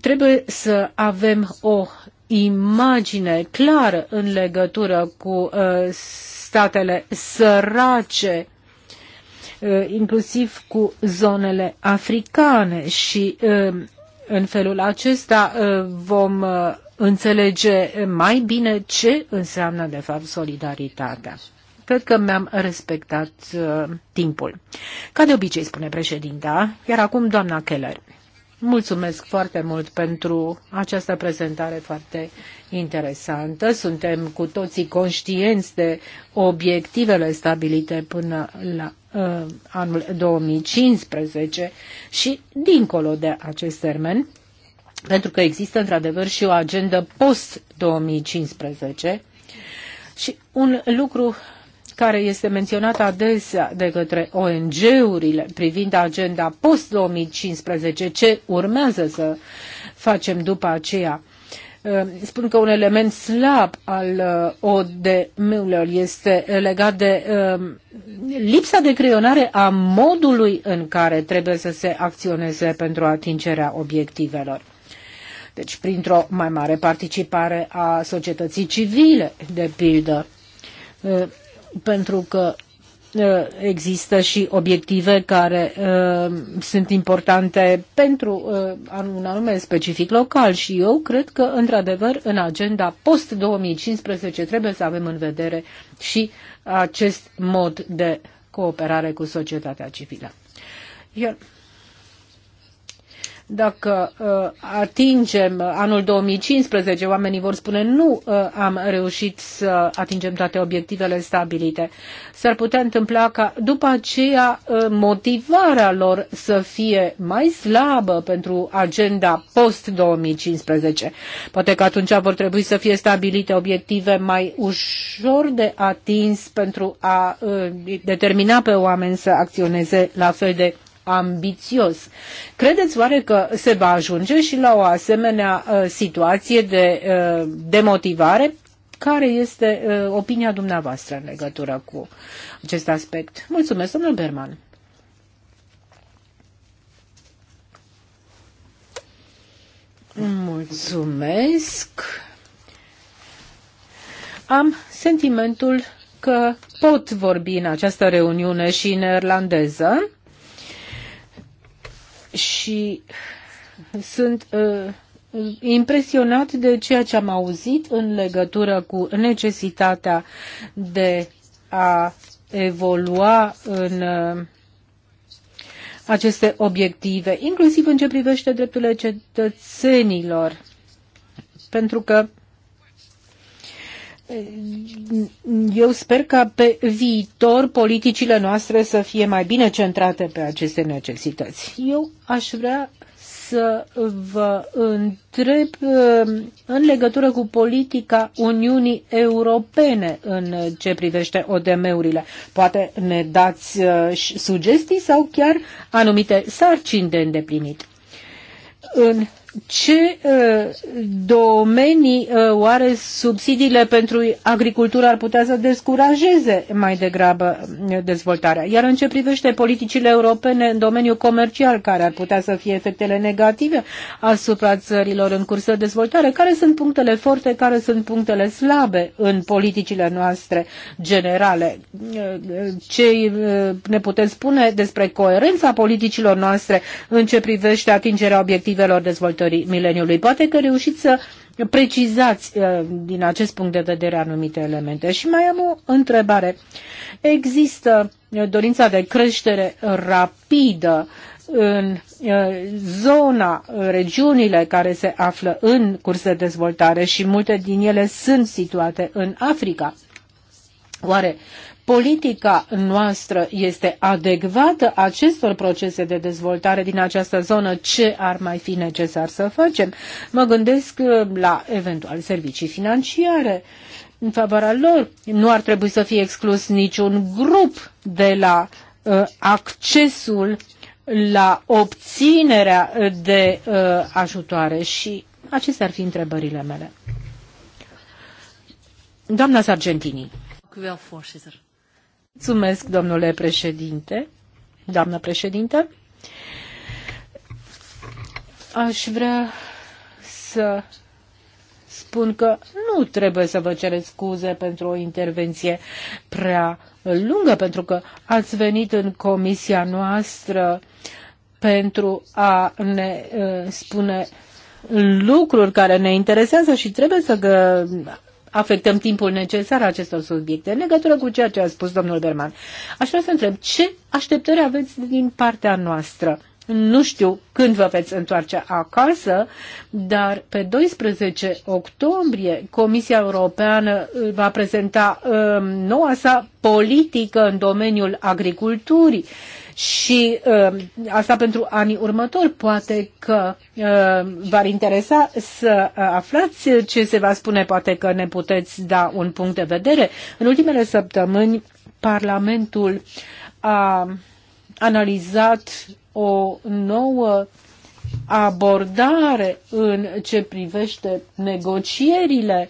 Trebuie să avem o imagine clară în legătură cu uh, statele sărace Uh, inclusiv cu zonele africane și uh, în felul acesta uh, vom înțelege mai bine ce înseamnă de fapt solidaritatea. Cred că mi-am respectat uh, timpul. Ca de obicei, spune președinta, iar acum doamna Keller. Mulțumesc foarte mult pentru această prezentare foarte interesantă. Suntem cu toții conștienți de obiectivele stabilite până la uh, anul 2015 și dincolo de acest termen, pentru că există într-adevăr și o agendă post-2015 și un lucru care este menționat adesea de către ONG-urile privind agenda post-2015, ce urmează să facem după aceea. Spun că un element slab al uh, odm ului este legat de um, lipsa de creionare a modului în care trebuie să se acționeze pentru atingerea obiectivelor. Deci, printr-o mai mare participare a societății civile, de pildă, uh, pentru că uh, există și obiective care uh, sunt importante pentru uh, un anume specific local și eu cred că, într-adevăr, în agenda post-2015 trebuie să avem în vedere și acest mod de cooperare cu societatea civilă. Dacă uh, atingem anul 2015, oamenii vor spune nu uh, am reușit să atingem toate obiectivele stabilite. S-ar putea întâmpla ca după aceea uh, motivarea lor să fie mai slabă pentru agenda post-2015. Poate că atunci vor trebui să fie stabilite obiective mai ușor de atins pentru a determina pe oameni să acționeze la fel de ambițios. Credeți oare că se va ajunge și la o asemenea uh, situație de uh, demotivare? Care este uh, opinia dumneavoastră în legătură cu acest aspect? Mulțumesc, domnul Berman. Mulțumesc. Am sentimentul că pot vorbi în această reuniune și în irlandeză și sunt uh, impresionat de ceea ce am auzit în legătură cu necesitatea de a evolua în uh, aceste obiective, inclusiv în ce privește drepturile cetățenilor. Pentru că eu sper ca pe viitor politicile noastre să fie mai bine centrate pe aceste necesități. Eu aș vrea să vă întreb eh, în legătură cu politica Uniunii Europene în ce privește ODM-urile. Poate ne dați eh, sugestii sau chiar anumite sarcini de îndeplinit. În ce uh, domenii uh, oare subsidiile pentru agricultură ar putea să descurajeze mai degrabă uh, dezvoltarea? Iar în ce privește politicile europene în domeniul comercial, care ar putea să fie efectele negative asupra țărilor în curs de dezvoltare? Care sunt punctele forte, care sunt punctele slabe în politicile noastre generale? Ce ne puteți spune despre coerența politicilor noastre în ce privește atingerea obiectivelor dezvoltării? sărbătorii mileniului. Poate că reușiți să precizați uh, din acest punct de vedere anumite elemente. Și mai am o întrebare. Există uh, dorința de creștere rapidă în uh, zona, regiunile care se află în curs de dezvoltare și multe din ele sunt situate în Africa. Oare politica noastră este adecvată acestor procese de dezvoltare din această zonă, ce ar mai fi necesar să facem? Mă gândesc uh, la eventual servicii financiare în favoarea lor. Nu ar trebui să fie exclus niciun grup de la uh, accesul la obținerea de uh, ajutoare și acestea ar fi întrebările mele. Doamna Sargentini. Dank u Mulțumesc, domnule președinte, doamnă președinte. Aș vrea să spun că nu trebuie să vă cereți scuze pentru o intervenție prea lungă, pentru că ați venit în comisia noastră pentru a ne uh, spune lucruri care ne interesează și trebuie să gă, afectăm timpul necesar acestor subiecte. În legătură cu ceea ce a spus domnul Berman, aș vrea să întreb ce așteptări aveți din partea noastră? Nu știu când vă veți întoarce acasă, dar pe 12 octombrie Comisia Europeană va prezenta um, noua sa politică în domeniul agriculturii și uh, asta pentru anii următori. Poate că uh, v-ar interesa să uh, aflați ce se va spune, poate că ne puteți da un punct de vedere. În ultimele săptămâni, Parlamentul a analizat o nouă abordare în ce privește negocierile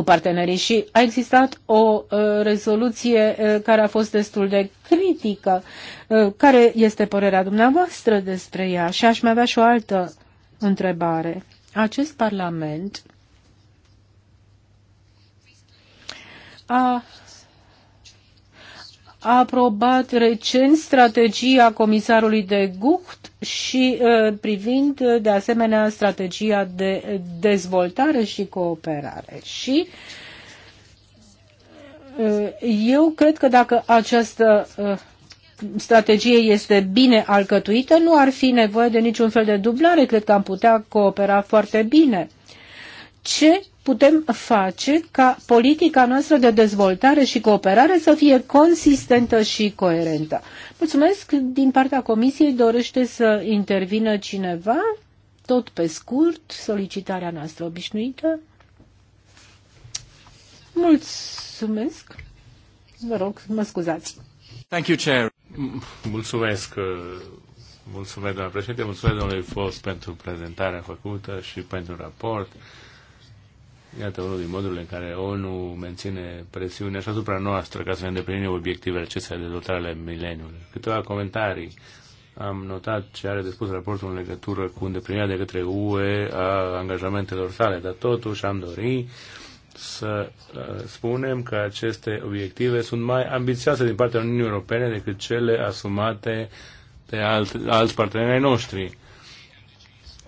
cu partenerii și a existat o uh, rezoluție uh, care a fost destul de critică. Uh, care este părerea dumneavoastră despre ea? Și aș mai avea și o altă întrebare. Acest Parlament a a aprobat recent strategia comisarului de Gucht și uh, privind uh, de asemenea strategia de dezvoltare și cooperare. Și uh, eu cred că dacă această strategie este bine alcătuită, nu ar fi nevoie de niciun fel de dublare, cred că am putea coopera foarte bine. Ce putem face ca politica noastră de dezvoltare și cooperare să fie consistentă și coerentă. Mulțumesc. Din partea Comisiei dorește să intervină cineva? Tot pe scurt, solicitarea noastră obișnuită. Mulțumesc. Vă rog, mă scuzați. Thank you, Chair. Mulțumesc, uh, mulțumesc, doamna președinte, mulțumesc, domnului Fost, pentru prezentarea făcută și pentru raport. Iată unul din modurile în care ONU menține presiunea și asupra noastră ca să ne îndeplinim obiectivele acestea de dotare ale mileniului. Câteva comentarii. Am notat ce are de spus raportul în legătură cu îndeplinirea de către UE a angajamentelor sale, dar totuși am dorit să uh, spunem că aceste obiective sunt mai ambițioase din partea Uniunii Europene decât cele asumate de alt, alți parteneri noștri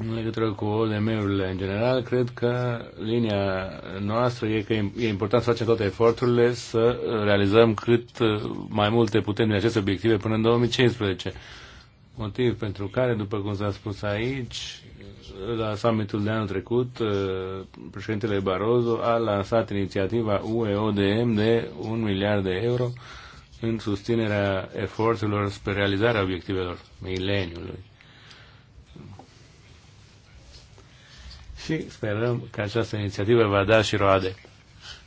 în legătură cu ODM-urile în general, cred că linia noastră e că e important să facem toate eforturile să realizăm cât mai multe putem din aceste obiective până în 2015. Motiv pentru care, după cum s-a spus aici, la summitul de anul trecut, eh, președintele Barroso a lansat inițiativa UE-ODM de 1 miliard de euro în susținerea eforturilor spre realizarea obiectivelor mileniului. și sperăm că această inițiativă va da și roade.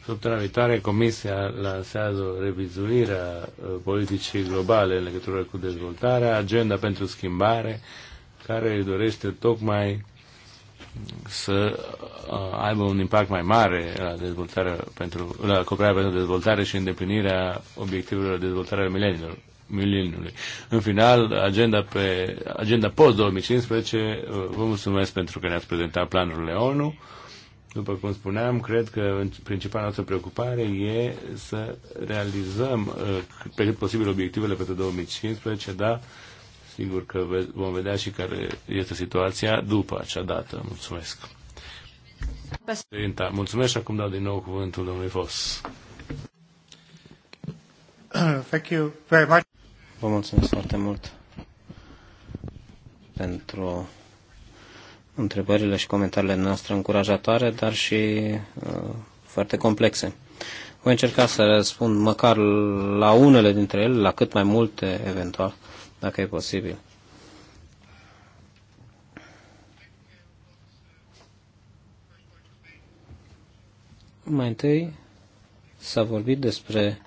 Săptămâna viitoare, Comisia lansează o revizuire a politicii globale în legătură cu dezvoltarea, agenda pentru schimbare, care dorește tocmai să aibă un impact mai mare la, dezvoltarea pentru, la cooperarea pentru dezvoltare și îndeplinirea obiectivelor de dezvoltare ale mileniilor mileniului. În final, agenda, pe, agenda post-2015, vă mulțumesc pentru că ne-ați prezentat planurile ONU. După cum spuneam, cred că principala noastră preocupare e să realizăm uh, pe cât posibil obiectivele pentru 2015, dar sigur că vom vedea și care este situația după acea dată. Mulțumesc! Mulțumesc și acum dau din nou cuvântul domnului Fos. Thank you very much. Vă mulțumesc foarte mult pentru întrebările și comentariile noastre încurajatoare, dar și uh, foarte complexe. Voi încerca să răspund măcar la unele dintre ele, la cât mai multe, eventual, dacă e posibil. Mai întâi s-a vorbit despre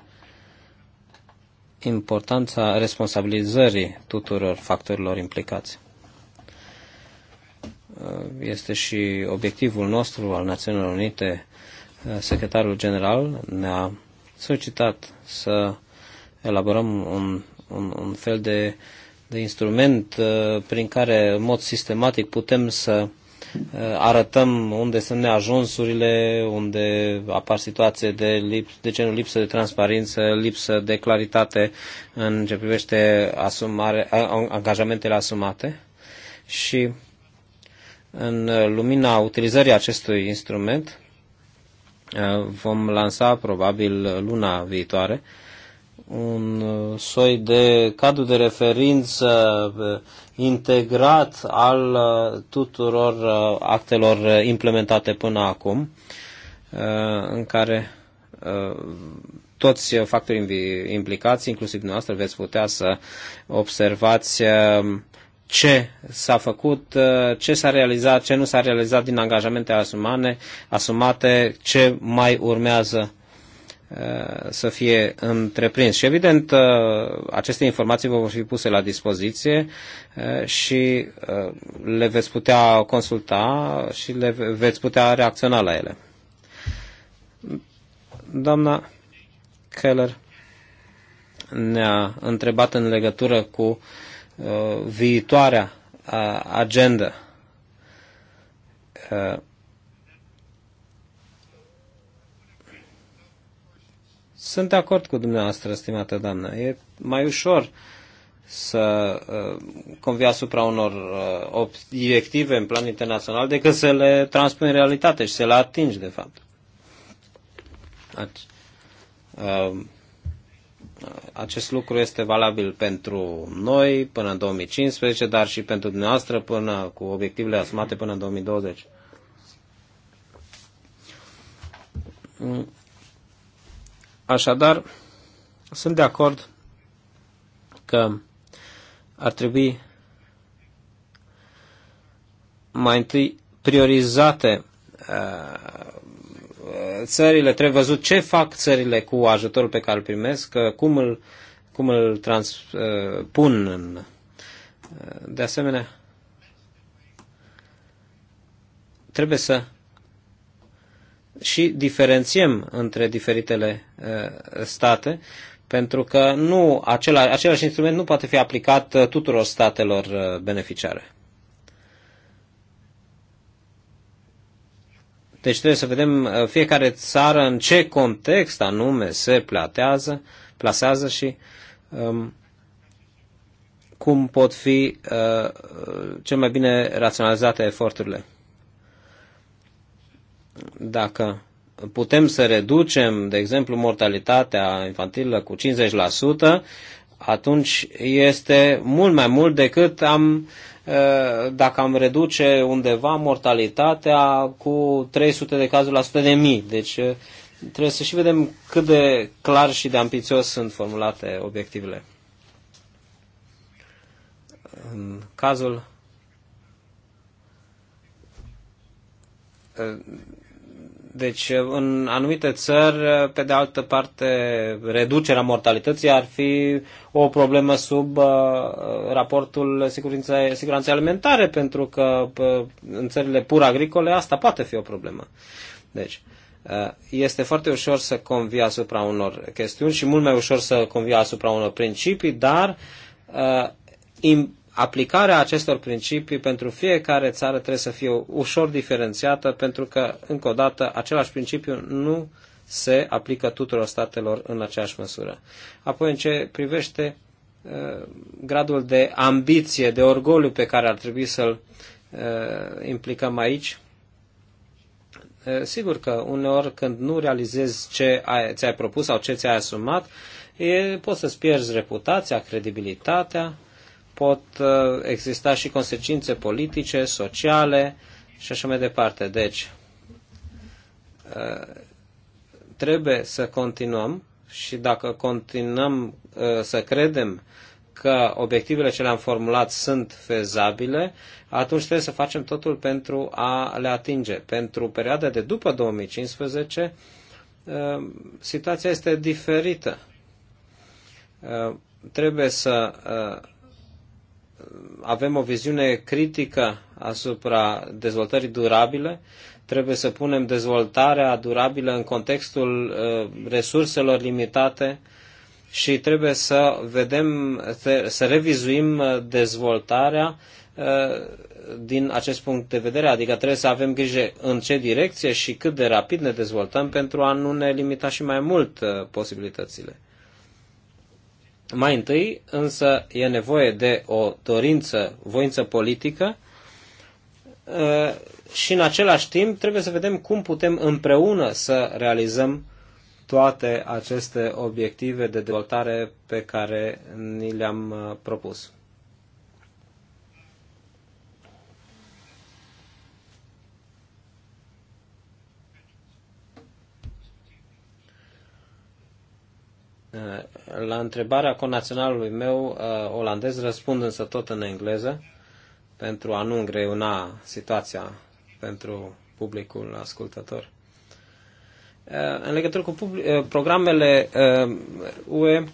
importanța responsabilizării tuturor factorilor implicați. Uh, este și obiectivul nostru al Națiunilor Unite. Uh, secretarul General ne-a solicitat să elaborăm un, un, un fel de, de instrument uh, prin care, în mod sistematic, putem să Eh, arătăm unde sunt neajunsurile, unde apar situații de, lips, de genul lipsă de transparență, lipsă de claritate în ce privește asumare, angajamentele asumate și în lumina utilizării acestui instrument eh, vom lansa probabil luna viitoare un uh, soi de cadru de referință uh, integrat al uh, tuturor actelor implementate până acum, în care toți factorii implicați, inclusiv noastră, veți putea să observați ce s-a făcut, ce s-a realizat, ce nu s-a realizat din angajamente asumane, asumate, ce mai urmează Uh, să fie întreprins. Și evident, uh, aceste informații vă vor fi puse la dispoziție uh, și le veți putea consulta și le veți putea reacționa la ele. Doamna Keller ne-a întrebat în legătură cu viitoarea agenda Sunt de acord cu dumneavoastră, stimată doamnă. E mai ușor să uh, convii asupra unor uh, obiective în plan internațional decât să le transpui în realitate și să le atingi, de fapt. Uh, acest lucru este valabil pentru noi până în 2015, dar și pentru dumneavoastră până cu obiectivele asumate până în 2020. Așadar, sunt de acord că ar trebui mai întâi priorizate uh, țările, trebuie văzut ce fac țările cu ajutorul pe care îl primesc, uh, cum îl, cum îl transpun uh, în. De asemenea, trebuie să și diferențiem între diferitele uh, state, pentru că nu, acela, același instrument nu poate fi aplicat uh, tuturor statelor uh, beneficiare. Deci trebuie să vedem fiecare țară în ce context anume se platează, plasează și um, cum pot fi uh, cel mai bine raționalizate eforturile. Dacă putem să reducem, de exemplu, mortalitatea infantilă cu 50%, atunci este mult mai mult decât am, eh, dacă am reduce undeva mortalitatea cu 300 de cazuri la 100 de mii. Deci eh, trebuie să și vedem cât de clar și de ambițios sunt formulate obiectivele. În cazul eh, deci, uh, în anumite țări, uh, pe de altă parte, reducerea mortalității ar fi o problemă sub uh, raportul siguranței, siguranței alimentare, pentru că uh, în țările pur agricole asta poate fi o problemă. Deci, uh, este foarte ușor să convii asupra unor chestiuni și mult mai ușor să convii asupra unor principii, dar uh, aplicarea acestor principii pentru fiecare țară trebuie să fie ușor diferențiată, pentru că, încă o dată, același principiu nu se aplică tuturor statelor în aceeași măsură. Apoi, în ce privește uh, gradul de ambiție, de orgoliu pe care ar trebui să-l uh, implicăm aici, uh, sigur că uneori când nu realizezi ce ai, ți-ai propus sau ce ți-ai asumat, e, poți să-ți pierzi reputația, credibilitatea, pot uh, exista și consecințe politice, sociale și așa mai departe. Deci, uh, trebuie să continuăm și dacă continuăm uh, să credem că obiectivele ce le-am formulat sunt fezabile, atunci trebuie să facem totul pentru a le atinge. Pentru perioada de după 2015, situația este diferită. Trebuie să avem o viziune critică asupra dezvoltării durabile, trebuie să punem dezvoltarea durabilă în contextul uh, resurselor limitate și trebuie să vedem, să revizuim uh, dezvoltarea uh, din acest punct de vedere, adică trebuie să avem grijă în ce direcție și cât de rapid ne dezvoltăm pentru a nu ne limita și mai mult posibilitățile. Mai întâi, însă, e nevoie de o dorință, voință politică ă, și, în același timp, trebuie să vedem cum putem împreună să realizăm toate aceste obiective de dezvoltare pe care ni le-am ă, propus. Uh, la întrebarea conaționalului meu uh, olandez răspund însă tot în engleză pentru a nu îngreuna situația pentru publicul ascultător. Uh, în legătură cu programele UE,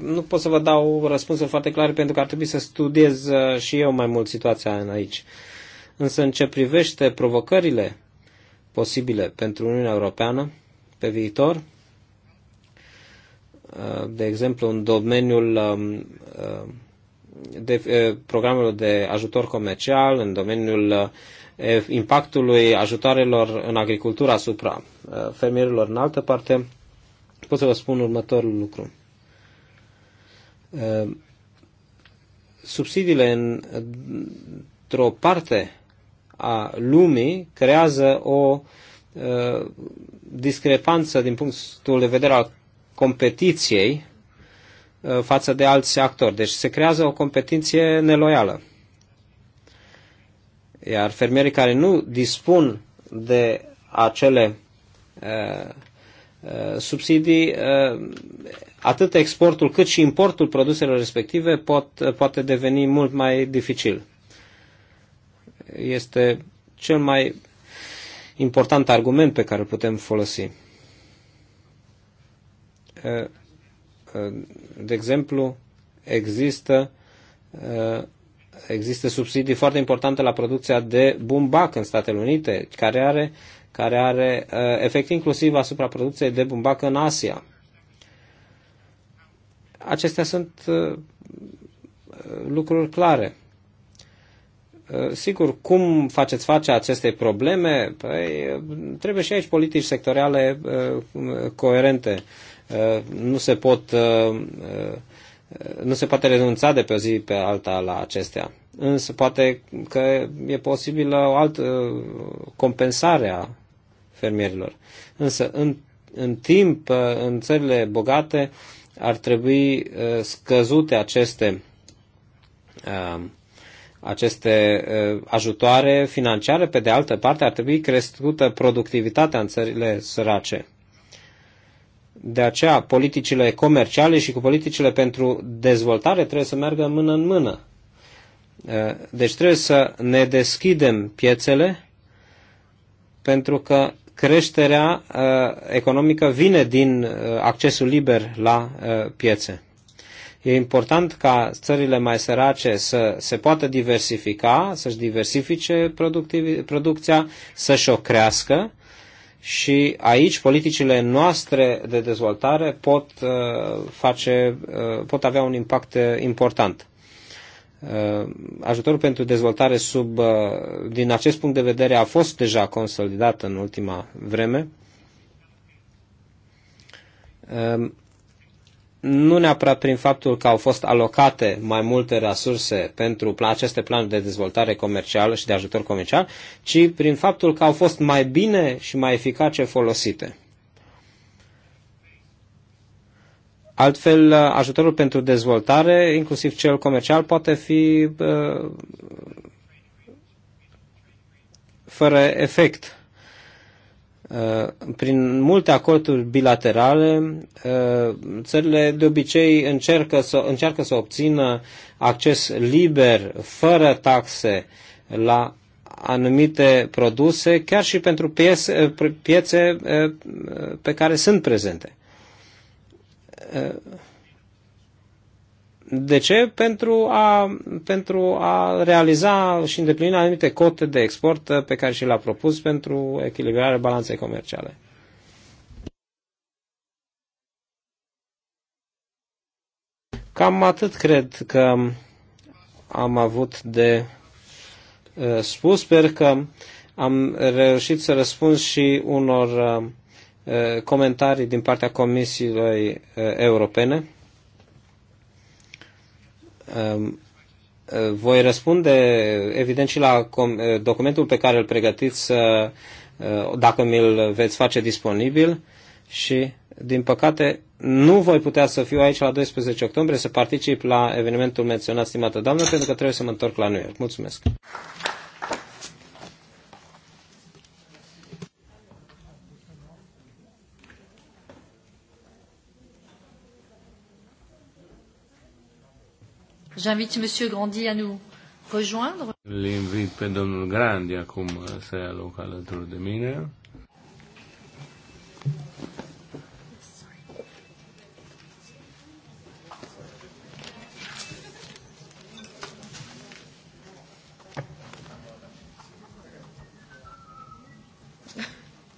nu pot să vă dau răspunsuri foarte clare pentru că ar trebui să studiez și eu mai mult situația în aici. Însă în ce privește provocările posibile pentru Uniunea Europeană pe viitor, de exemplu, în domeniul um, uh, de, uh, programelor de ajutor comercial, în domeniul uh, impactului ajutoarelor în agricultură asupra fermierilor în altă parte, pot să vă spun următorul lucru. Subsidiile într-o parte a lumii creează o discrepanță din punctul de vedere al competiției uh, față de alți actori. Deci se creează o competiție neloială. Iar fermierii care nu dispun de acele uh, uh subsidii, uh, atât exportul cât și importul produselor respective pot, uh, poate deveni mult mai dificil. Este cel mai important argument pe care îl putem folosi de exemplu, există, există subsidii foarte importante la producția de bumbac în Statele Unite, care are, care are efect inclusiv asupra producției de bumbac în Asia. Acestea sunt lucruri clare. Sigur, cum faceți face aceste probleme? Păi, trebuie și aici politici sectoriale coerente nu se pot uh, uh, nu se poate renunța de pe o zi pe alta la acestea. Însă poate că e posibilă o altă uh, compensare a fermierilor. Însă în, în timp, în țările bogate, ar trebui scăzute aceste, aceste ajutoare financiare, pe de altă parte ar trebui crescută productivitatea în țările sărace. De aceea, politicile comerciale și cu politicile pentru dezvoltare trebuie să meargă mână în mână. Deci trebuie să ne deschidem piețele pentru că creșterea economică vine din accesul liber la piețe. E important ca țările mai sărace să se poată diversifica, să-și diversifice producția, să-și o crească și aici politicile noastre de dezvoltare pot, uh, face, uh, pot avea un impact uh, important. Ajutorul pentru dezvoltare sub, din acest punct de vedere a fost deja consolidat în ultima vreme nu neapărat prin faptul că au fost alocate mai multe resurse pentru aceste planuri de dezvoltare comercială și de ajutor comercial, ci prin faptul că au fost mai bine și mai eficace folosite. Altfel, ajutorul pentru dezvoltare, inclusiv cel comercial, poate fi uh, fără efect. Uh, prin multe acorduri bilaterale, uh, țările de obicei încearcă să, încearcă să obțină acces liber, fără taxe, la anumite produse, chiar și pentru piese, uh, piețe pe care sunt prezente. De ce? Pentru a, pentru a realiza și îndeplini anumite cote de export uh, pe care și le-a propus pentru echilibrarea balanței comerciale. Cam atât cred că am avut de uh, spus. Sper că am reușit să răspund și unor uh, uh, comentarii din partea Comisiei uh, Europene. Ehm, eh, voi răspunde, evident, și la eh, documentul pe care îl pregătiți, eh, dacă mi-l veți face disponibil și, din păcate, nu voi putea să fiu aici la 12 octombrie să particip la evenimentul menționat, stimată doamnă, pentru că trebuie să mă întorc la New York. Mulțumesc! J'invite Monsieur Grandi à nous rejoindre. L'invite pe domnul Grandi acum să ia loc alături de mine.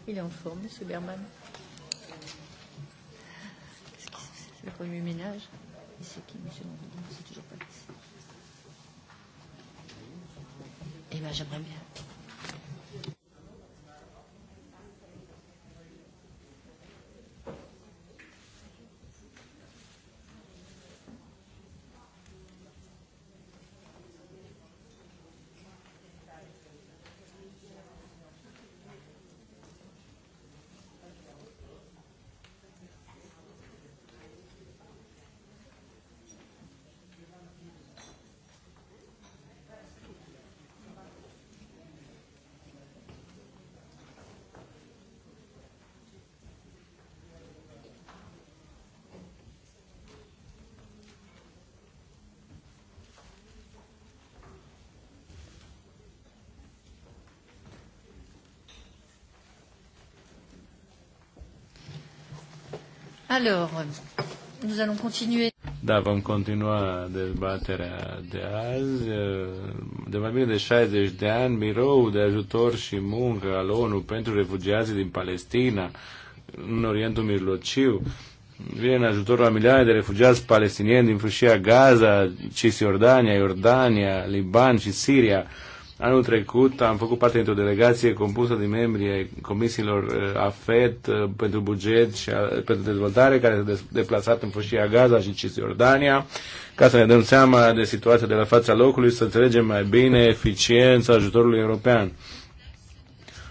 Il est en forme, M. Berman. Qu'est-ce qu'il fait Le premier ménage c'est qui, monsieur Landry C'est toujours pas Eh bien, j'aimerais bien. Alors, nous allons continuer. Da, vom continua dezbaterea de azi. De mai bine de 60 de ani, biroul de ajutor și muncă al ONU pentru refugiații din Palestina, în Orientul Mirlociu, vine în ajutorul a milioane de refugiați palestinieni din fâșia Gaza, Cisjordania, Iordania, Liban și Siria Anul trecut am făcut parte dintr-o delegație compusă din membrii ai comisiilor uh, AFET uh, pentru buget și uh, pentru dezvoltare, care s-a deplasat în foșia Gaza și Cisjordania, ca să ne dăm seama de situația de la fața locului, să înțelegem mai bine eficiența ajutorului european.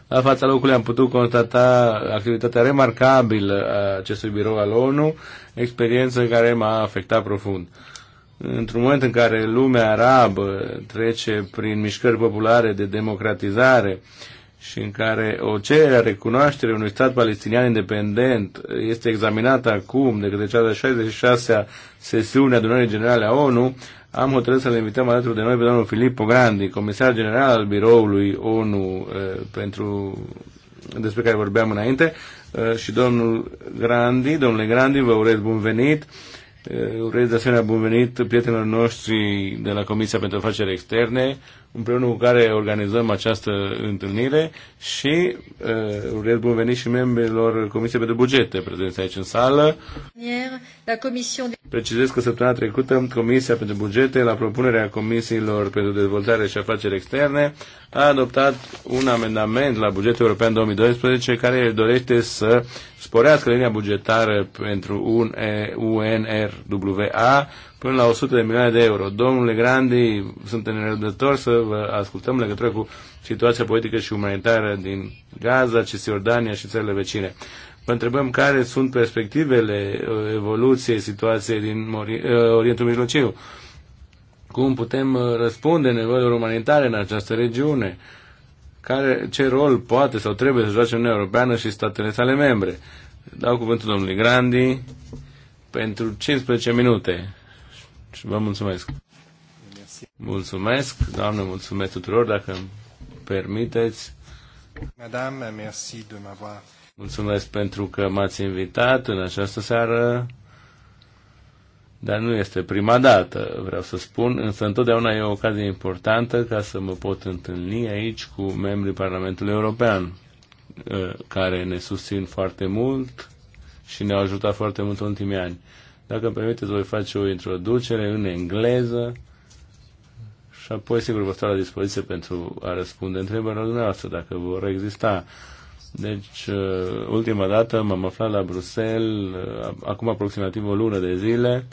La fața locului am putut constata activitatea remarcabilă a acestui birou al ONU, experiență care m-a afectat profund într-un moment în care lumea arabă trece prin mișcări populare de democratizare și în care o cerere a recunoașterii unui stat palestinian independent este examinată acum de către cea de 66-a sesiune a adunării generale a ONU, am hotărât să-l invităm alături de noi pe domnul Filippo Grandi, comisar general al biroului ONU eh, pentru despre care vorbeam înainte, eh, și domnul Grandi, domnule Grandi, vă urez bun venit Urez de asemenea bun venit prietenilor noștri de la Comisia pentru Afaceri Externe împreună cu care organizăm această întâlnire și uh, urez bun venit și membrilor Comisiei pentru Bugete prezenți aici în sală. Precizez că săptămâna trecută Comisia pentru Bugete, la propunerea Comisiilor pentru Dezvoltare și Afaceri Externe, a adoptat un amendament la bugetul european 2012 care dorește să sporească linia bugetară pentru un UNRWA până la 100 de milioane de euro. Domnule Grandi, sunt nerăbdători să vă ascultăm legătură cu situația politică și umanitară din Gaza, Cisjordania și țările vecine. Vă întrebăm care sunt perspectivele uh, evoluției situației din uh, Orientul Mijlociu. Cum putem uh, răspunde nevoilor umanitare în această regiune? Care, ce rol poate sau trebuie să joace Uniunea Europeană și statele sale membre? Dau cuvântul domnului Grandi pentru 15 minute. Și deci, vă mulțumesc. Mulțumesc, doamnă, mulțumesc tuturor, dacă îmi permiteți. Madame, merci de m'avoir. Mulțumesc pentru că m-ați invitat în această seară, dar nu este prima dată, vreau să spun, însă întotdeauna e o ocazie importantă ca să mă pot întâlni aici cu membrii Parlamentului European, eh, care ne susțin foarte mult și ne-au ajutat foarte mult în ultimii ani. Dacă îmi permiteți, voi face o introducere în engleză și apoi, sigur, vă stau la dispoziție pentru a răspunde întrebările dumneavoastră, dacă vor exista. Deci, uh, ultima dată m-am aflat la Bruxelles, uh, acum aproximativ o lună de zile,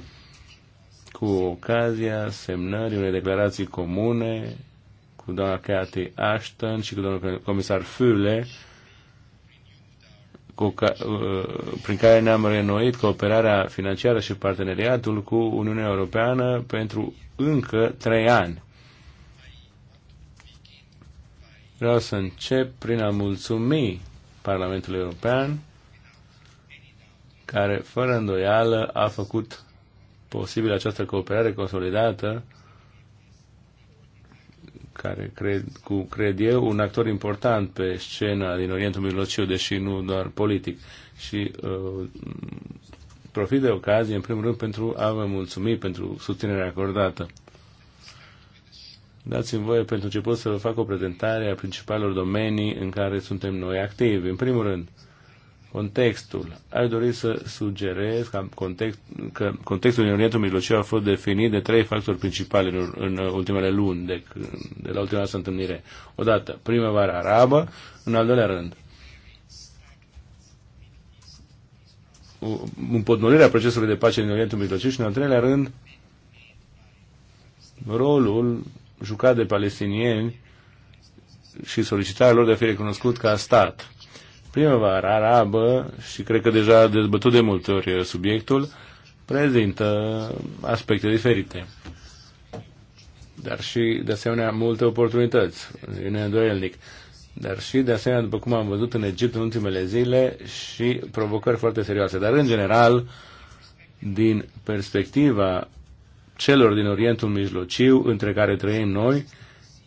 cu ocazia semnării unei declarații comune cu doamna Cathy Ashton și cu domnul comisar Füle cu ca, uh, prin care ne-am renoit cooperarea financiară și parteneriatul cu Uniunea Europeană pentru încă trei ani. Vreau să încep prin a mulțumi Parlamentului European, care fără îndoială a făcut posibil această cooperare consolidată care cred, cu, cred eu, un actor important pe scena din Orientul Mijlociu, deși nu doar politic. Și uh, profit de ocazie, în primul rând, pentru a vă mulțumi pentru susținerea acordată. Dați-mi voie pentru început să vă fac o prezentare a principalelor domenii în care suntem noi activi. În primul rând, uh, contextul. Aș dori să sugerez că, context, că contextul din Orientul Mijlociu a fost definit de trei factori principali în, în ultimele luni, de, de la ultima noastră întâlnire. Odată, primăvara arabă, în al doilea rând, împotmolirea procesului de pace din Orientul Mijlociu și, în al treilea rând, rolul jucat de palestinieni și solicitarea lor de a fi recunoscut ca stat Primăvara arabă, și cred că deja dezbătut de multe ori subiectul, prezintă aspecte diferite. Dar și, de asemenea, multe oportunități. E neîndoielnic dar și, de asemenea, după cum am văzut în Egipt în ultimele zile, și provocări foarte serioase. Dar, în general, din perspectiva celor din Orientul Mijlociu, între care trăim noi,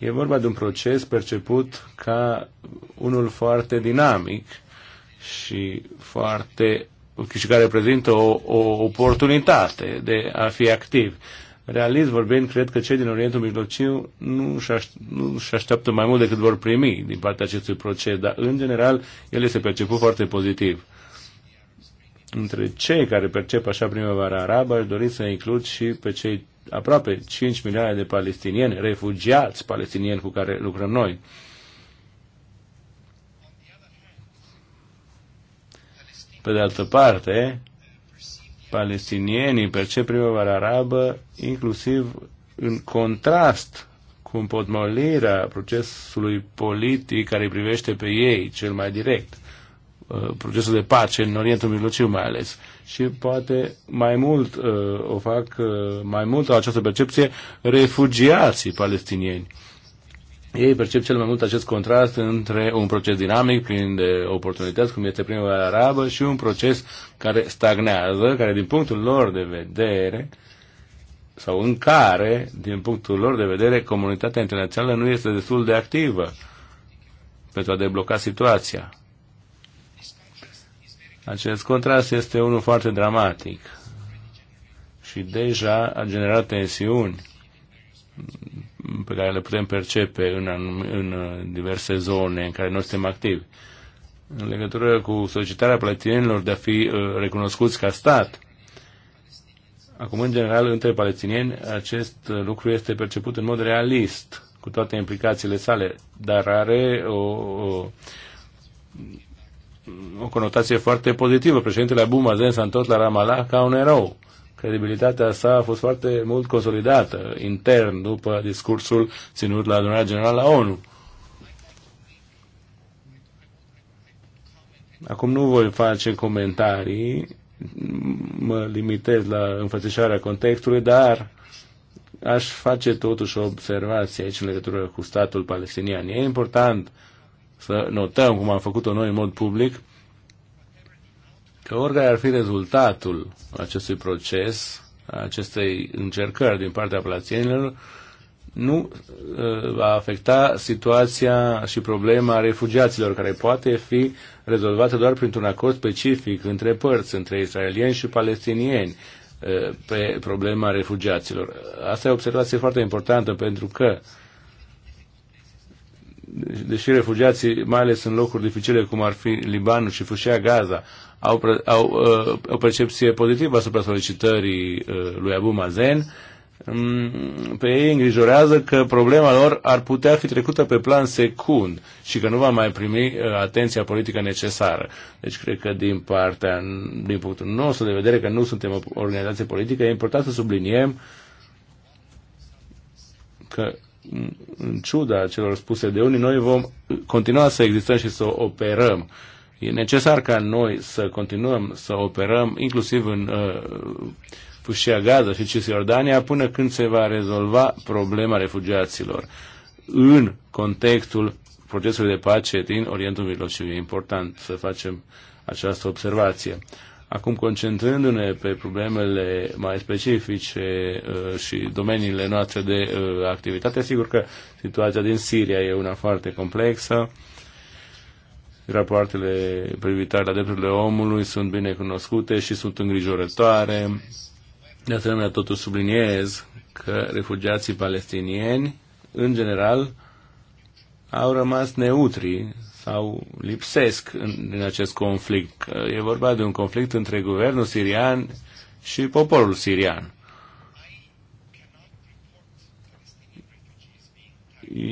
E vorba de un proces perceput ca unul foarte dinamic și foarte și care reprezintă o, o oportunitate de a fi activ. Realist vorbind, cred că cei din Orientul Mijlociu nu își așteaptă mai mult decât vor primi din partea acestui proces, dar în general el este perceput foarte pozitiv. Între cei care percep așa primăvara arabă, aș dori să includ și pe cei aproape 5 milioane de palestinieni, refugiați palestinieni cu care lucrăm noi. Pe de altă parte, palestinienii percep primăvara arabă inclusiv în contrast cu împotmolirea procesului politic care îi privește pe ei cel mai direct. Uh, procesul de pace în Orientul Mijlociu mai ales. Și poate mai mult uh, o fac, uh, mai mult au această percepție refugiații palestinieni. Ei percep cel mai mult acest contrast între un proces dinamic, plin de oportunități, cum este primăvara arabă, și un proces care stagnează, care din punctul lor de vedere, sau în care, din punctul lor de vedere, comunitatea internațională nu este destul de activă pentru a debloca situația. Acest contrast este unul foarte dramatic și deja a generat tensiuni pe care le putem percepe în, în uh, diverse zone în care noi suntem activi. În legătură cu solicitarea palestinienilor de a fi uh, recunoscuți ca stat, acum, în general, între palestinieni, acest uh, lucru este perceput în mod realist, cu toate implicațiile sale, dar are o, o o conotație foarte pozitivă. Președintele Abu Mazen s-a întors la Ramallah ca un erou. Credibilitatea sa a fost foarte mult consolidată intern după discursul ținut la adunarea generală la ONU. Acum nu voi face comentarii, mă limitez la înfățișarea contextului, dar aș face totuși o observație aici în legătură cu statul palestinian. E important uh, să notăm, cum am făcut-o noi în mod public, că oricare ar fi rezultatul acestui proces, acestei încercări din partea palestinienilor, nu ă, va afecta situația și problema refugiaților, care poate fi rezolvată doar printr-un acord specific între părți, între israelieni și palestinieni ă, pe problema refugiaților. Asta e o observație foarte importantă pentru că uh, deși refugiații, mai ales în locuri dificile cum ar fi Libanul și fâșia Gaza, au, au uh, o percepție pozitivă asupra solicitării uh, lui Abu Mazen, um, pe ei îngrijorează că problema lor ar putea fi trecută pe plan secund și că nu va mai primi uh, atenția politică necesară. Deci cred că din partea, din punctul nostru de vedere că nu suntem o organizație politică, e important să subliniem că în ciuda celor spuse de unii, noi vom continua să existăm și să operăm. E necesar ca noi să continuăm să operăm, inclusiv în uh, Fâșia Gaza și Cisjordania, până când se va rezolva problema refugiaților în contextul procesului de pace din Orientul Mijlociu. E important să facem această observație. Acum, concentrându-ne pe problemele mai specifice uh, și domeniile noastre de uh, activitate, sigur că situația din Siria e una foarte complexă. Rapoartele privitare la drepturile omului sunt bine cunoscute și sunt îngrijorătoare. De asemenea, totuși subliniez că refugiații palestinieni, în general, au rămas neutri sau lipsesc în, în acest conflict. E vorba de un conflict între guvernul sirian și poporul sirian.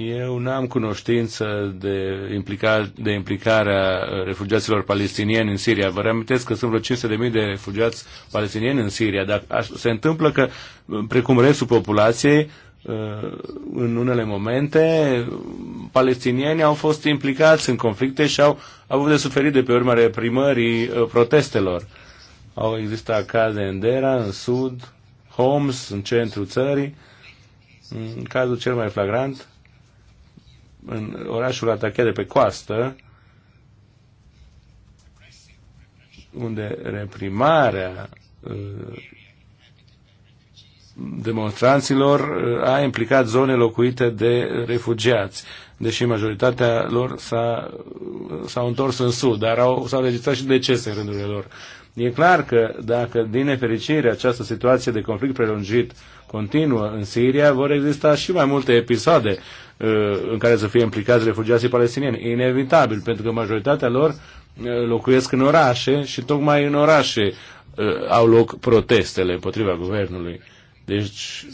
Eu n-am cunoștință de, implica, de implicarea uh, refugiaților palestinieni în Siria. Vă reamintesc că sunt vreo 500.000 de refugiați palestinieni în Siria, dar se întâmplă că, uh, precum restul populației, în unele momente palestinienii au fost implicați în conflicte și au avut de suferit de pe urma reprimării uh, protestelor. Au existat caze în Dera, în sud, Homs, în centrul țării. În cazul cel mai flagrant, în orașul atachet de pe coastă, unde reprimarea uh, demonstranților a implicat zone locuite de refugiați, deși majoritatea lor s-a, s-au întors în sud, dar au, s-au registrat și decese în rândurile lor. E clar că dacă, din nefericire, această situație de conflict prelungit continuă în Siria, vor exista și mai multe episoade uh, în care să fie implicați refugiații palestinieni. Inevitabil, pentru că majoritatea lor uh, locuiesc în orașe și tocmai în orașe uh, au loc protestele împotriva guvernului. Uh, deci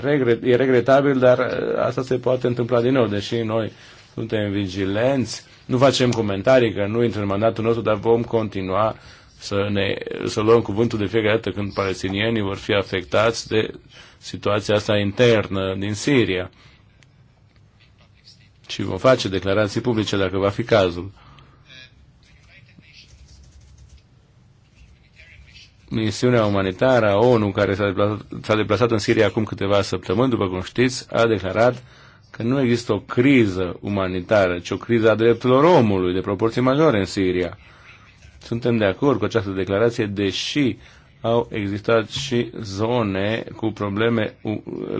regret, e regretabil, dar uh, asta se poate întâmpla din nou, deși noi suntem vigilenți, nu facem comentarii că nu intră în mandatul nostru, dar vom continua să, ne, să luăm cuvântul de fiecare dată când palestinienii vor fi afectați de situația asta internă din Siria. Și vom face declarații publice dacă va fi cazul. misiunea umanitară a ONU care s-a deplasat, deplasat în Siria acum câteva săptămâni, după cum știți, a declarat că nu există o criză umanitară, ci o criză a drepturilor omului de proporții majore în Siria. Suntem de acord cu această declarație, deși au existat și zone cu probleme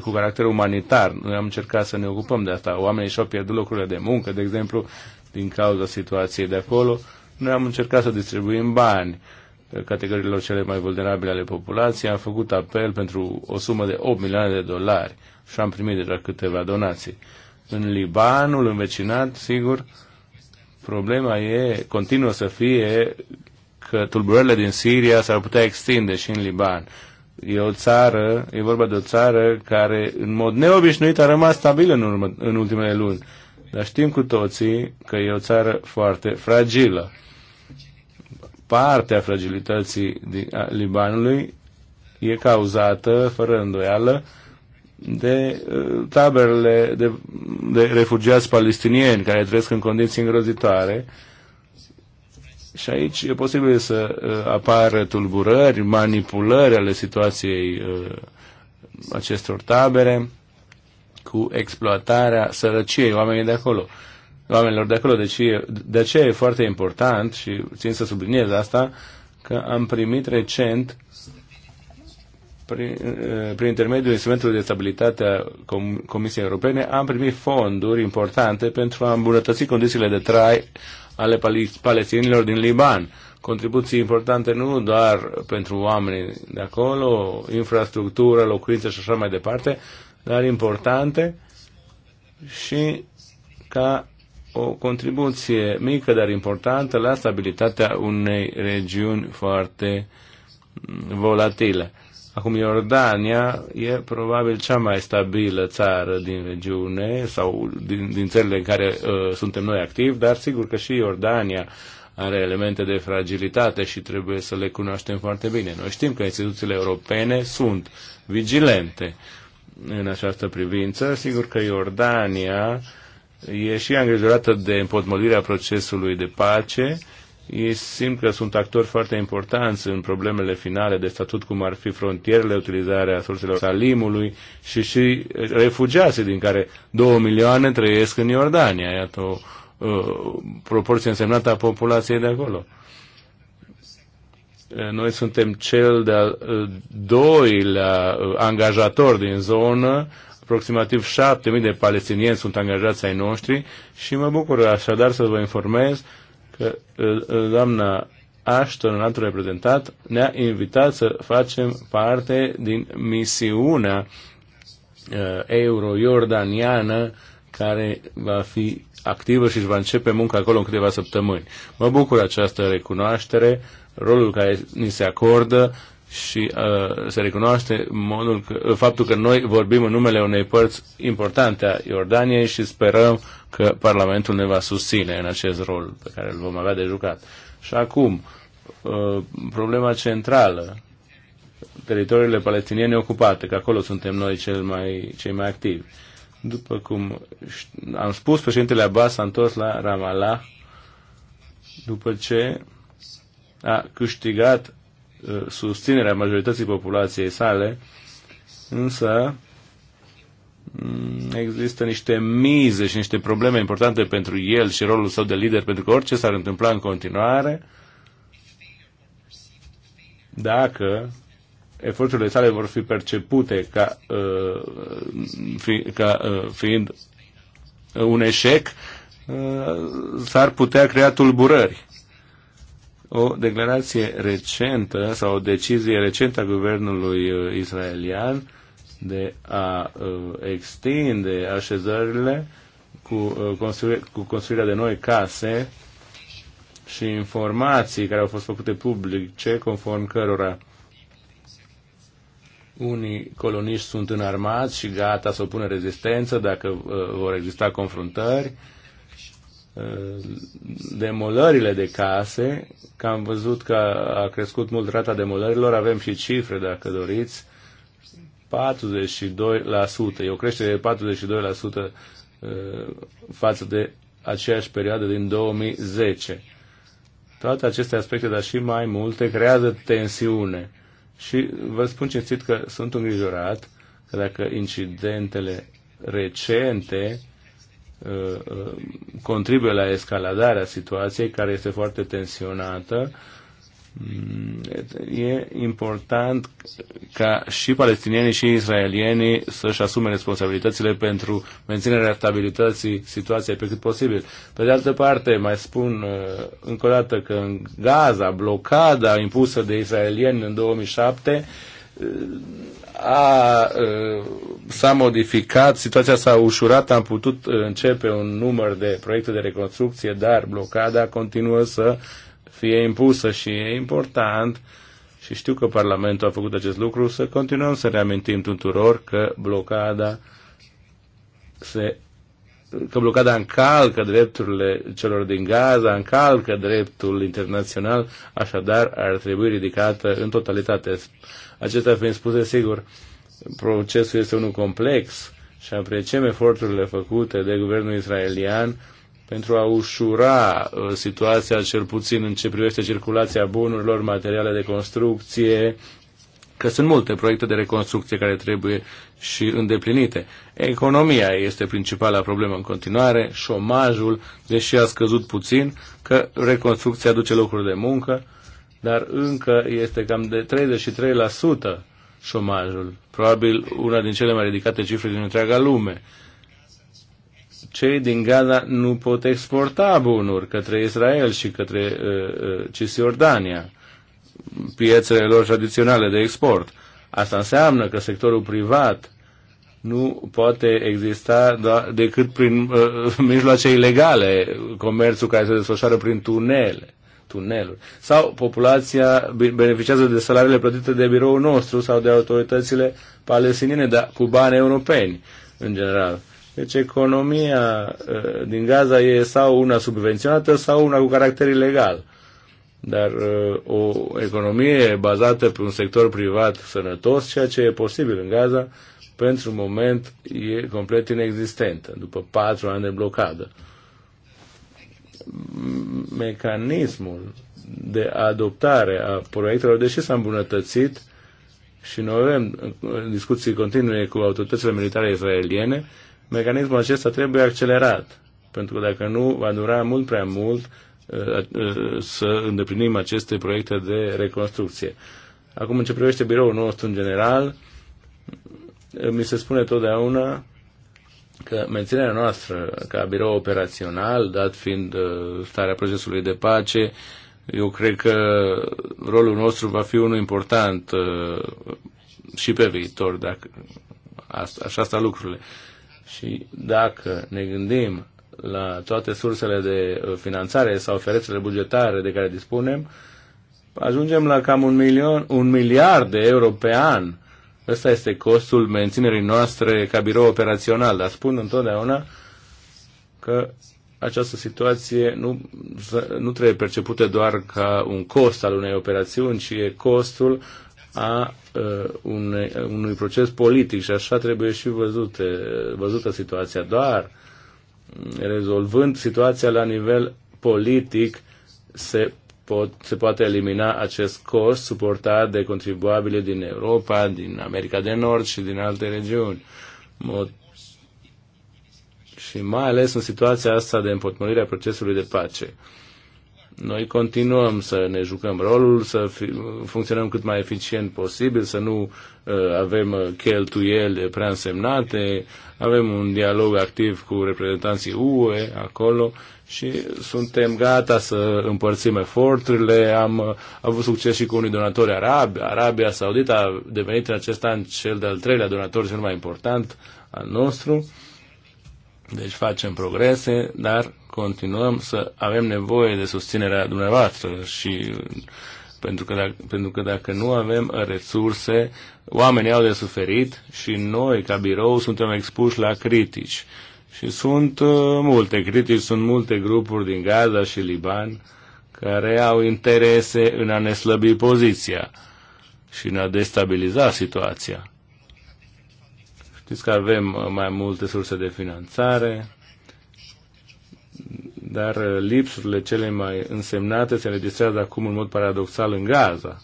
cu caracter umanitar. Noi am încercat să ne ocupăm de asta. Oamenii și-au pierdut locurile de muncă, de exemplu, din cauza situației de acolo. Noi am încercat să distribuim bani categoriilor cele mai vulnerabile ale populației. Am făcut apel pentru o sumă de 8 milioane de dolari și am primit deja câteva donații. În Libanul în vecinat, sigur, problema e, continuă să fie că tulburările din Siria s-ar putea extinde și în Liban. E o țară, e vorba de o țară care în mod neobișnuit a rămas stabilă în, urmă, în ultimele luni. Dar știm cu toții că e o țară foarte fragilă parte a fragilității Libanului e cauzată, fără îndoială, de uh, taberele de, de refugiați palestinieni care trăiesc în condiții îngrozitoare. Și aici e posibil să uh, apară tulburări, manipulări ale situației uh, acestor tabere cu exploatarea sărăciei oamenii de acolo oamenilor de acolo. Deci de aceea e foarte important și țin să subliniez asta că am primit recent prin, eh, prin intermediul instrumentului de stabilitate a Com Comisiei Europene, am primit fonduri importante pentru a îmbunătăți condițiile de trai ale palestinilor din Liban. Contribuții importante nu doar pentru oamenii de acolo, infrastructură, locuințe și așa mai departe, dar importante și ca o contribuție mică, dar importantă la stabilitatea unei regiuni foarte volatile. Acum, Iordania e probabil cea mai stabilă țară din regiune sau din, din țările în care uh, suntem noi activi, dar sigur că și Iordania are elemente de fragilitate și trebuie să le cunoaștem foarte bine. Noi știm că instituțiile europene sunt vigilente în această privință. Sigur că Iordania uh, e și angajată de împotmolirea procesului de pace. Ei simt că sunt actori foarte importanți în problemele finale de statut, cum ar fi frontierele, utilizarea surselor salimului și și refugiații, din care două milioane trăiesc în Iordania. Iată o o proporție însemnată a populației de acolo. Noi suntem cel de-al doilea angajator din zonă Aproximativ 7.000 de palestinieni sunt angajați ai noștri și mă bucur așadar să vă informez că doamna Ashton, un alt reprezentat, ne-a invitat să facem parte din misiunea euro-iordaniană care va fi activă și își va începe munca acolo în câteva săptămâni. Mă bucur această recunoaștere, rolul care ni se acordă și uh, se recunoaște modul că, uh, faptul că noi vorbim în numele unei părți importante a Iordaniei și sperăm că Parlamentul ne va susține în acest rol pe care îl vom avea de jucat. Și acum, uh, problema centrală, teritoriile palestiniene ocupate, că acolo suntem noi cel mai, cei mai activi. După cum am spus, președintele Abbas s-a întors la Ramallah după ce a câștigat susținerea majorității populației sale, însă mm, există niște mize și niște probleme importante pentru el și rolul său de lider, pentru că orice s-ar întâmpla în continuare, dacă eforturile sale vor fi percepute ca, uh, fi, ca uh, fiind un eșec, uh, s-ar putea crea tulburări. O declarație recentă sau o decizie recentă a guvernului uh, israelian de a uh, extinde așezările cu, uh, construire, cu construirea de noi case și informații care au fost făcute publice, conform cărora unii coloniști sunt înarmați și gata să opună rezistență dacă uh, vor exista confruntări. Uh, demolările de case, că am văzut că a crescut mult rata demolărilor, avem și cifre dacă doriți, 42%, e o creștere de 42% uh, față de aceeași perioadă din 2010. Toate aceste aspecte, dar și mai multe, creează tensiune. Și vă spun cinstit că sunt îngrijorat că dacă incidentele recente Uh, contribuie la escaladarea situației care este foarte tensionată. Mm, e important ca și palestinienii și israelienii să-și asume responsabilitățile pentru menținerea stabilității situației pe cât posibil. Pe de altă parte, mai spun uh, încă o dată că în Gaza, blocada impusă de israelieni în 2007 a, s-a modificat, situația s-a ușurat, am putut uh, începe un număr de proiecte de reconstrucție, dar blocada continuă să fie impusă și e important și știu că Parlamentul a făcut acest lucru, să continuăm să reamintim tuturor că blocada se că blocada încalcă drepturile celor din Gaza, încalcă dreptul internațional, așadar ar trebui ridicată în totalitate. Acestea fiind spuse, sigur, procesul este unul complex și apreciem eforturile făcute de guvernul israelian pentru a ușura uh, situația, cel puțin în ce privește circulația bunurilor, materiale de construcție, că sunt multe proiecte de reconstrucție care trebuie și îndeplinite. Economia este principala problemă în continuare, șomajul, deși a scăzut puțin, că reconstrucția aduce locuri de muncă, dar încă este cam de 33% șomajul, probabil una din cele mai ridicate cifre din întreaga lume. Cei din Gaza nu pot exporta bunuri către Israel și către uh, uh, Cisjordania, piețele lor tradiționale de export. Uh, Asta înseamnă că sectorul privat nu poate exista decât prin uh, mijloace ilegale, comerțul care se desfășoară prin tunele, tuneluri. Sau populația beneficiază de salariile plătite de biroul nostru sau de autoritățile palestiniene, dar cu bani europeni, în general. Deci economia uh, din Gaza e sau una subvenționată sau una cu caracter ilegal dar uh, o economie bazată pe un sector privat sănătos, ceea ce e posibil în Gaza, pentru moment e complet inexistentă, după patru ani de blocadă. Mecanismul de adoptare a proiectelor, deși s-a îmbunătățit, și noi avem uh, discuții continue cu autoritățile militare israeliene, mecanismul acesta trebuie accelerat, pentru că dacă nu, va dura mult prea mult să îndeplinim aceste proiecte de reconstrucție. Acum, în ce privește biroul nostru în general, mi se spune totdeauna că menținerea noastră ca birou operațional, dat fiind uh, starea procesului de pace, eu cred că rolul nostru va fi unul important uh, și pe viitor, dacă așa stau lucrurile. Și dacă ne gândim la toate sursele de uh, finanțare sau ferețele bugetare de care dispunem, ajungem la cam un, milion, un miliard de euro pe an. Ăsta este costul menținerii noastre ca birou operațional, dar spun întotdeauna că această situație nu, nu trebuie percepută doar ca un cost al unei operațiuni, ci e costul a uh, unei, unui proces politic și așa trebuie și văzute, văzută situația. Doar uh, rezolvând situația la nivel politic, se, pot, se poate elimina acest cost suportat de contribuabile din Europa, din America de Nord și din alte regiuni. Mod și mai ales în situația asta de a procesului de pace. Noi continuăm să ne jucăm rolul, să fi, funcționăm cât mai eficient posibil, să nu uh, avem uh, cheltuieli prea însemnate, avem un dialog activ cu reprezentanții UE acolo și suntem gata să împărțim eforturile. Am uh, avut succes și cu unii donatori arabi. Arabia Saudită a devenit în acest an cel de-al treilea donator cel mai important al nostru. Deci facem progrese, dar continuăm să avem nevoie de susținerea dumneavoastră și pentru că, dacă, pentru că dacă nu avem resurse, oamenii au de suferit și noi, ca birou, suntem expuși la critici. Și sunt uh, multe critici, sunt multe grupuri din Gaza și Liban care au interese în a ne slăbi poziția și în a destabiliza situația. Știți că avem uh, mai multe surse de finanțare, dar uh, lipsurile cele mai însemnate se înregistrează acum în mod paradoxal în Gaza,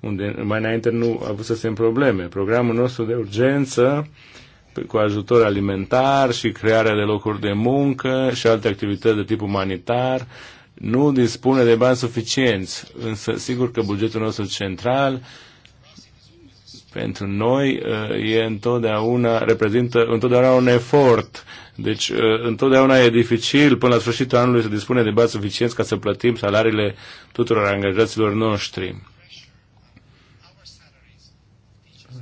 unde mai înainte nu se probleme. Programul nostru de urgență cu ajutor alimentar și crearea de locuri de muncă și alte activități de tip umanitar, nu dispune de bani suficienți, însă sigur că bugetul nostru central pentru noi uh, e întotdeauna, reprezintă întotdeauna un efort deci, uh, întotdeauna e dificil până la sfârșitul anului să dispune de bani suficienți ca să plătim salariile tuturor angajaților noștri.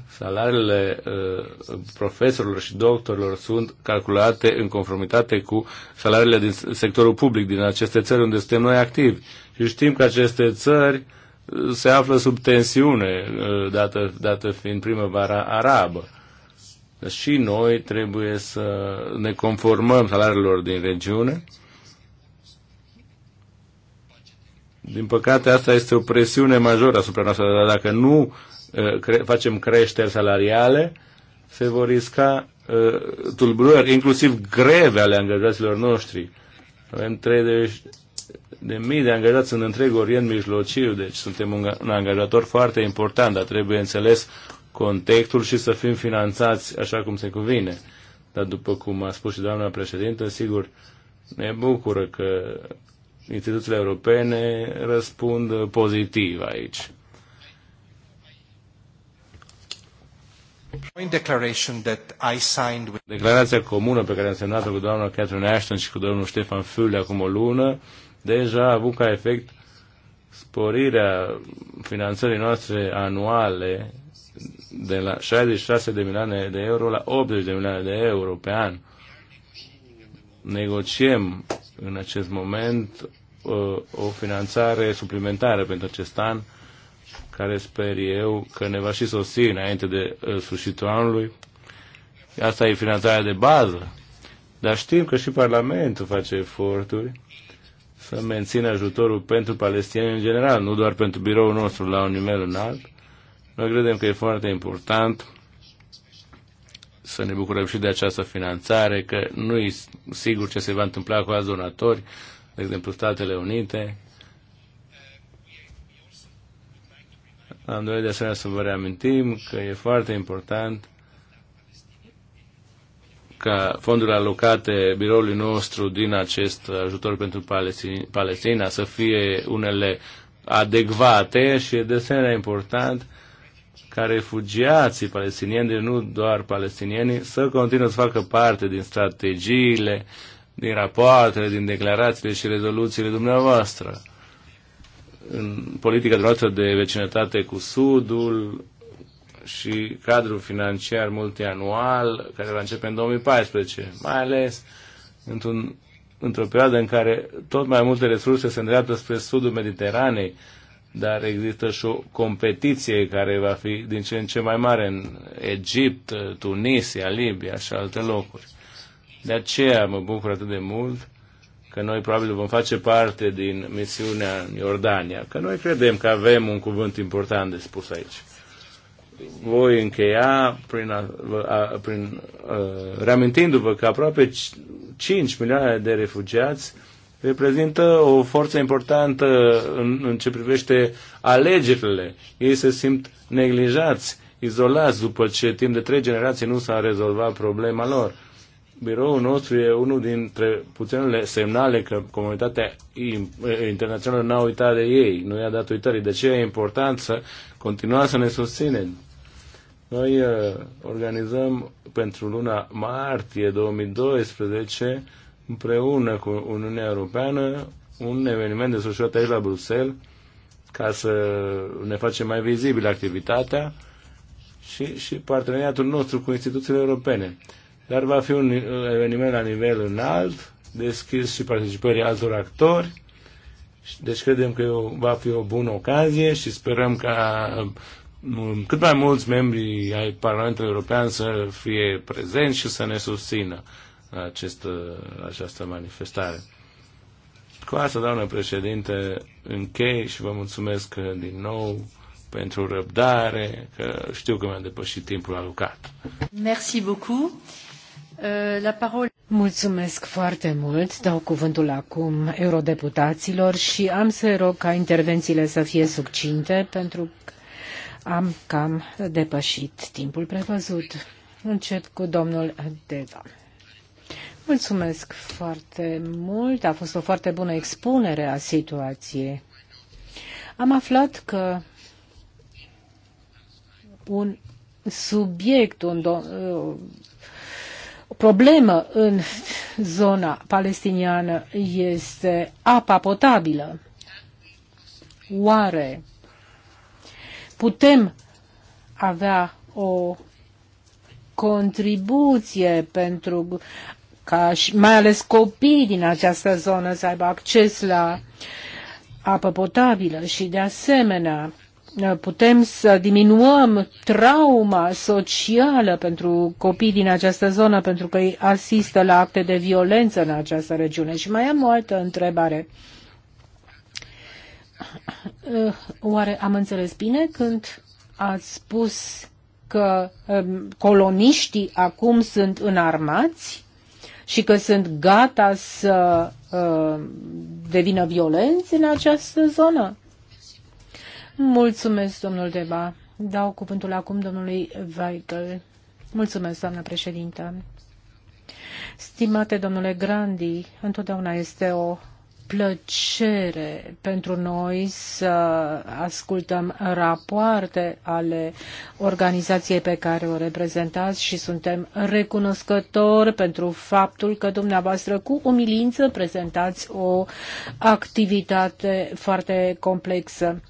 Salariile uh, profesorilor și doctorilor sunt calculate în conformitate cu salariile din sectorul public din aceste țări unde suntem noi activi. Și știm că aceste țări uh, se află sub tensiune, dată, dată fiind primăvara arabă că și noi trebuie să ne conformăm salariilor din regiune. Din păcate, asta este o presiune majoră asupra noastră, dar dacă nu eh, cre- facem creșteri salariale, se vor risca uh, tulburări, inclusiv greve ale angajaților noștri. Avem 30 de mii de angajați în întreg Orient Mijlociu, deci suntem un, un angajator foarte important, dar trebuie înțeles contextul și să fim finanțați așa cum se cuvine. Dar după cum a spus și doamna președintă, sigur, ne bucură că instituțiile europene răspund pozitiv aici. Declarația comună pe care am semnat-o cu doamna Catherine Ashton și cu domnul Ștefan Füle acum o lună deja a avut ca efect sporirea finanțării noastre anuale de la 66 de milioane de euro la 80 de milioane de euro pe an. Negociem în acest moment uh, o finanțare suplimentară pentru acest an, care sper eu că ne va și sosi înainte de uh, sfârșitul anului. Asta e finanțarea de bază. Dar știm că și Parlamentul face eforturi să mențină ajutorul pentru palestinieni în general, nu doar pentru biroul nostru la un nivel înalt, noi credem că e foarte important să ne bucurăm și de această finanțare, că nu e sigur ce se va întâmpla cu alți donatori, de exemplu Statele Unite. Am dorit de asemenea să vă reamintim că e foarte important ca fondurile alocate biroului nostru din acest ajutor pentru Palestina să fie unele adecvate și de asemenea important ca refugiații palestinieni, nu doar palestinieni, să continuă să facă parte din strategiile, din rapoartele, din declarațiile și rezoluțiile dumneavoastră. În politica dumneavoastră de vecinătate cu Sudul și cadrul financiar multianual care va începe în 2014, mai ales într-un într-o perioadă în care tot mai multe resurse se îndreaptă spre sudul Mediteranei, dar există și o competiție care va fi din ce în ce mai mare în Egipt, Tunisia, Libia și alte locuri. De aceea mă bucur atât de mult că noi probabil vom face parte din misiunea în Iordania, că noi credem că avem un cuvânt important de spus aici. Voi încheia prin, a, a, prin a, uh, reamintindu-vă că aproape 5 milioane de refugiați reprezintă o forță importantă în, în ce privește alegerile. Ei se simt neglijați, izolați după ce timp de trei generații nu s-a rezolvat problema lor. Biroul nostru e unul dintre puținele semnale că comunitatea eh, internațională n-a uitat de ei, nu i-a dat uitării. De ce e important să continua să ne susțineți? Noi uh, organizăm pentru luna martie 2012 împreună cu Uniunea Europeană un eveniment desfășurat aici la Bruxelles ca să ne facem mai vizibil activitatea și, și parteneriatul nostru cu instituțiile europene. Dar va fi un eveniment la nivel înalt, deschis și participării altor actori. Deci credem că va fi o bună ocazie și sperăm ca um, cât mai mulți membri ai Parlamentului European să fie prezenți și să ne susțină acest, această manifestare. Cu asta, doamnă președinte, închei și vă mulțumesc din nou pentru răbdare, că știu că mi-am depășit timpul alocat. Merci beaucoup. Euh, la parole... Mulțumesc foarte mult. Dau cuvântul acum eurodeputaților și am să rog ca intervențiile să fie succinte pentru că am cam depășit timpul prevăzut. Încet cu domnul Deva. Mulțumesc foarte mult. A fost o foarte bună expunere a situației. Am aflat că un subiect, un o problemă în zona palestiniană este apa potabilă. Oare putem avea o contribuție pentru ca și mai ales copiii din această zonă să aibă acces la apă potabilă și de asemenea putem să diminuăm trauma socială pentru copii din această zonă pentru că ei asistă la acte de violență în această regiune. Și mai am o altă întrebare. Uh, oare am înțeles bine când ați spus că um, coloniștii acum sunt înarmați? și că sunt gata să uh, devină violenți în această zonă? Mulțumesc, domnul Deba. Dau cuvântul acum domnului Weigel. Mulțumesc, doamnă președintă. Stimate domnule Grandi, întotdeauna este o plăcere pentru noi să ascultăm rapoarte ale organizației pe care o reprezentați și suntem recunoscători pentru faptul că dumneavoastră cu umilință prezentați o activitate foarte complexă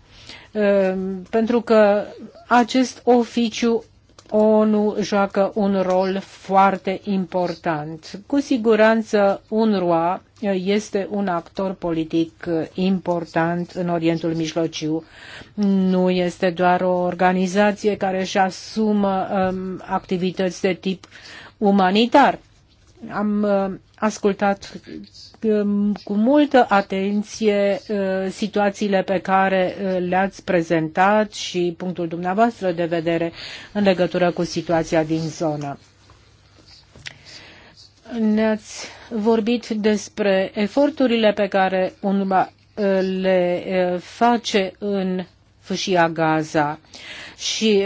ehm, pentru că acest oficiu ONU joacă un rol foarte important. Cu siguranță UNRWA uh, este un actor politic uh, important în Orientul Mijlociu. Nu este doar o organizație care își asumă um, activități de tip umanitar. Am uh, ascultat Um, cu multă atenție uh, situațiile pe care uh, le-ați prezentat și punctul dumneavoastră de vedere în legătură cu situația din zonă. Ne-ați vorbit despre eforturile pe care UNRWA uh, le face în fâșia Gaza. Și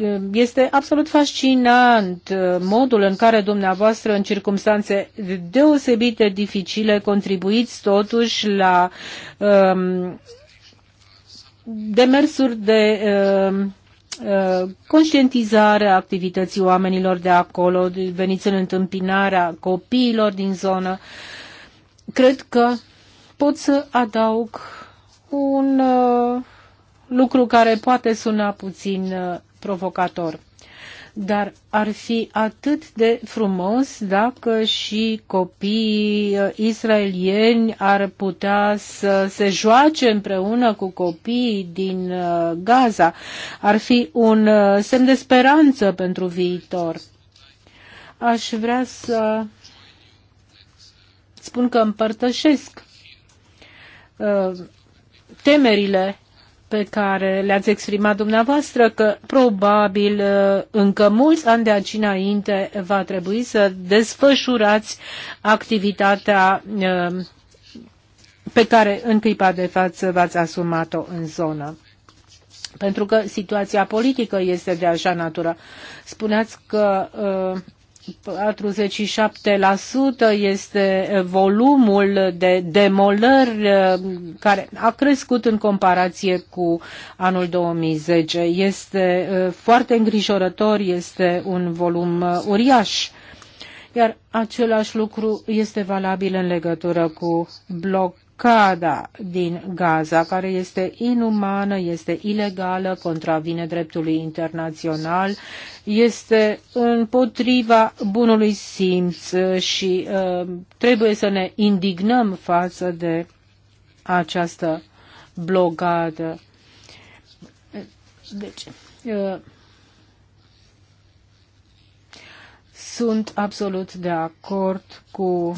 uh, este absolut fascinant uh, modul în care dumneavoastră, în circunstanțe deosebite dificile, contribuiți totuși la um, demersuri de um, uh, conștientizare a activității oamenilor de acolo, veniți în întâmpinarea copiilor din zonă. Cred că pot să adaug un uh, lucru care poate suna puțin uh, provocator. Dar ar fi atât de frumos dacă și copiii uh, israelieni ar putea să se joace împreună cu copiii din uh, Gaza. Ar fi un semn de speranță pentru viitor. Aș vrea să spun că împărtășesc temerile pe care le-ați exprimat dumneavoastră că probabil uh, încă mulți ani de aici înainte va trebui să desfășurați activitatea uh, pe care în clipa de față v-ați asumat-o în zonă. Pentru că situația politică este de așa natură. Spuneați că uh, 47% este volumul de demolări uh, care a crescut în comparație cu anul 2010. Este uh, foarte îngrijorător, este un volum uh, uriaș. Iar același lucru este valabil în legătură cu bloc blocada din Gaza, care este inumană, este ilegală, contravine dreptului internațional, este împotriva bunului simț și uh, trebuie să ne indignăm față de această blocadă. Deci, uh, sunt absolut de acord cu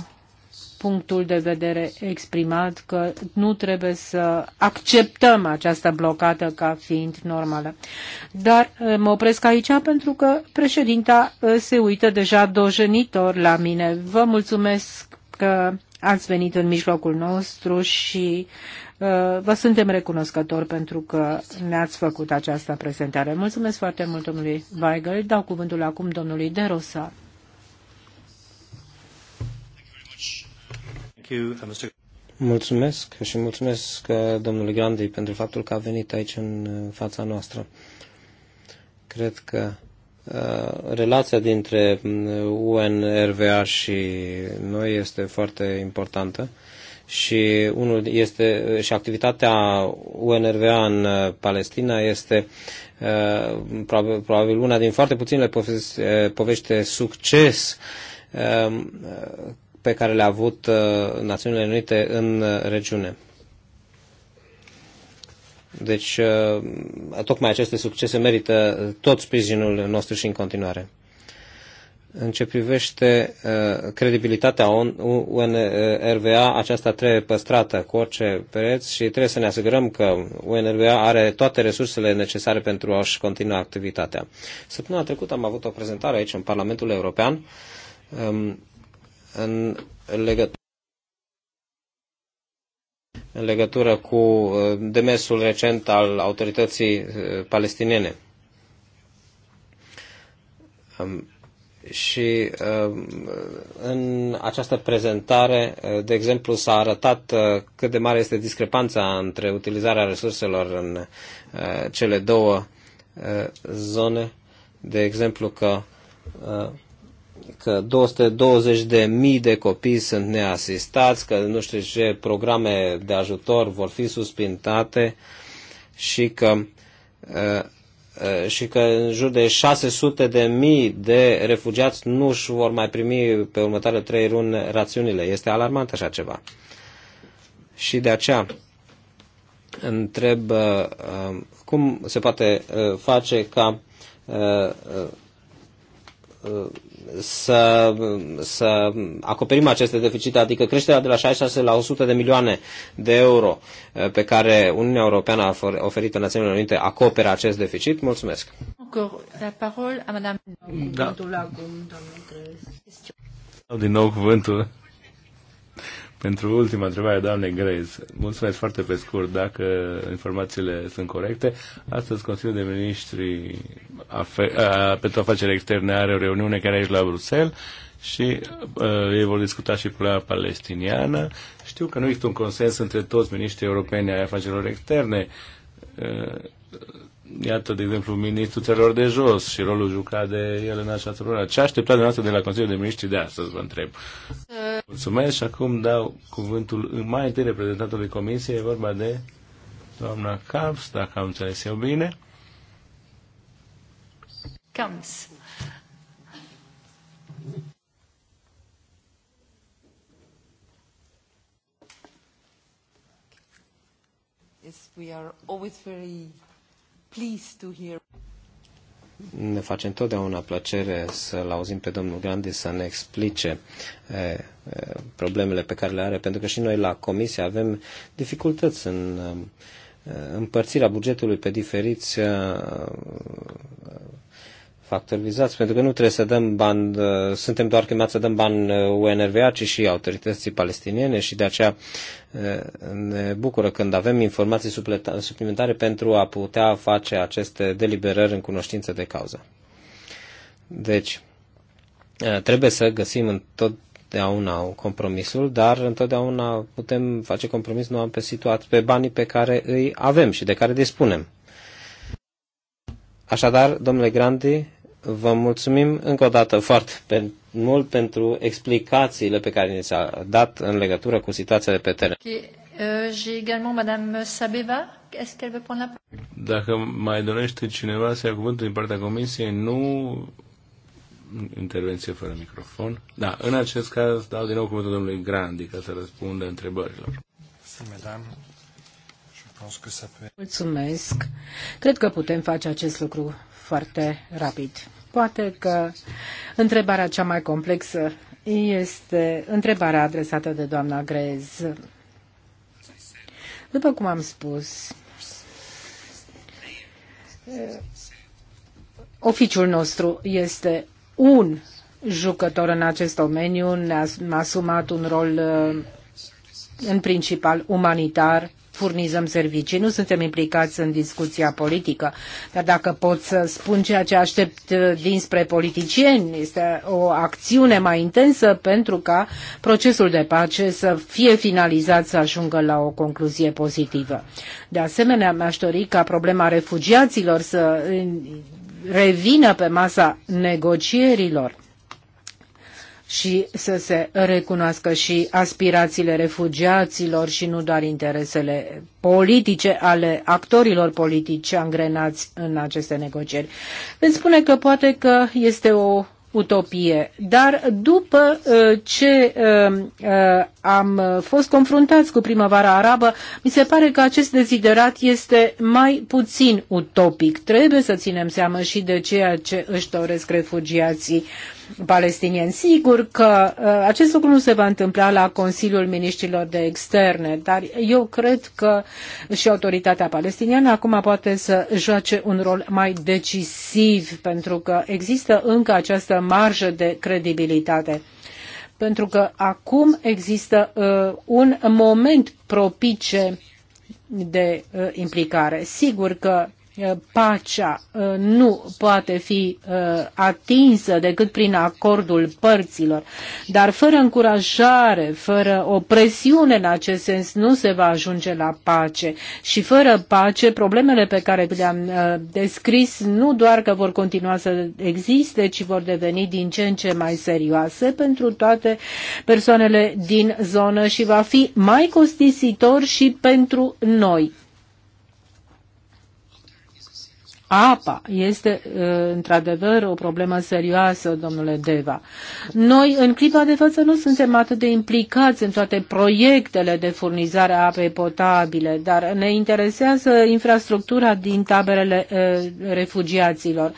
punctul de vedere exprimat că nu trebuie să acceptăm această blocată ca fiind normală. Dar eh, mă opresc aici pentru că președinta eh, se uită deja dojenitor la mine. Vă mulțumesc că ați venit în mijlocul nostru și eh, vă suntem recunoscători pentru că ne-ați făcut această prezentare. Mulțumesc foarte mult, domnului Weigel. Dau cuvântul acum domnului De Rosa. Uh, mulțumesc și mulțumesc uh, domnului Grandi pentru faptul că a venit aici în uh, fața noastră. Cred că relația dintre UNRWA și noi este foarte importantă și unul este și activitatea UNRWA în Palestina este probabil una din foarte puținele povești de succes um, pe care le-a avut uh, Națiunile Unite în uh, regiune. Deci, uh, tocmai aceste succese merită tot sprijinul nostru și în continuare. În ce privește credibilitatea UNRWA, aceasta trebuie păstrată cu orice preț și trebuie să ne asigurăm că UNRWA are toate resursele necesare pentru a-și continua activitatea. Săptămâna trecută am avut o prezentare aici în Parlamentul European um, în legătură în legătură cu uh, demersul recent al autorității uh, palestiniene. Um, și um, în această prezentare, uh, de exemplu, s-a arătat cât de mare este discrepanța între utilizarea resurselor în cele două zone. De exemplu, că că 220 de mii de copii sunt neasistați, că nu știu ce programe de ajutor vor fi suspintate și că uh, uh, și că în jur de 600 de mii de refugiați nu își vor mai primi pe următoarele trei luni rațiunile. Este alarmant așa ceva. Și de aceea întreb uh, cum se poate face ca să, să acoperim aceste deficite, adică creșterea de la 66 la 100 de milioane de euro eh, pe care Uniunea Europeană a oferit în Națiunile Unite acoperă acest deficit. Mulțumesc. Da. Din nou cuvântul. Pentru ultima întrebare, doamne Grez, mulțumesc foarte pe scurt dacă informațiile sunt corecte. Astăzi Consiliul de Ministri a, pentru afaceri externe are o reuniune care aici la Bruxelles și uh, ei vor discuta și problema palestiniană. Știu că nu există un consens între toți miniștrii europeni ai afacerilor externe. Uh, iată, de exemplu, ministrul țărilor de jos și rolul jucat de el în această problemă. Ce de noastră de la Consiliul de Ministri de astăzi, vă întreb? Mulțumesc și acum dau cuvântul mai întâi reprezentantului Comisiei, e vorba de doamna Camps, dacă am înțeles eu bine. Camps. Yes, we are always very ne face întotdeauna plăcere să-l auzim pe domnul Grandi să ne explice problemele pe care le are, pentru că și noi la comisie avem dificultăți în împărțirea bugetului pe diferiți factor vizați, pentru că nu trebuie să dăm bani, uh, suntem doar chemați să dăm bani UNRWA, uh, ci și autorității palestiniene și de aceea uh, ne bucură când avem informații suplimentare pentru a putea face aceste deliberări în cunoștință de cauză. Deci, trebuie să găsim întotdeauna compromisul, dar întotdeauna putem face compromis nu am pe situat, pe banii pe care îi avem și de care dispunem. Așadar, domnule Grandi, Vă mulțumim încă o dată foarte pe, mult pentru explicațiile pe care ni s-a dat în legătură cu situația de pe teren. Uh, Dacă mai dorește cineva să ia cuvântul din partea comisiei, nu intervenție fără microfon. Da, în acest caz dau din nou cuvântul domnului Grandi ca să răspundă întrebărilor. Mulțumesc. Cred că putem face acest lucru foarte rapid. Poate că întrebarea cea mai complexă este întrebarea adresată de doamna Grez. După cum am spus, eh, oficiul nostru este un jucător în acest domeniu, ne-a asumat un rol eh, în principal umanitar furnizăm servicii. Nu suntem implicați în discuția politică, dar dacă pot să spun ceea ce aștept uh, dinspre politicieni, este o acțiune mai intensă pentru ca procesul de pace să fie finalizat, să ajungă la o concluzie pozitivă. De asemenea, mi-aș dori ca problema refugiaților să uh, revină pe masa negocierilor și să se recunoască și aspirațiile refugiaților și nu doar interesele politice ale actorilor politici angrenați în aceste negocieri. Veți spune că poate că este o utopie. Dar după uh, ce uh, uh, am fost confruntați cu primăvara arabă, mi se pare că acest deziderat este mai puțin utopic. Trebuie să ținem seama și de ceea ce își doresc refugiații palestinieni. Sigur că uh, acest lucru nu se va întâmpla la Consiliul Ministrilor de Externe, dar eu cred că și autoritatea palestiniană acum poate să joace un rol mai decisiv, pentru că există încă această marjă de credibilitate pentru că acum există uh, un moment propice de uh, implicare. Sigur că Eh, pacea eh, nu poate fi eh, atinsă decât prin acordul părților. Dar fără încurajare, fără o presiune în acest sens, nu se va ajunge la pace. Și fără pace, problemele pe care le-am descris nu doar că vor continua să existe, ci vor deveni din ce în ce mai serioase pentru toate persoanele din zonă și va fi mai costisitor și pentru noi apa este uh, într-adevăr o problemă serioasă, domnule Deva. Noi, în clipa de față, nu suntem atât de implicați în toate proiectele de furnizare a apei potabile, dar ne interesează infrastructura din taberele uh, refugiaților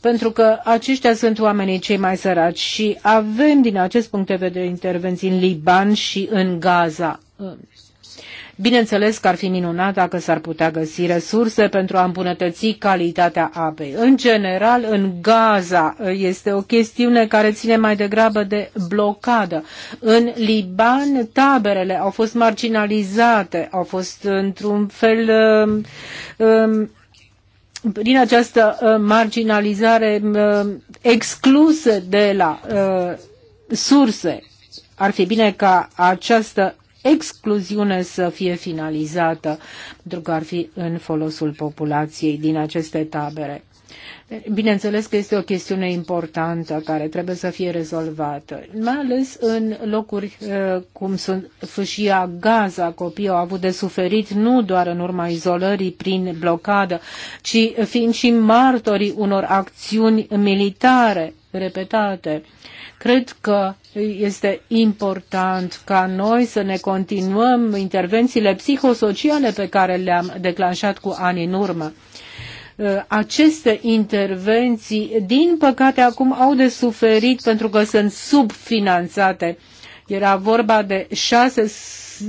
pentru că aceștia sunt oamenii cei mai săraci și avem din acest punct de vedere intervenții în Liban și în Gaza. Bineînțeles că ar fi minunat dacă s-ar putea găsi resurse pentru a îmbunătăți calitatea apei. În general, în Gaza este o chestiune care ține mai degrabă de blocadă. În Liban, taberele au fost marginalizate, au fost într-un fel um, um, prin această uh, marginalizare um, excluse de la uh, surse. Ar fi bine ca această excluziune să fie finalizată, pentru că ar fi în folosul populației din aceste tabere. Bineînțeles că este o chestiune importantă care trebuie să fie rezolvată, mai ales în locuri uh, cum sunt fâșia Gaza, copiii au avut de suferit nu doar în urma izolării prin blocadă, ci fiind și martorii unor acțiuni militare repetate. Uh, Cred că este important ca noi să ne continuăm intervențiile psihosociale pe care le-am declanșat cu ani în urmă uh, aceste intervenții, din păcate, acum au de suferit pentru că sunt subfinanțate era vorba de 6,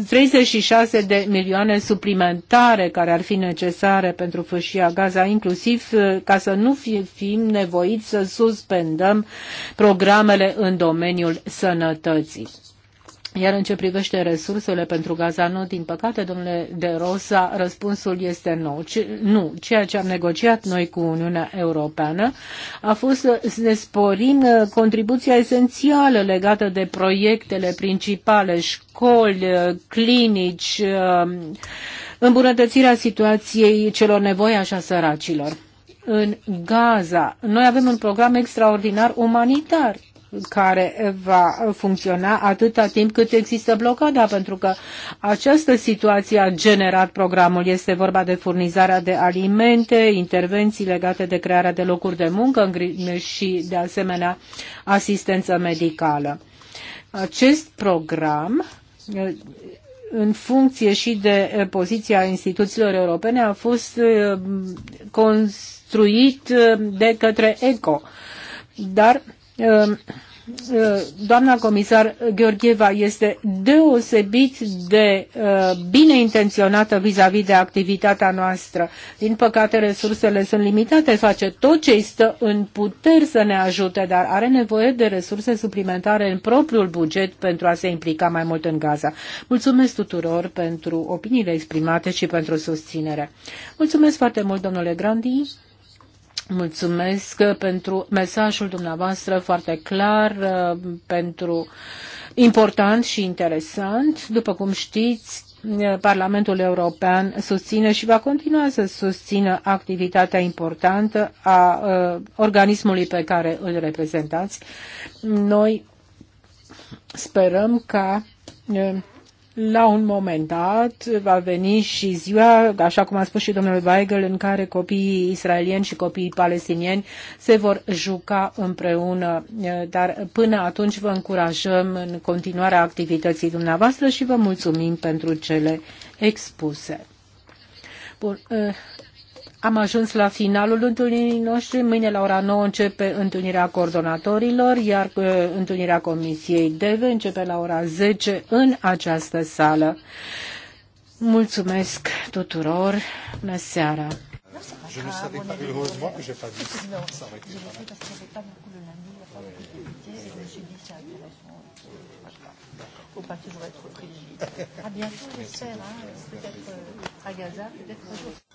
36 de milioane suplimentare care ar fi necesare pentru fâșia Gaza, inclusiv uh, ca să nu fi, fim nevoiți să suspendăm programele în domeniul sănătății. Iar în ce privește resursele pentru Gaza, nu, din păcate, domnule De Rosa, răspunsul este nu. Ce, nu. Ceea ce am negociat noi cu Uniunea Europeană a fost să ne sporim uh, contribuția esențială legată de proiectele principale, școli, uh, clinici, uh, îmbunătățirea situației celor nevoiași așa săracilor. În Gaza, noi avem un program extraordinar umanitar care va funcționa atâta timp cât există blocada, pentru că această situație a generat programul. Este vorba de furnizarea de alimente, intervenții legate de crearea de locuri de muncă și, de asemenea, asistență medicală. Acest program în funcție și de poziția instituțiilor europene, a fost uh, construit uh, de către ECO. Dar Ehm, ehm, doamna comisar Gheorgheva este deosebit de ehm, bine intenționată vis a -vis de activitatea noastră. Din păcate, resursele sunt limitate, face tot ce stă în puteri să ne ajute, dar are nevoie de resurse suplimentare în propriul buget pentru a se implica mai mult în Gaza. Mulțumesc tuturor pentru opiniile exprimate și pentru susținere. Mulțumesc foarte mult, domnule Grandi. Mulțumesc pentru mesajul dumneavoastră foarte clar, uh, pentru important și interesant. După cum știți, uh, Parlamentul European susține și va continua să susțină activitatea importantă a, uh, organismului pe care îl reprezentați. Noi sperăm ca la un moment dat va veni și ziua, așa cum a spus și domnul Weigel, în care copiii israelieni și copiii palestinieni se vor juca împreună. Dar până atunci vă încurajăm în continuarea activității dumneavoastră și vă mulțumim pentru cele expuse. Bun, eh, am ajuns la finalul întâlnirii noștri. Mâine la ora 9 începe întâlnirea coordonatorilor, iar uh, întâlnirea Comisiei DEVE începe la ora 10 în această sală. Mulțumesc tuturor. Bună seara. Je ne savais pas, heureusement que pas ça. toujours être privilégié. À bientôt, j'espère, hein, peut-être euh, à Gaza, peut-être